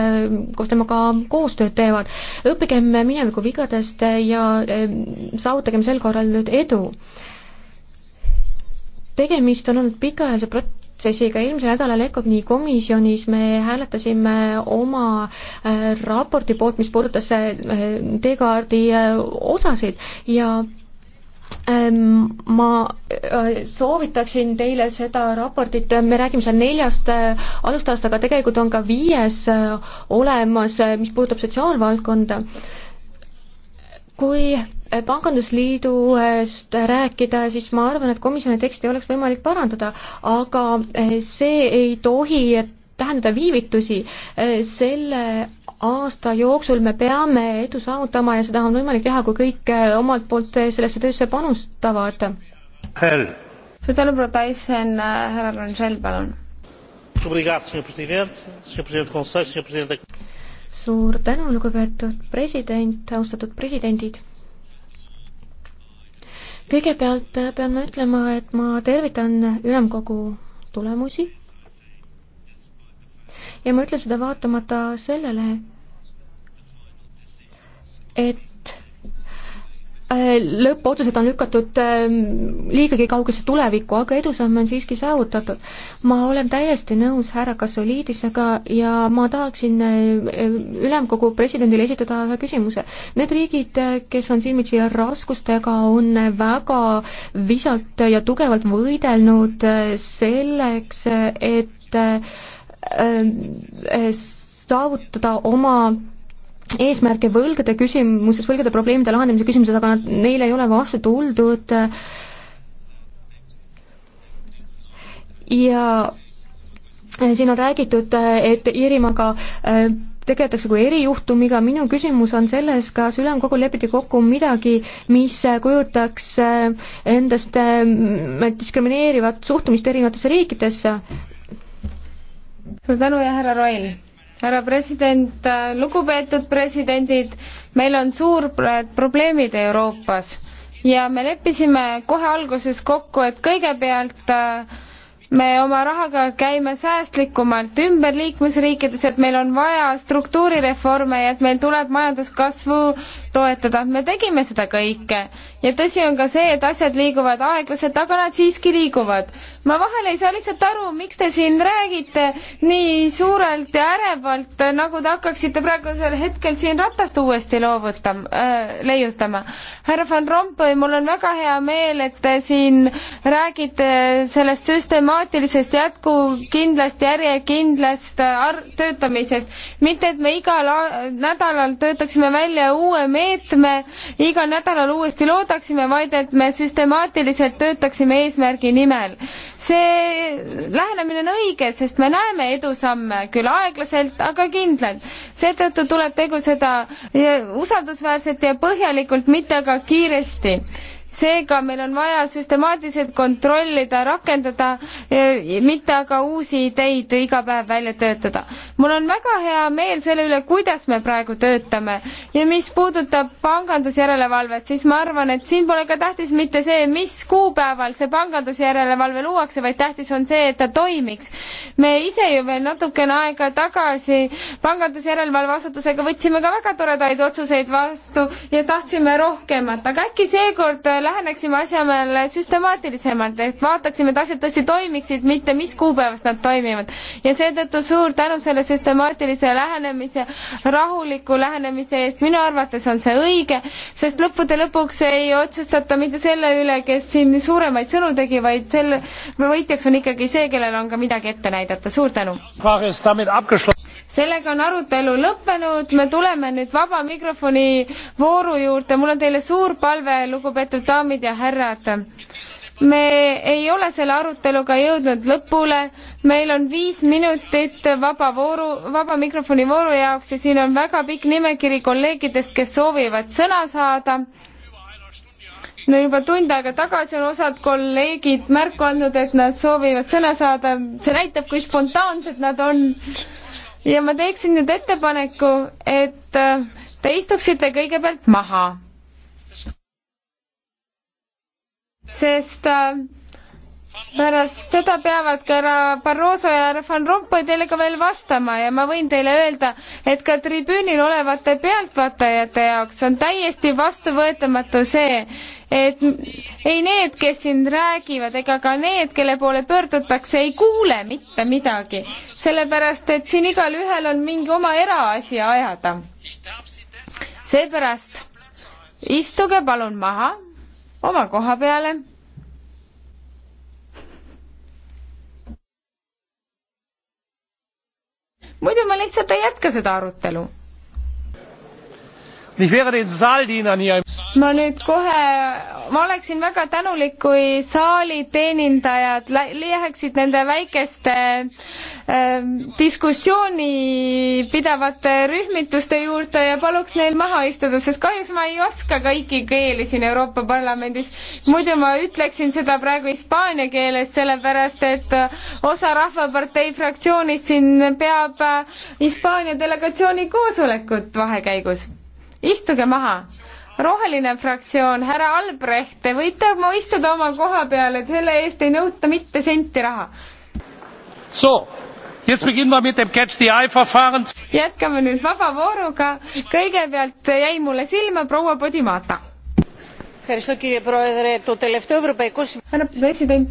[SPEAKER 1] koos temaga koostööd teevad. õppigem mineviku vigadest ja saavutagem sel korral nüüd edu. tegemist on olnud pikaajalise prot-, protsessiga, eelmisel nädalal ECOFIN-i komisjonis me hääletasime oma äh, raporti poolt, mis puudutas äh, teekaardi äh, osasid ja ähm, ma soovitaksin teile seda raportit, me räägime seal neljast alustajast, aga tegelikult on ka viies olemas, mis puudutab sotsiaalvaldkonda. kui Äh, pangandusliidust rääkida, siis ma arvan, et komisjoni teksti oleks võimalik parandada, aga äh, see ei tohi tähendada viivitusi, äh, selle aasta jooksul me peame edu saavutama ja seda on võimalik teha, kui kõik omalt poolt sellesse töösse panustavad. suur tänu, proua Tyson, härra Rangel, palun. suur tänu, lugupeetud president, austatud presidendid kõigepealt äh, pean ma ütlema, et ma tervitan ülemkogu tulemusi ja ma ütlen seda vaatamata sellele, et Äh, lõppotsused on lükatud ähm, liigagi kaugesse tulevikku, aga edusamme on siiski saavutatud. ma olen täiesti nõus härra Kassoliidisega ja ma tahaksin äh, ülemkogu presidendile esitada ühe küsimuse. Need riigid, äh, kes on silmitsi raskustega, on väga visalt ja tugevalt võidelnud selleks, et saavutada oma eesmärke võlgade küsimuses, võlgade probleemide lahendamise küsimuses, aga nad, neile ei ole vastu tuldud ja eh, siin on räägitud, eh, et Iirimaaga eh, tegeletakse kui erijuhtumiga, minu küsimus on selles, kas ülemkogul lepiti kokku midagi, mis kujutaks endast diskrimineerivat suhtumist erinevatesse riikidesse?
[SPEAKER 4] suur tänu ja härra Roil! härra president, lugupeetud presidendid, meil on suured probleemid Euroopas ja me leppisime kohe alguses kokku, et kõigepealt äh, me oma rahaga käime säästlikumalt ümber liikmesriikides, et meil on vaja struktuurireforme ja et meil tuleb majanduskasvu toetada, me tegime seda kõike. ja tõsi on ka see, et asjad liiguvad aeglaselt, aga nad siiski liiguvad. ma vahel ei saa lihtsalt aru, miks te siin räägite nii suurelt ja ärevalt, nagu te hakkaksite praegusel hetkel siin ratast uuesti loovutama äh,, leiutama. härra Van Rompuy, mul on väga hea meel, et te siin räägite sellest süstemaatilisest jätkukindlast, järjekindlast äh, töötamisest, mitte et me igal nädalal töötaksime välja uue meetme, meetme igal nädalal uuesti loodaksime, vaid et me süstemaatiliselt töötaksime eesmärgi nimel. see lähenemine on õige, sest me näeme edusamme, küll aeglaselt, aga kindlalt. seetõttu tuleb tegutseda usaldusväärselt ja põhjalikult, mitte aga kiiresti seega meil on vaja süstemaatiliselt kontrollida, rakendada, e, mitte aga uusi ideid iga päev välja töötada. mul on väga hea meel selle üle, kuidas me praegu töötame ja mis puudutab pangandusjärelevalvet, siis ma arvan, et siin pole ka tähtis mitte see, mis kuupäeval see pangandusjärelevalve luuakse, vaid tähtis on see, et ta toimiks. me ise ju veel natukene aega tagasi pangandusjärelevalve asutusega võtsime ka väga toredaid otsuseid vastu ja tahtsime rohkemat, aga äkki seekord läheneksime asjale süstemaatilisemalt ehk vaataksime, et asjad tõesti toimiksid, mitte mis kuupäevast nad toimivad. ja seetõttu suur tänu selle süstemaatilise lähenemise, rahuliku lähenemise eest, minu arvates on see õige, sest lõppude lõpuks ei otsustata mitte selle üle, kes siin suuremaid sõnu tegi, vaid selle, võitjaks on ikkagi see, kellel on ka midagi ette näidata, suur tänu! sellega on arutelu lõppenud, me tuleme nüüd vaba mikrofoni vooru juurde, mul on teile suur palve, lugupeetud daamid ja härrad me ei ole selle aruteluga jõudnud lõpule, meil on viis minutit vaba vooru, vaba mikrofoni vooru jaoks ja siin on väga pikk nimekiri kolleegidest, kes soovivad sõna saada. no juba tund aega tagasi on osad kolleegid märku andnud, et nad soovivad sõna saada, see näitab, kui spontaansed nad on ja ma teeksin nüüd ettepaneku, et äh, te istuksite kõigepealt maha. sest äh, pärast seda peavad ka härra Barroso ja härra Van Rompuy teile ka veel vastama ja ma võin teile öelda, et ka tribüünil olevate pealtvaatajate jaoks on täiesti vastuvõetamatu see, et ei need, kes siin räägivad, ega ka need, kelle poole pöördutakse, ei kuule mitte midagi, sellepärast et siin igalühel on mingi oma eraasi ajada. seepärast istuge palun maha oma koha peale muidu me lihtsalt ei jätka seda arutelu ma nüüd kohe, ma oleksin väga tänulik, kui saali teenindajad läheksid nende väikeste äh, diskussiooni pidavate rühmituste juurde ja paluks neil maha istuda, sest kahjuks ma ei oska kõiki keeli siin Euroopa Parlamendis. muidu ma ütleksin seda praegu hispaania keeles, sellepärast et osa Rahvapartei fraktsioonist siin peab Hispaania delegatsiooni koosolekut vahekäigus istuge maha. roheline fraktsioon, härra Albrecht, te võite istuda oma koha peal, et selle eest ei nõuta mitte senti raha. So, jetzt beginnen wir mit dem Catch the Eye Verfahren. jätkame nüüd vaba vooruga. kõigepealt jäi mulle silma proua Podimata.
[SPEAKER 3] härra president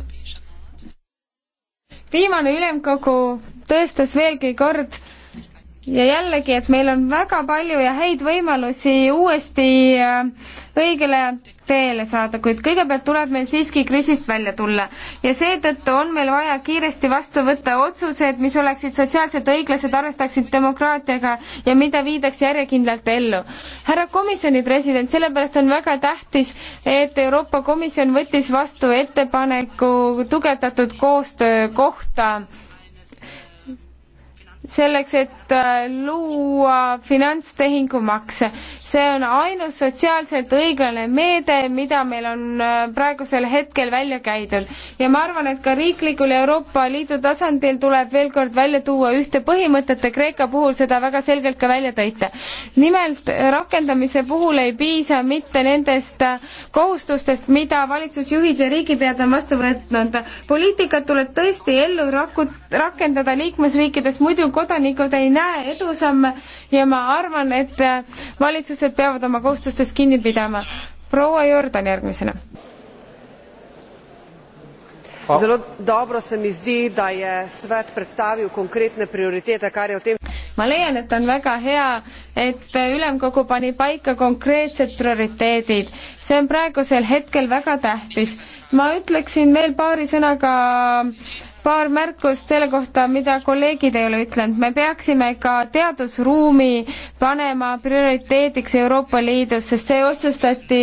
[SPEAKER 4] viimane ülemkogu tõestas veelgi kord, ja jällegi, et meil on väga palju ja häid võimalusi uuesti äh, õigele teele saada, kuid kõigepealt tuleb meil siiski kriisist välja tulla. ja seetõttu on meil vaja kiiresti vastu võtta otsused, mis oleksid sotsiaalselt õiglased, arvestaksid demokraatiaga ja mida viidaks järjekindlalt ellu. härra komisjoni president, sellepärast on väga tähtis, et Euroopa Komisjon võttis vastu ettepaneku tugevdatud koostöö kohta selleks, et äh, luua finantstehingumakse. see on ainus sotsiaalselt õiglane meede, mida meil on äh, praegusel hetkel välja käidud. ja ma arvan, et ka riiklikul Euroopa Liidu tasandil tuleb veel kord välja tuua ühte põhimõtet ja Kreeka puhul seda väga selgelt ka välja tõite. nimelt rakendamise puhul ei piisa mitte nendest äh, kohustustest, mida valitsusjuhid ja riigipead on vastu võtnud. poliitikat tuleb tõesti ellu raku-, rakendada liikmesriikides, muidu kodanikud ei näe edusamme ja ma arvan, et äh, valitsused peavad oma kohustustest kinni pidama. proua Jordan järgmisena.
[SPEAKER 2] Zelo dobro se mi zdi, da je svet predstavil konkretne prioritete, kar je v tem ma
[SPEAKER 4] leian, et on väga hea, et ülemkogu pani paika konkreetsed prioriteedid. see on praegusel hetkel väga tähtis. ma ütleksin veel paari sõnaga paar märkust selle kohta, mida kolleegid ei ole ütlenud. me peaksime ka teadusruumi panema prioriteediks Euroopa Liidus, sest see otsustati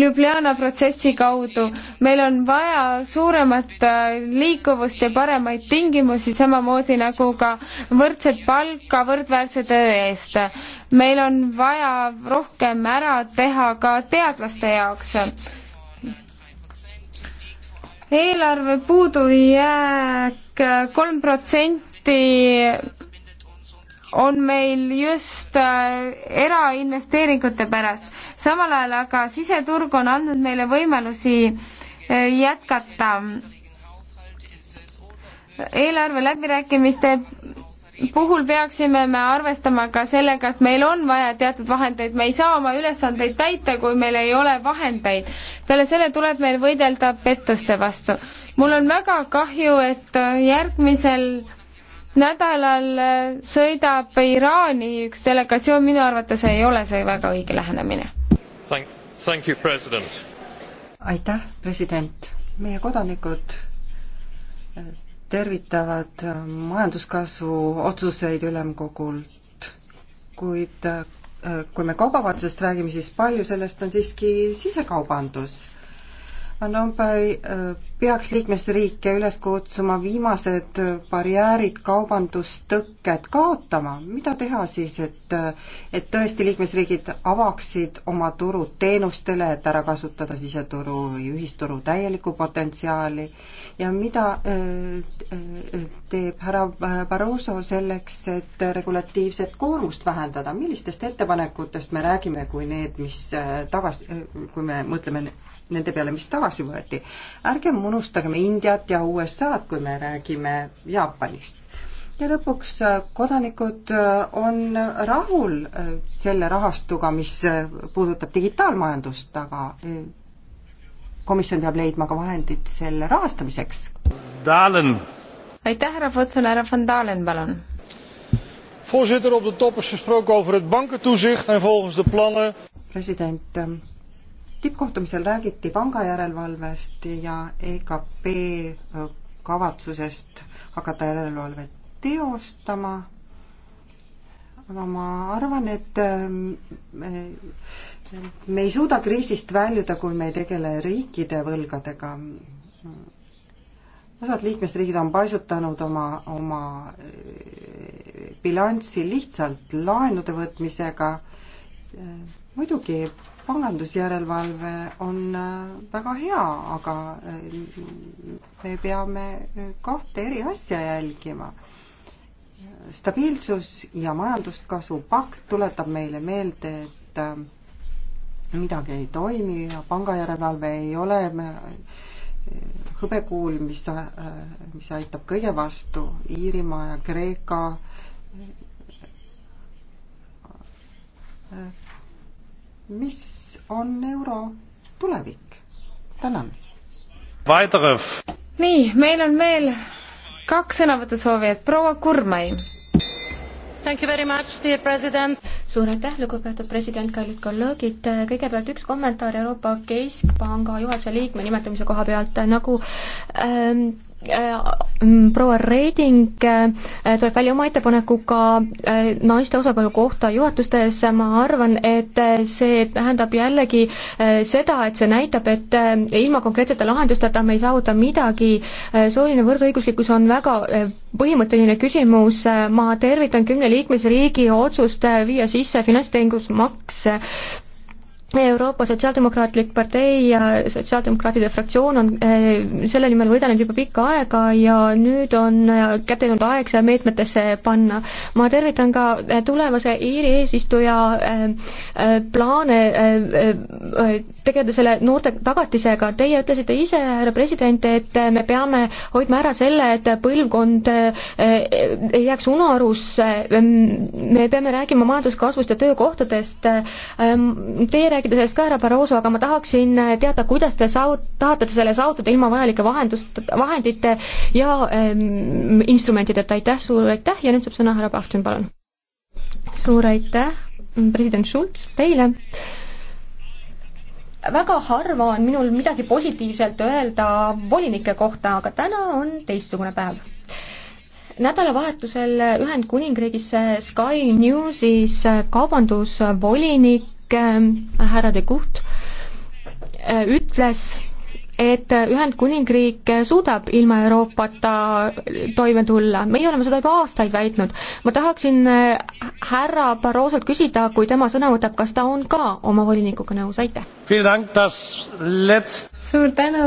[SPEAKER 4] Ljubljana protsessi kaudu. meil on vaja suuremat äh, liikuvust ja paremaid tingimusi, samamoodi nagu ka võrdset palka võrdväärse töö eest. meil on vaja rohkem ära teha ka teadlaste jaoks eelarve puudujääk kolm protsenti on meil just äh, erainvesteeringute pärast. samal ajal aga siseturg on andnud meile võimalusi äh, jätkata eelarve läbirääkimiste puhul peaksime me arvestama ka sellega, et meil on vaja teatud vahendeid, me ei saa oma ülesandeid täita, kui meil ei ole vahendeid. peale selle tuleb meil võidelda pettuste vastu. mul on väga kahju, et järgmisel nädalal sõidab Iraani üks delegatsioon, minu arvates ei ole see väga õige lähenemine.
[SPEAKER 5] aitäh, president. meie kodanikud tervitavad majanduskasvu otsuseid ülemkogult, kuid äh, kui me kaubavahetusest räägime, siis palju sellest on siiski sisekaubandus. Van Rompuy peaks liikmesriike üles kutsuma viimased barjäärid, kaubandustõkked kaotama, mida teha siis, et et tõesti liikmesriigid avaksid oma turud teenustele, et ära kasutada siseturu või ühisturu täielikku potentsiaali ja mida äh, teeb härra Barroso selleks, et regulatiivset koormust vähendada, millistest ettepanekutest me räägime, kui need, mis tagasi, kui me mõtleme nende peale, mis tagasi võeti, ärgem ärgem unustagem Indiat ja USA-d, kui me räägime Jaapanist. ja lõpuks äh, kodanikud äh, on rahul äh, selle rahastuga, mis puudutab digitaalmajandust, aga komisjon peab leidma ka vahendid selle rahastamiseks. aitäh, härra Futson, härra Van Dalen, palun voorzitter op de top is gesproken over het bankentoezicht en volgens de plannen. president ähm, tippkohtumisel räägiti pangajärelevalvest ja EKP äh, kavatsusest hakata järelevalvet teostama. aga ma arvan, et ähm, äh, me ei suuda kriisist väljuda, kui me ei tegele riikide võlgadega. osad liikmesriigid on paisutanud oma, oma äh, bilanssi lihtsalt laenude võtmisega. muidugi pangandusjärelevalve on äh, väga hea, aga äh, me peame äh, kahte eri asja jälgima. stabiilsus ja majanduskasvu pakt tuletab meile meelde, et midagi ei toimi ja pangajärelevalve ei ole hõbekuul, mis, mis aitab kõige vastu Iirimaa ja Kreeka mis on euro tulevik. tänan. nii, meil on
[SPEAKER 4] veel kaks sõnavõtusoovijat, proua Kurmai.
[SPEAKER 1] suur aitäh, lugupeetud president, kallid kolleegid, kõigepealt üks kommentaar Euroopa Keskpanga juhatuse liikme nimetamise koha pealt, nagu ähm, Äh, mm, proua Reding äh, tuleb välja oma ettepanekuga äh, naiste osakaalu kohta juhatustes, ma arvan, et see tähendab jällegi seda, et see näitab, et ilma konkreetsete lahendusteta me ei saavuta midagi, sooline võrdõiguslikkus on väga põhimõtteline küsimus, ma tervitan kümne liikmesriigi otsust viia sisse finantstehingusmaks Euroopa Sotsiaaldemokraatlik Partei ja Sotsiaaldemokraatide fraktsioon on eh, selle nimel võidelnud juba pikka aega ja nüüd on eh, kätte jõudnud aeg see meetmetesse panna. ma tervitan ka eh, tulevase Iiri eesistuja plaane tegeleda selle noorte tagatisega. Teie ütlesite ise, härra president, et me peame hoidma ära selle, et põlvkond ei jääks unarusse. me peame rääkima majanduskasvust ja töökohtadest. Teie rääkida sellest ka, härra Barroso, aga ma tahaksin äh, teada, kuidas te saud-, tahate te selle saavutada ilma vajalike vahendust, vahendite ja ähm, instrumentideta, aitäh, suur aitäh ja nüüd saab sõna härra Pahtšin, palun. suur aitäh, president Schulz, teile väga harva on minul midagi positiivselt öelda volinike kohta, aga täna on teistsugune päev. nädalavahetusel Ühendkuningriigis Sky Newsis kaubandusvolinik Ähm, härra de Gucht äh, ütles, et Ühendkuningriik suudab ilma Euroopata toime tulla, meie oleme seda juba aastaid väitnud. ma tahaksin äh, härra Barrosolt küsida, kui tema sõna võtab, kas ta on ka oma volinikuga nõus, aitäh! suur tänu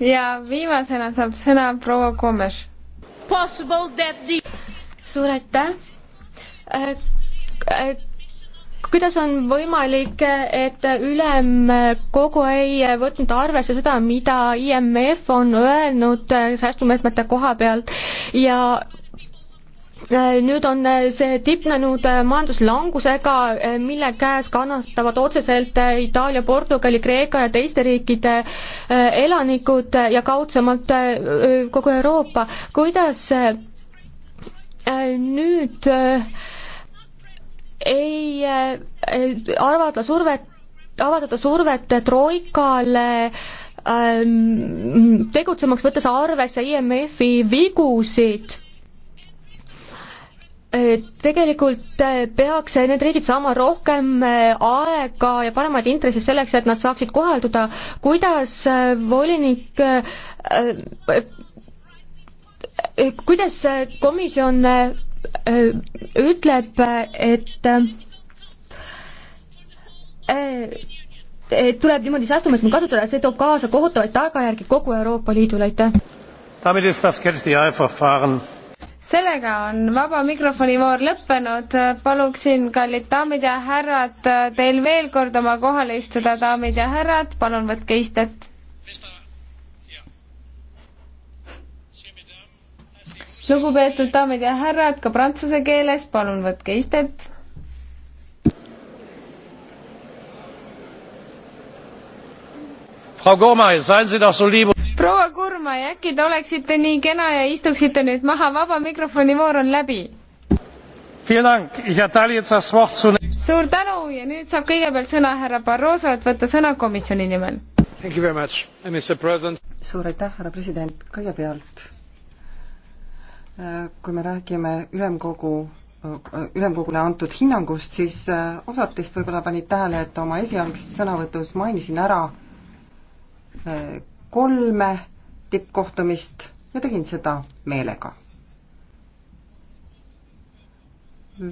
[SPEAKER 1] ja viimasena saab sõna
[SPEAKER 4] proua Komes.
[SPEAKER 1] suur aitäh! Äh, kuidas on võimalik, et ülemkogu ei võtnud arvesse seda, mida IMF on öelnud säästumeetmete koha pealt ja äh, nüüd on see tipnenud majanduslangusega, äh, mille käes kannatavad otseselt Itaalia, Portugali, Kreeka ja teiste riikide äh, elanikud ja kaudsemalt kogu Euroopa. kuidas nüüd äh, ei äh, avada survet, avaldada survet Troikale ähm, tegutsemaks, võttes arvesse IMF-i vigusid äh, tegelikult äh, peaks need riigid saama rohkem aega ja paremaid intresse selleks, et nad saaksid kohalduda, kuidas volinik kuidas komisjon Äh, ütleb, et äh, et tuleb niimoodi säästumeetmeid kasutada, see toob kaasa kohutavaid tagajärgi kogu Euroopa Liidule, aitäh!
[SPEAKER 4] sellega on vaba mikrofoni voor lõppenud, paluksin, kallid daamid ja härrad, teil veel kord oma kohale istuda, daamid ja härrad, palun võtke istet lugupeetud daamid ja härrad, ka prantsuse keeles, palun võtke istet. proua Kurmai, äkki te oleksite nii kena ja istuksite nüüd maha, vaba mikrofoni voor on läbi. suur tänu ja nüüd saab kõigepealt sõna härra Barroso, et võtta sõna
[SPEAKER 5] komisjoni nimel. suur aitäh, härra president, kõigepealt kui me räägime ülemkogu, ülemkogule antud hinnangust, siis äh, osad teist võib-olla panid tähele, et oma esialgses sõnavõtus mainisin ära äh, kolme tippkohtumist ja tegin seda meelega.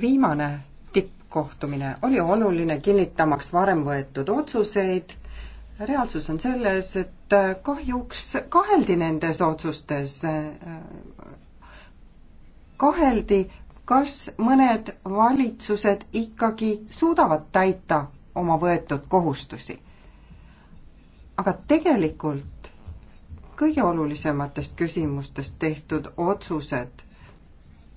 [SPEAKER 5] viimane tippkohtumine oli oluline kinnitamaks varem võetud otsuseid reaalsus on selles, et äh, kahjuks kaheldi nendes otsustes kaheldi, kas mõned valitsused ikkagi suudavad täita oma võetud kohustusi. aga tegelikult kõige olulisematest küsimustest tehtud otsused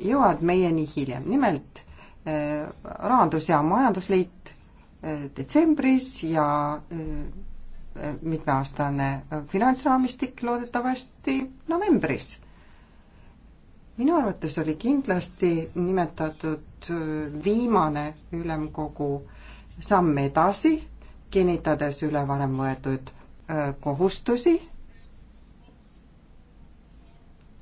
[SPEAKER 5] jõuavad meieni hiljem, nimelt eh, Rahandus- ja Majandusliit eh, detsembris ja eh, mitmeaastane finantsraamistik loodetavasti novembris minu arvates oli kindlasti nimetatud äh, viimane ülemkogu samm edasi, kinnitades üle varem võetud äh, kohustusi.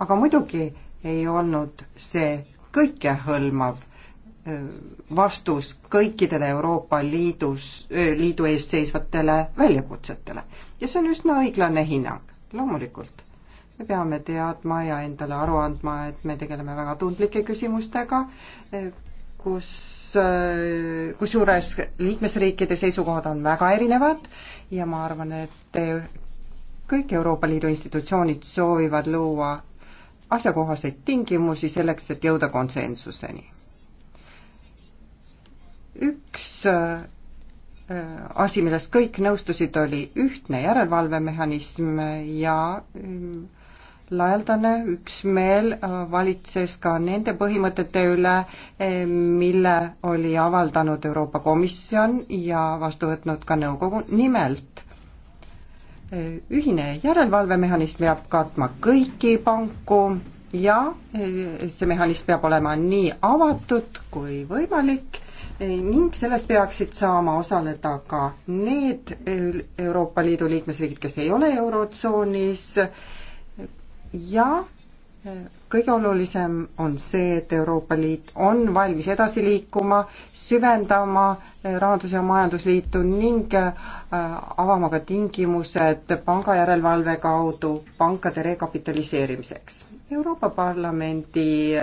[SPEAKER 5] aga muidugi ei olnud see kõikehõlmav äh, vastus kõikidele Euroopa Liidus, Liidu ees seisvatele väljakutsetele. ja see on üsna õiglane hinnang, loomulikult me peame teadma ja endale aru andma, et me tegeleme väga tundlike küsimustega, eh, kus, eh, kusjuures liikmesriikide seisukohad on väga erinevad ja ma arvan, et eh, kõik Euroopa Liidu institutsioonid soovivad luua asjakohaseid tingimusi selleks, et jõuda konsensuseni. üks asi, millest kõik nõustusid, oli ühtne järelevalvemehhanism ja mm, laialdane üksmeel äh, valitses ka nende põhimõtete üle, äh, mille oli avaldanud Euroopa Komisjon ja vastu võtnud ka nõukogu, nimelt äh, ühine järelevalvemehhanism peab katma kõiki panku ja see mehhanism peab olema nii avatud kui võimalik ning sellest peaksid saama osaleda ka need Euroopa Liidu liikmesriigid, kes ei ole Eurotsoonis, ja eh, kõige olulisem on see, et Euroopa Liit on valmis edasi liikuma, süvendama eh, rahandus- ja majandusliitu ning eh, avama ka tingimused pangajärelevalve kaudu pankade rekapitaliseerimiseks. Euroopa Parlamendi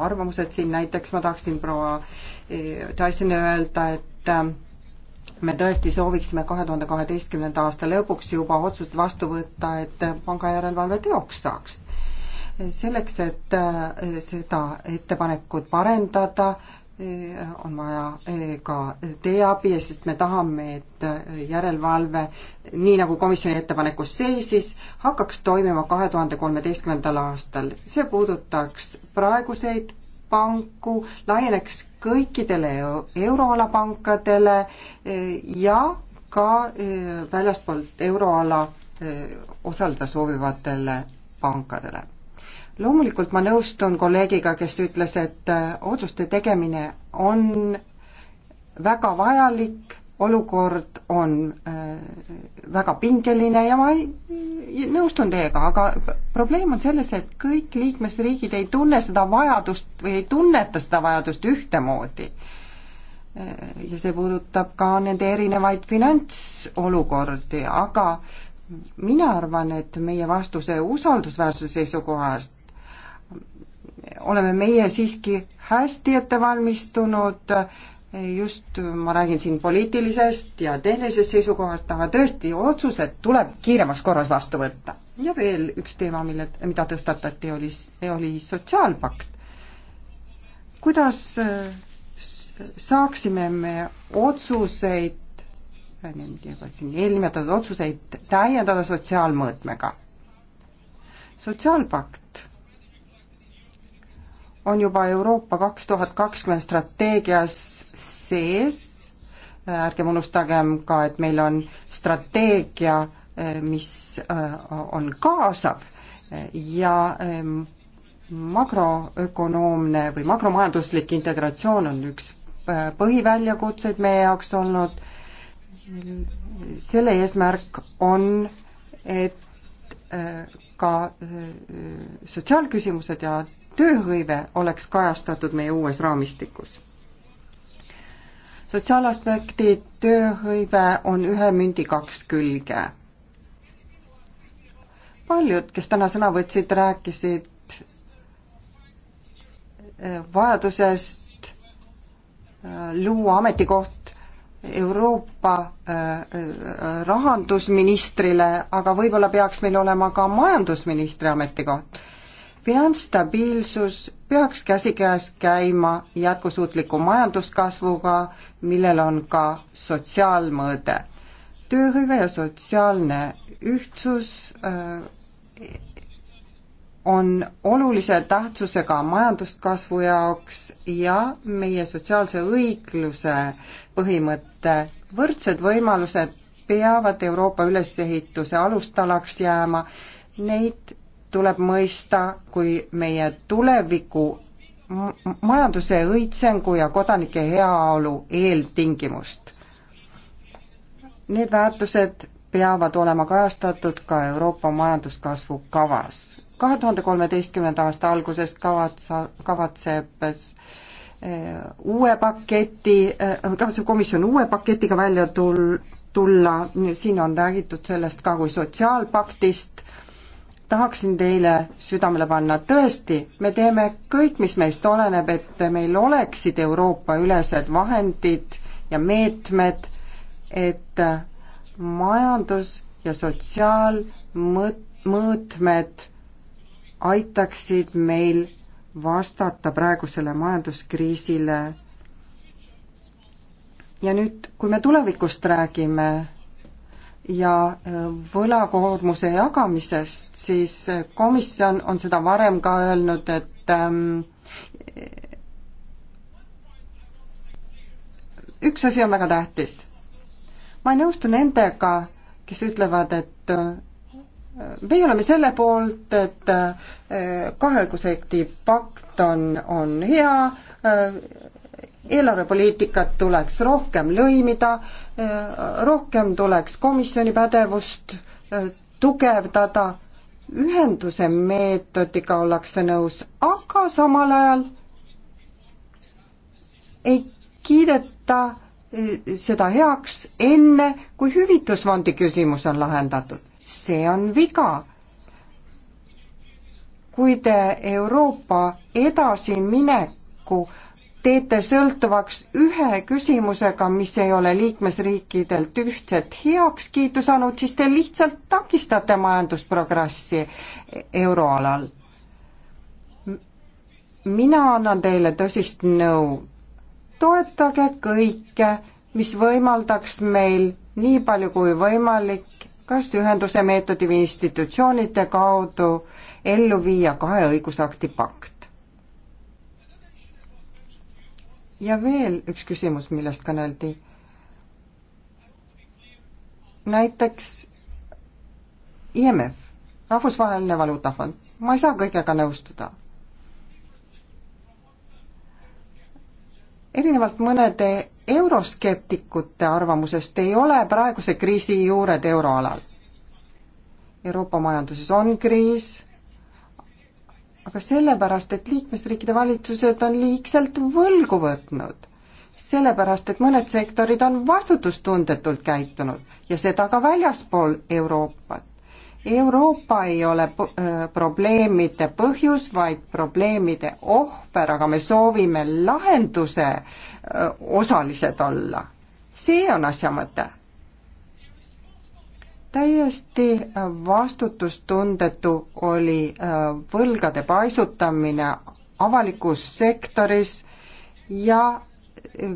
[SPEAKER 5] arvamused siin näiteks, ma tahaksin proua Tysonile öelda, et me tõesti sooviksime kahe tuhande kaheteistkümnenda aasta lõpuks juba otsust vastu võtta, et pangajärelevalve teoks saaks. selleks, et eh, seda ettepanekut parendada, eh, on vaja eh, ka teie abi, sest me tahame, et järelevalve, nii nagu komisjoni ettepanekus seisis, hakkaks toimima kahe tuhande kolmeteistkümnendal aastal. see puudutaks praeguseid panku, laieneks kõikidele euroala pankadele e, ja ka e, väljaspoolt euroala e, osaleda soovivatele pankadele. loomulikult ma nõustun kolleegiga, kes ütles, et otsuste tegemine on väga vajalik olukord on äh, väga pingeline ja ma ei, nõustun teiega, aga probleem on selles, et kõik liikmesriigid ei tunne seda vajadust või ei tunneta seda vajadust ühtemoodi. Äh, ja see puudutab ka nende erinevaid finantsolukordi, aga mina arvan, et meie vastuse usaldusväärsuse seisukohast oleme meie siiski hästi ette valmistunud äh, just ma räägin siin poliitilisest ja tehnilisest seisukohast, aga tõesti, otsused tuleb kiiremas korras vastu võtta. ja veel üks teema, mille, mida tõstatati, oli, oli sotsiaalpakt. kuidas äh, saaksime me otsuseid, juba äh, siin eelnimetatud otsuseid täiendada sotsiaalmõõtmega? sotsiaalpakt on juba Euroopa kaks tuhat kakskümmend strateegias sees, ärgem unustagem ka, et meil on strateegia, mis äh, on kaasav ja ähm, makroökonoomne või makromajanduslik integratsioon on üks äh, põhiväljakutseid meie jaoks olnud, selle eesmärk on, et äh, ka äh, sotsiaalküsimused ja tööhõive oleks kajastatud meie uues raamistikus. sotsiaalaspekti tööhõive on ühe mündi kaks külge. paljud, kes täna sõna võtsid, rääkisid äh, vajadusest äh, luua ametikoht Euroopa äh, äh, rahandusministrile, aga võib-olla peaks meil olema ka majandusministri ametikoht. finantsstabiilsus peaks käsikäes käima jätkusuutliku majanduskasvuga, millel on ka sotsiaalmõõde. tööhõive ja sotsiaalne ühtsus äh, on olulise tähtsusega majanduskasvu jaoks ja meie sotsiaalse õigluse põhimõte. võrdsed võimalused peavad Euroopa ülesehituse alustalaks jääma, neid tuleb mõista kui meie tuleviku majanduse õitsengu ja kodanike heaolu eeltingimust. Need väärtused peavad olema kajastatud ka Euroopa majanduskasvu kavas kahe tuhande kolmeteistkümnenda aasta alguses kavatsa, kavatseb eh, uue paketi, eh, kavatseb komisjon uue paketiga välja tul-, tulla, siin on räägitud sellest ka kui sotsiaalpaktist, tahaksin teile südamele panna, tõesti, me teeme kõik, mis meist oleneb, et meil oleksid Euroopa-ülesed vahendid ja meetmed, et majandus- ja sotsiaalmõõtmed aitaksid meil vastata praegusele majanduskriisile. ja nüüd, kui me tulevikust räägime ja äh, võlakoormuse jagamisest, siis äh, komisjon on seda varem ka öelnud, et ähm, üks asi on väga tähtis. ma ei nõustu nendega, kes ütlevad, et äh, meie oleme selle poolt, et eh, kaheõigusakti pakt on, on hea, eh, eelarvepoliitikat tuleks rohkem lõimida, eh, rohkem tuleks komisjoni pädevust tugevdada, ühenduse meetodiga ollakse nõus, aga samal ajal ei kiideta seda heaks enne, kui hüvitusfondi küsimus on lahendatud see on viga. kui te Euroopa edasimineku teete sõltuvaks ühe küsimusega, mis ei ole liikmesriikidelt ühtset heakskiitu saanud, siis te lihtsalt takistate majandusprogressi euroalal. mina annan teile tõsist nõu. toetage kõike, mis võimaldaks meil nii palju kui võimalik kas ühenduse meetodi või institutsioonide kaudu ellu viia kahe õigusakti pakt. ja veel üks küsimus, millest kõneldi. näiteks IMF, Rahvusvaheline Valuutafond, ma ei saa kõigega nõustuda. erinevalt mõnede euroskeptikute arvamusest ei ole praeguse kriisi juured euroalal. Euroopa majanduses on kriis, aga sellepärast, et liikmesriikide valitsused on liigselt võlgu võtnud. sellepärast, et mõned sektorid on vastutustundetult käitunud ja seda ka väljaspool Euroopat. Euroopa ei ole äh, probleemide põhjus, vaid probleemide ohver, aga me soovime lahenduse äh, osalised olla. see on asja mõte. täiesti äh, vastutustundetu oli võlgade paisutamine avalikus sektoris ja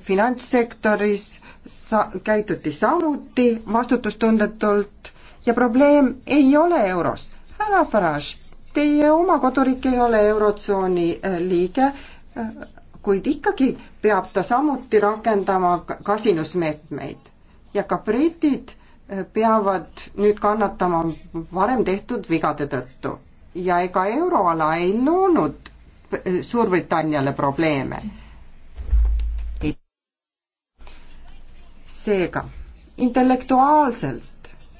[SPEAKER 5] finantssektoris sa-, käituti samuti vastutustundetult ja probleem ei ole euros. härra Farage, teie oma koduriik ei ole Eurotsooni äh, liige, äh, kuid ikkagi peab ta samuti rakendama kasinusmeetmeid ja ka britid äh, peavad nüüd kannatama varem tehtud vigade tõttu ja ega euroala ei loonud Suurbritanniale probleeme. seega intellektuaalselt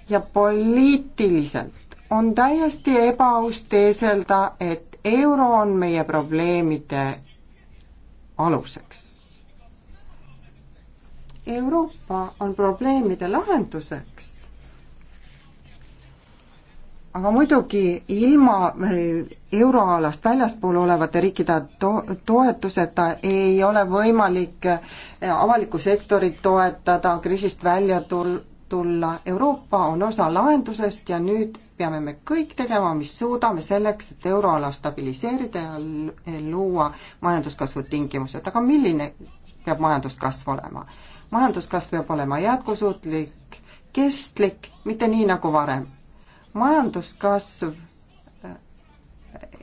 [SPEAKER 5] ja poliitiliselt on täiesti ebaaus teeselda, et euro on meie probleemide aluseks. Euroopa on probleemide lahenduseks. aga muidugi ilma äh, euroalast väljaspool olevate riikide to-, toetuseta ei ole võimalik äh, avalikku sektorit toetada, kriisist välja tul-, tulla. Euroopa on osa lahendusest ja nüüd peame me kõik tegema, mis suudame selleks, et euroala stabiliseerida ja luua majanduskasvu tingimused. aga milline peab majanduskasv olema? majanduskasv peab olema jätkusuutlik, kestlik, mitte nii nagu varem. majanduskasv äh,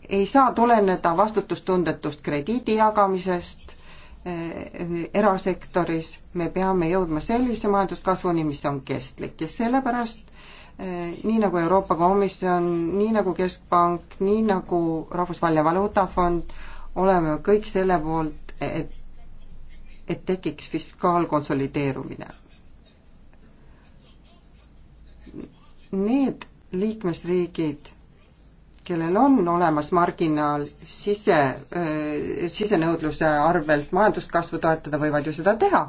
[SPEAKER 5] ei saa tuleneda vastutustundetust krediidi jagamisest, erasektoris, me peame jõudma sellise majanduskasvuni, mis on kestlik ja sellepärast eh, nii nagu Euroopa Komisjon, nii nagu Keskpank, nii nagu Rahvusvaheline Valuutafond, oleme kõik selle poolt, et, et tekiks fiskaalkonsolideerumine. Need liikmesriigid kellel on olemas marginaal sise, sisenõudluse arvelt majanduskasvu toetada, võivad ju seda teha.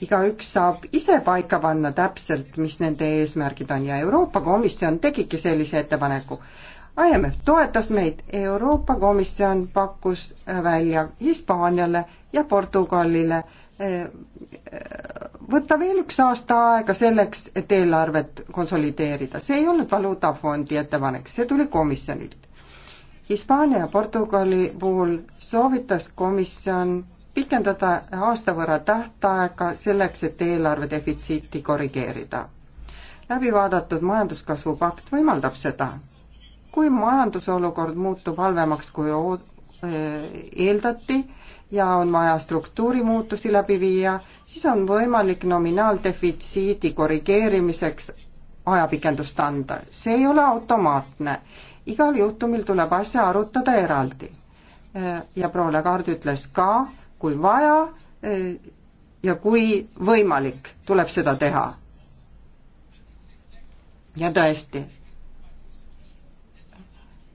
[SPEAKER 5] igaüks saab ise paika panna täpselt, mis nende eesmärgid on ja Euroopa Komisjon tegigi sellise ettepaneku. IMF toetas meid, Euroopa Komisjon pakkus välja Hispaaniale ja Portugalile võtta veel üks aasta aega selleks, et eelarvet konsolideerida. see ei olnud valuutafondi ettepanek, see tuli komisjonilt. Hispaania ja Portugali puhul soovitas komisjon pikendada aasta võrra tähtaega selleks, et eelarve defitsiiti korrigeerida. läbi vaadatud majanduskasvu pakt võimaldab seda. kui majandusolukord muutub halvemaks, kui eh, eeldati, ja on vaja struktuurimuutusi läbi viia, siis on võimalik nominaaldefitsiidi korrigeerimiseks ajapikendust anda. see ei ole automaatne. igal juhtumil tuleb asja arutada eraldi. Äh, ja proua Lagarde ütles ka, kui vaja äh, ja kui võimalik, tuleb seda teha. ja tõesti,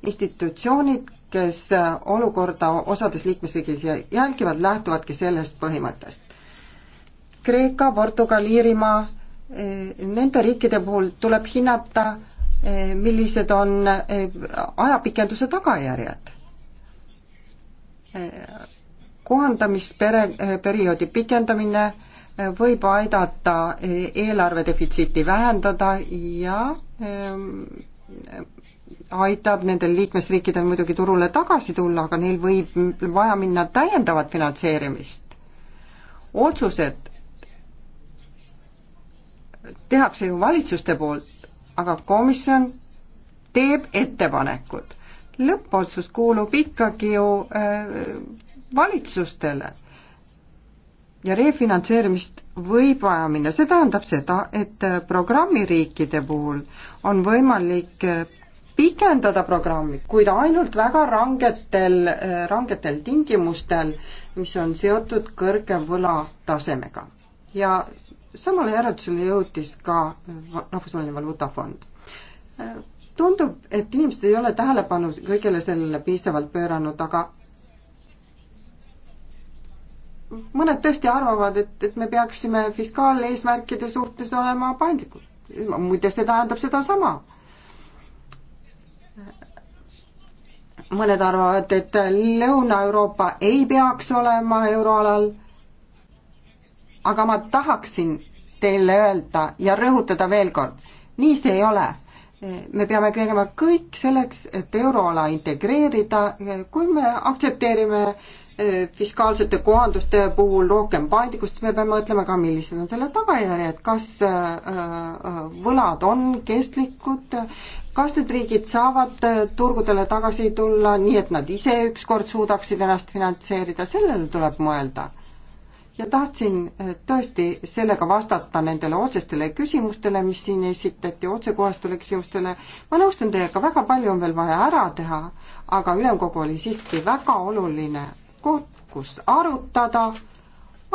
[SPEAKER 5] institutsioonid, kes äh, olukorda osades liikmesriigid jälgivad, lähtuvadki sellest põhimõttest. Kreeka, Portugal, Iirimaa, äh, nende riikide puhul tuleb hinnata, äh, millised on ajapikenduse tagajärjed. kohandamispere, perioodi pikendamine võib aidata eelarve defitsiiti vähendada ja ähm, aitab nendel liikmesriikidel muidugi turule tagasi tulla, aga neil võib vaja minna täiendavat finantseerimist. otsused tehakse ju valitsuste poolt, aga komisjon teeb ettepanekud. lõppotsus kuulub ikkagi ju äh, valitsustele ja refinantseerimist võib vaja minna, see tähendab seda, et äh, programmiriikide puhul on võimalik äh, pikendada programmi, kuid ainult väga rangetel, äh, rangetel tingimustel, mis on seotud kõrge võlatasemega. ja samale järeldusele jõudis ka äh, Rahvusvaheline Valuutafond. Äh, tundub, et inimesed ei ole tähelepanu kõigele sellele piisavalt pööranud, aga mõned tõesti arvavad, et, et me peaksime fiskaaleesmärkide suhtes olema paindlikud. muide, see tähendab sedasama mõned arvavad, et Lõuna-Euroopa ei peaks olema euroalal, aga ma tahaksin teile öelda ja rõhutada veel kord, nii see ei ole. me peame tegema kõik selleks, et euroala integreerida, kui me aktsepteerime äh, Äh, fiskaalsete kohanduste puhul rohkem paindlikkust, me peame mõtlema ka, millised on selle tagajärjed, kas äh, äh, võlad on kestlikud, kas need riigid saavad turgudele tagasi tulla nii, et nad ise ükskord suudaksid ennast finantseerida, sellele tuleb mõelda. ja tahtsin tõesti sellega vastata nendele otsestele küsimustele, mis siin esitati, otsekohastele küsimustele, ma nõustun teiega, väga palju on veel vaja ära teha, aga ülemkogu oli siiski väga oluline koht, kus arutada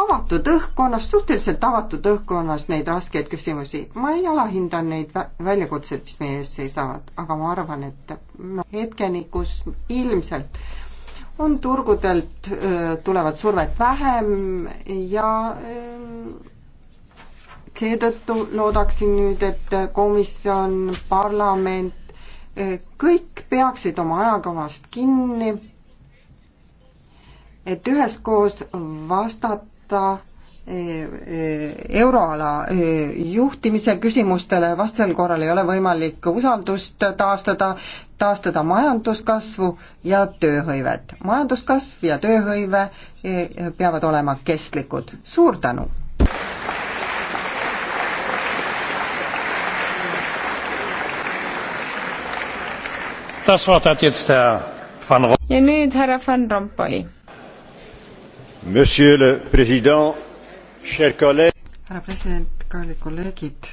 [SPEAKER 5] avatud õhkkonnas, suhteliselt avatud õhkkonnas neid raskeid küsimusi. ma ei alahinda neid väljakutseid, mis meie ees seisavad, aga ma arvan, et hetkeni, kus ilmselt on turgudelt, tulevad survet vähem ja seetõttu loodaksin nüüd, et komisjon, parlament, kõik peaksid oma ajakavast kinni et üheskoos vastata e, e, euroala e, juhtimise küsimustele, vastasel korral ei ole võimalik usaldust taastada, taastada majanduskasvu ja tööhõivet. majanduskasv ja tööhõive peavad olema kestlikud. suur tänu! ja nüüd härra Van Rompuy
[SPEAKER 2] härra
[SPEAKER 5] president, kallid kolleegid.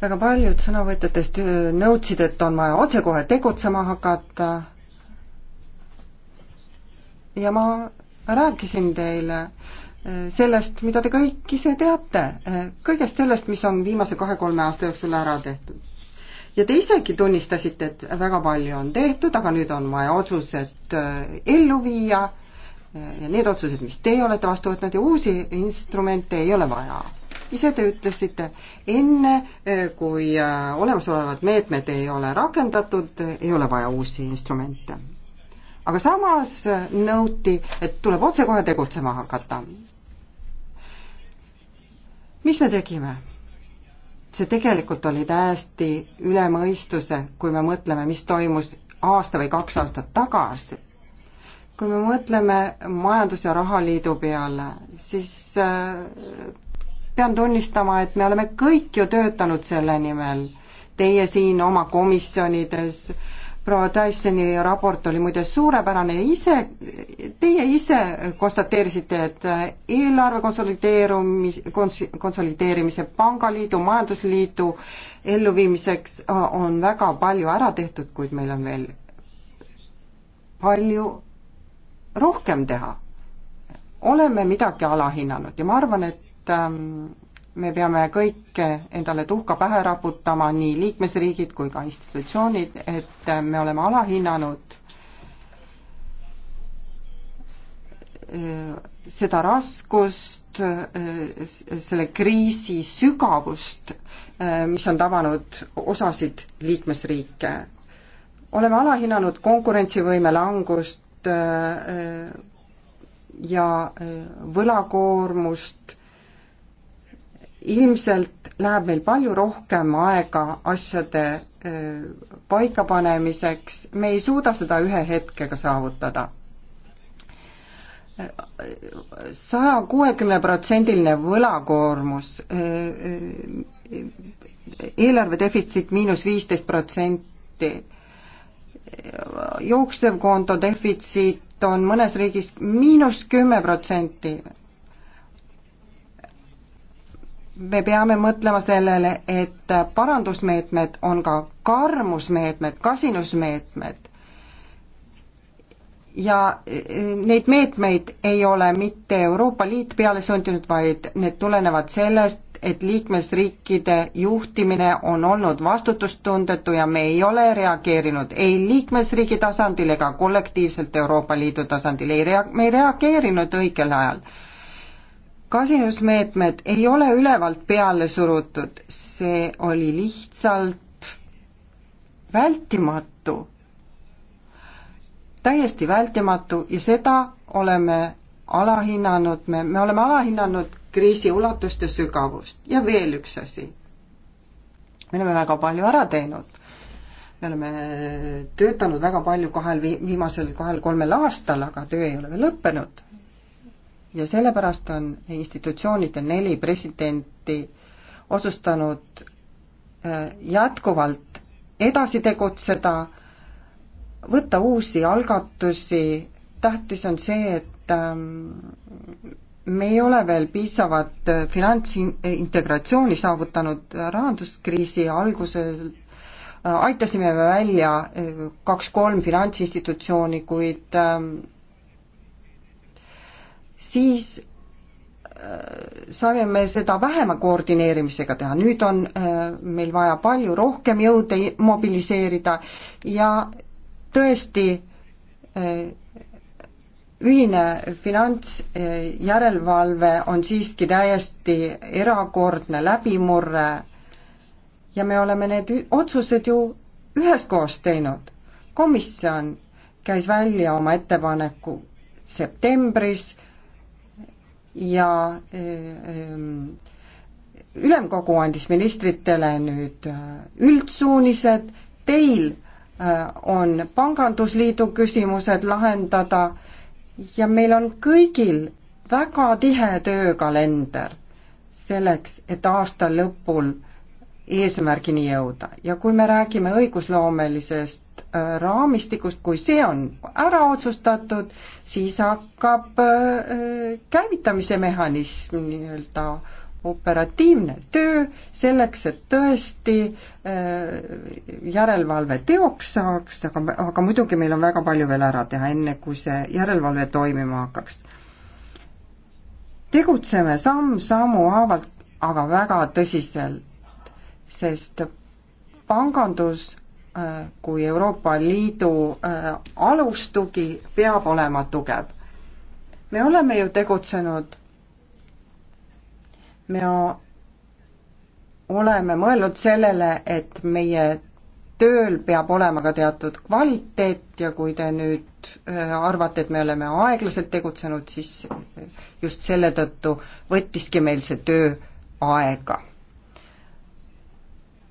[SPEAKER 5] väga paljud sõnavõtjatest äh, nõudsid, et on vaja otsekohe tegutsema hakata. ja ma rääkisin teile äh, sellest, mida te kõik ise teate, äh, kõigest sellest, mis on viimase kahe-kolme aasta jooksul ära tehtud ja te isegi tunnistasite, et väga palju on tehtud, aga nüüd on vaja otsused äh, ellu viia ja need otsused, mis teie olete vastu võtnud ja uusi instrumente ei ole vaja. ise te ütlesite, enne äh, kui äh, olemasolevad meetmed ei ole rakendatud, ei ole vaja uusi instrumente. aga samas nõuti, et tuleb otsekohe tegutsema hakata. mis me tegime? see tegelikult oli täiesti üle mõistuse, kui me mõtleme, mis toimus aasta või kaks aastat tagasi. kui me mõtleme Majandus- ja Rahaliidu peale, siis äh, pean tunnistama, et me oleme kõik ju töötanud selle nimel, teie siin oma komisjonides, proua Dysoni raport oli muide suurepärane ja ise, teie ise konstateerisite, et eelarve konsolideerumis, kons-, konsolideerimise, pangaliidu, majandusliidu elluviimiseks on väga palju ära tehtud, kuid meil on veel palju rohkem teha. oleme midagi alahinnanud ja ma arvan, et ähm, me peame kõik endale tuhka pähe raputama, nii liikmesriigid kui ka institutsioonid, et me oleme alahinnanud eh, seda raskust, eh, selle kriisi sügavust, eh, mis on tabanud osasid liikmesriike. oleme alahinnanud konkurentsivõime langust ja võlakoormust ilmselt läheb meil palju rohkem aega asjade äh, paikapanemiseks, me ei suuda seda ühe hetkega saavutada saja kuuekümne protsendiline võlakoormus, äh, äh, eelarve defitsiit miinus viisteist protsenti, jooksev konto defitsiit on mõnes riigis miinus kümme protsenti me peame mõtlema sellele, et parandusmeetmed on ka karmusmeetmed, kasinusmeetmed. ja e, e, neid meetmeid ei ole mitte Euroopa Liit peale sundinud, vaid need tulenevad sellest, et liikmesriikide juhtimine on olnud vastutustundetu ja me ei ole reageerinud ei liikmesriigi tasandil ega kollektiivselt Euroopa Liidu tasandil, ei rea-, me ei reageerinud õigel ajal kasinusmeetmed ei ole ülevalt peale surutud, see oli lihtsalt vältimatu, täiesti vältimatu ja seda oleme alahinnanud, me, me oleme alahinnanud kriisi ulatust ja sügavust ja veel üks asi. me oleme väga palju ära teinud me oleme töötanud väga palju kahel viimasel kahel-kolmel aastal, aga töö ei ole veel lõppenud ja sellepärast on institutsioonide neli presidenti otsustanud äh, jätkuvalt edasi tegutseda, võtta uusi algatusi, tähtis on see, et ähm, me ei ole veel piisavat äh, finantsintegratsiooni saavutanud rahanduskriisi algusel, äh, aitasime välja kaks-kolm finantsinstitutsiooni, kuid ähm, siis äh, saime me seda vähema koordineerimisega teha, nüüd on äh, meil vaja palju rohkem jõude mobiliseerida ja tõesti äh, ühine finantsjärelevalve on siiski täiesti erakordne läbimurre ja me oleme need otsused ju üheskoos teinud. komisjon käis välja oma ettepaneku septembris ja ülemkogu andis ministritele nüüd äh, üldsuunised, teil äh, on pangandusliidu küsimused lahendada ja meil on kõigil väga tihe töökalender selleks, et aasta lõpul eesmärgini jõuda ja kui me räägime õigusloomelisest Äh, raamistikust, kui see on ära otsustatud, siis hakkab äh, käivitamise mehhanism nii-öelda operatiivne töö selleks, et tõesti äh, järelevalve teoks saaks, aga, aga muidugi meil on väga palju veel ära teha, enne kui see järelevalve toimima hakkaks. tegutseme samm sammu haavalt, aga väga tõsiselt, sest pangandus Äh, kui Euroopa Liidu äh, alustugi peab olema tugev. me oleme ju tegutsenud, me oleme mõelnud sellele, et meie tööl peab olema ka teatud kvaliteet ja kui te nüüd äh, arvate, et me oleme aeglaselt tegutsenud, siis just selle tõttu võttiski meil see töö aega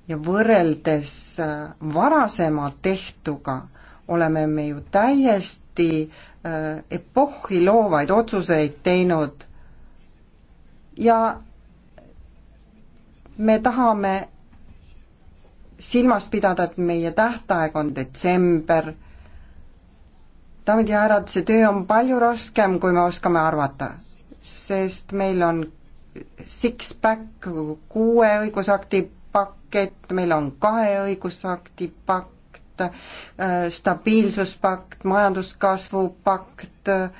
[SPEAKER 5] ja võrreldes äh, varasema tehtuga oleme me ju täiesti äh, epohhi loovaid otsuseid teinud ja me tahame silmas pidada, et meie tähtaeg on detsember. daamid ja härrad, see töö on palju raskem, kui me oskame arvata, sest meil on six-pack, kuue õigusakti pakett, meil on kahe õigusakti pakt, äh, stabiilsuspakt, majanduskasvu pakt, äh,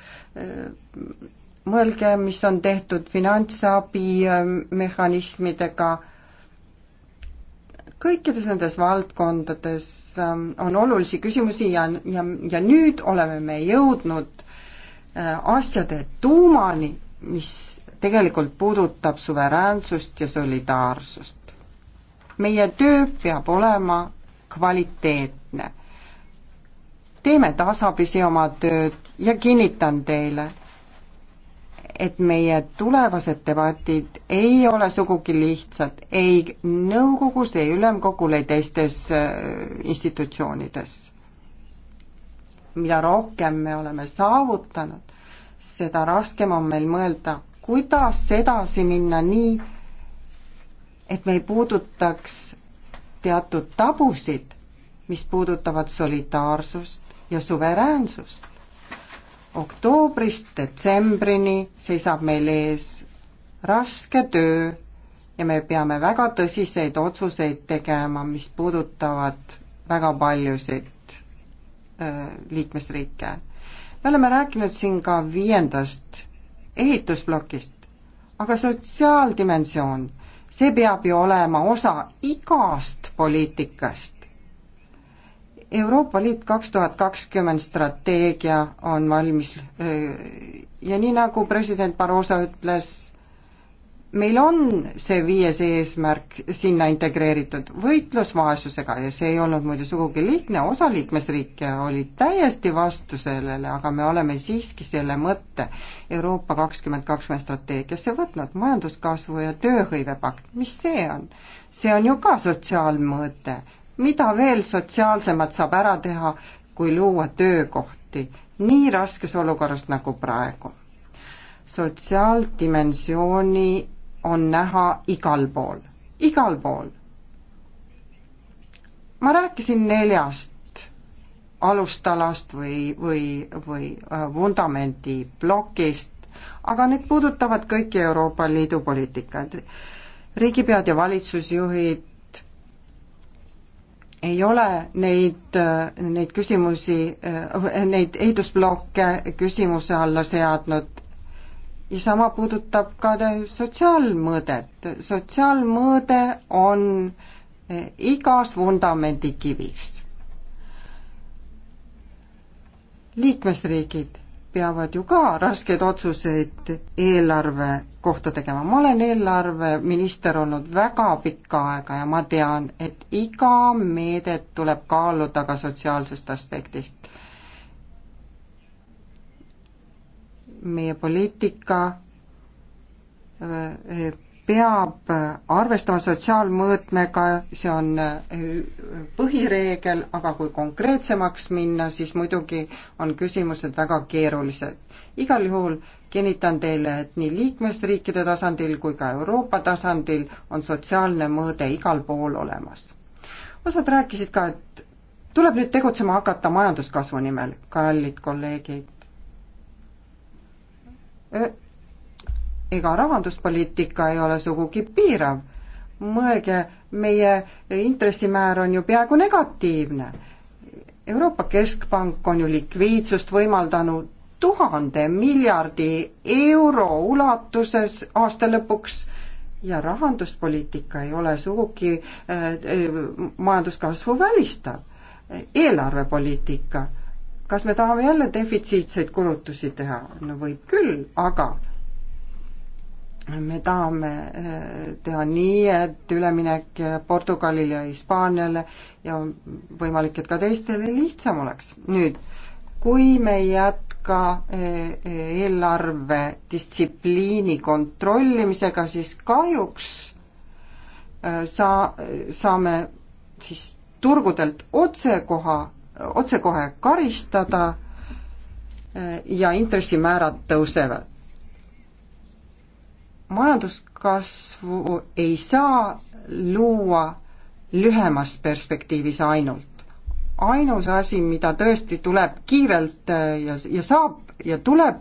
[SPEAKER 5] mõelge, mis on tehtud finantsabimehhanismidega, äh, kõikides nendes valdkondades on olulisi küsimusi ja, ja, ja nüüd oleme me jõudnud asjade tuumani, mis tegelikult puudutab suveräänsust ja solidaarsust meie töö peab olema kvaliteetne. teeme tasapisi oma tööd ja kinnitan teile, et meie tulevased debatid ei ole sugugi lihtsad ei nõukogus, ei ülemkogul, ei teistes äh, institutsioonides. mida rohkem me oleme saavutanud, seda raskem on meil mõelda, kuidas edasi minna nii, et me ei puudutaks teatud tabusid, mis puudutavad solidaarsust ja suveräänsust. oktoobrist detsembrini seisab meil ees raske töö ja me peame väga tõsiseid otsuseid tegema, mis puudutavad väga paljusid liikmesriike. me oleme rääkinud siin ka viiendast ehitusplokist, aga sotsiaaldimensioon see peab ju olema osa igast poliitikast. Euroopa Liit kaks tuhat kakskümmend strateegia on valmis ja nii, nagu president Barroso ütles, meil on see viies eesmärk sinna integreeritud, võitlus vaesusega ja see ei olnud muide sugugi lihtne, osa liikmesriike olid täiesti vastu sellele, aga me oleme siiski selle mõtte Euroopa kakskümmend kakskümmend strateegiasse võtnud, majanduskasvu ja tööhõivepakt, mis see on? see on ju ka sotsiaalmõõde, mida veel sotsiaalsemat saab ära teha, kui luua töökohti nii raskes olukorras nagu praegu sotsiaaldimensiooni on näha igal pool, igal pool. ma rääkisin neljast alustalast või, või, või äh, vundamendi plokist, aga need puudutavad kõiki Euroopa Liidu poliitikaid. riigipead ja valitsusjuhid ei ole neid, äh, neid küsimusi, äh, neid ehitusblokke küsimuse alla seadnud ja sama puudutab ka sotsiaalmõõdet. sotsiaalmõõde on eh, igas vundamendi kivis. liikmesriigid peavad ju ka raskeid otsuseid eelarve kohta tegema. ma olen eelarveminister olnud väga pikka aega ja ma tean, et iga meedet tuleb kaaluda ka sotsiaalsest aspektist. meie poliitika äh, peab arvestama sotsiaalmõõtmega, see on äh, põhireegel, aga kui konkreetsemaks minna, siis muidugi on küsimused väga keerulised. igal juhul kinnitan teile, et nii liikmesriikide tasandil kui ka Euroopa tasandil on sotsiaalne mõõde igal pool olemas. osad rääkisid ka, et tuleb nüüd tegutsema hakata majanduskasvu nimel, kallid kolleegid Äh, ega rahanduspoliitika ei ole sugugi piirav. mõelge, meie intressimäär on ju peaaegu negatiivne. Euroopa Keskpank on ju likviidsust võimaldanud tuhande miljardi euro ulatuses aasta lõpuks ja rahanduspoliitika ei ole sugugi äh, äh, majanduskasvu välistav. eelarvepoliitika kas me tahame jälle defitsiitseid kulutusi teha? no võib küll, aga me tahame eh, teha nii, et üleminek Portugalile ja Hispaaniale ja võimalik, et ka teistele lihtsam oleks. nüüd, kui me ei jätka eh, eh, eelarvedistsipliini kontrollimisega, siis kahjuks sa, saame siis turgudelt otsekoha otsekohe karistada eh, ja intressimäärad tõusevad. majanduskasvu ei saa luua lühemas perspektiivis ainult. ainus asi, mida tõesti tuleb kiirelt eh, ja, ja saab ja tuleb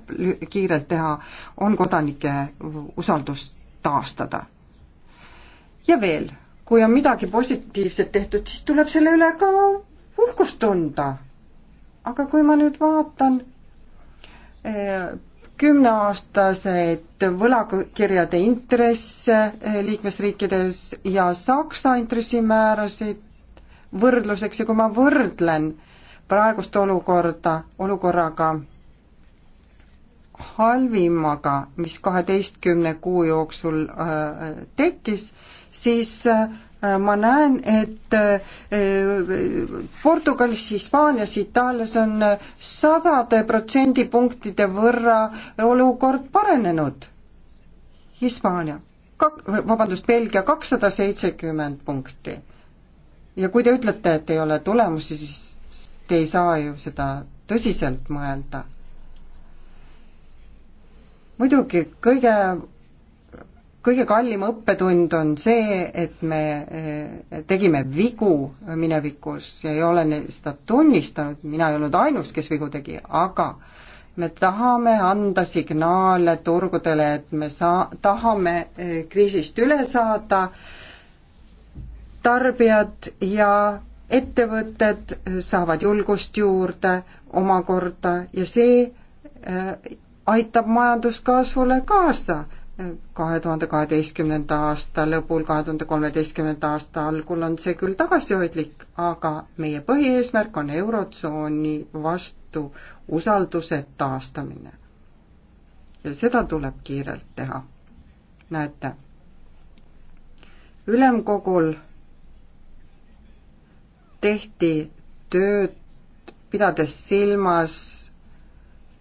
[SPEAKER 5] kiirelt teha, on kodanike usaldust taastada. ja veel, kui on midagi positiivset tehtud, siis tuleb selle üle ka uhkust tunda. aga kui ma nüüd vaatan eh, kümneaastaseid võlakirjade intresse eh, liikmesriikides ja Saksa intressimäärasid võrdluseks ja kui ma võrdlen praegust olukorda olukorraga halvimaga, mis kaheteistkümne kuu jooksul äh, tekkis, siis äh, ma näen, et eh, Portugalis, Hispaanias, Itaalias on eh, sadade protsendipunktide võrra olukord paranenud. Hispaania, kak-, vabandust, Belgia kakssada seitsekümmend punkti. ja kui te ütlete, et ei ole tulemusi, siis te ei saa ju seda tõsiselt mõelda. muidugi kõige kõige kallim õppetund on see, et me eh, tegime vigu minevikus ja ei ole seda tunnistanud, mina ei olnud ainus, kes vigu tegi, aga me tahame anda signaale turgudele, et me saa-, tahame eh, kriisist üle saada, tarbijad ja ettevõtted saavad julgust juurde omakorda ja see eh, aitab majanduskasvule kaasa kahe tuhande kaheteistkümnenda aasta lõpul, kahe tuhande kolmeteistkümnenda aasta algul on see küll tagasihoidlik, aga meie põhieesmärk on Eurotsooni vastu usalduse taastamine. ja seda tuleb kiirelt teha. näete, ülemkogul tehti tööd, pidades silmas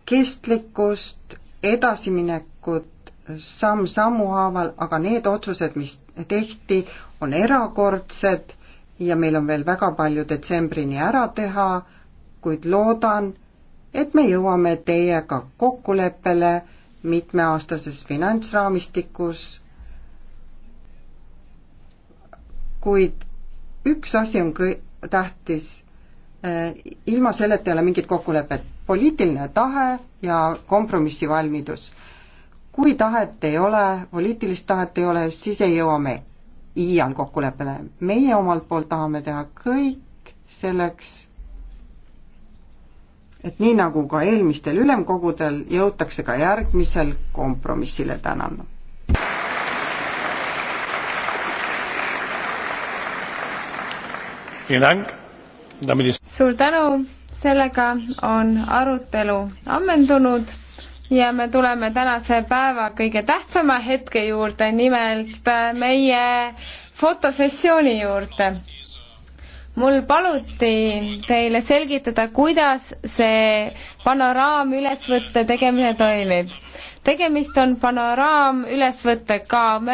[SPEAKER 5] kestlikkust, edasiminekut, samm sammu haaval, aga need otsused, mis tehti, on erakordsed ja meil on veel väga palju detsembrini ära teha, kuid loodan, et me jõuame teiega kokkuleppele mitmeaastases finantsraamistikus, kuid üks asi on kõ-, tähtis, äh, ilma selleta ei ole mingit kokkulepet, poliitiline tahe ja kompromissivalmidus kui tahet ei ole, poliitilist tahet ei ole, siis ei jõua me iial kokkuleppele. meie omalt poolt tahame teha kõik selleks, et nii, nagu ka eelmistel ülemkogudel, jõutakse ka järgmisel kompromissile, tänan.
[SPEAKER 4] suur tänu, sellega on arutelu ammendunud ja me tuleme tänase päeva kõige tähtsama hetke juurde, nimelt äh, meie fotosessiooni juurde. mul paluti teile selgitada, kuidas see panoraamülesvõtte tegemine toimib. tegemist on panoraamülesvõtte kaameraga,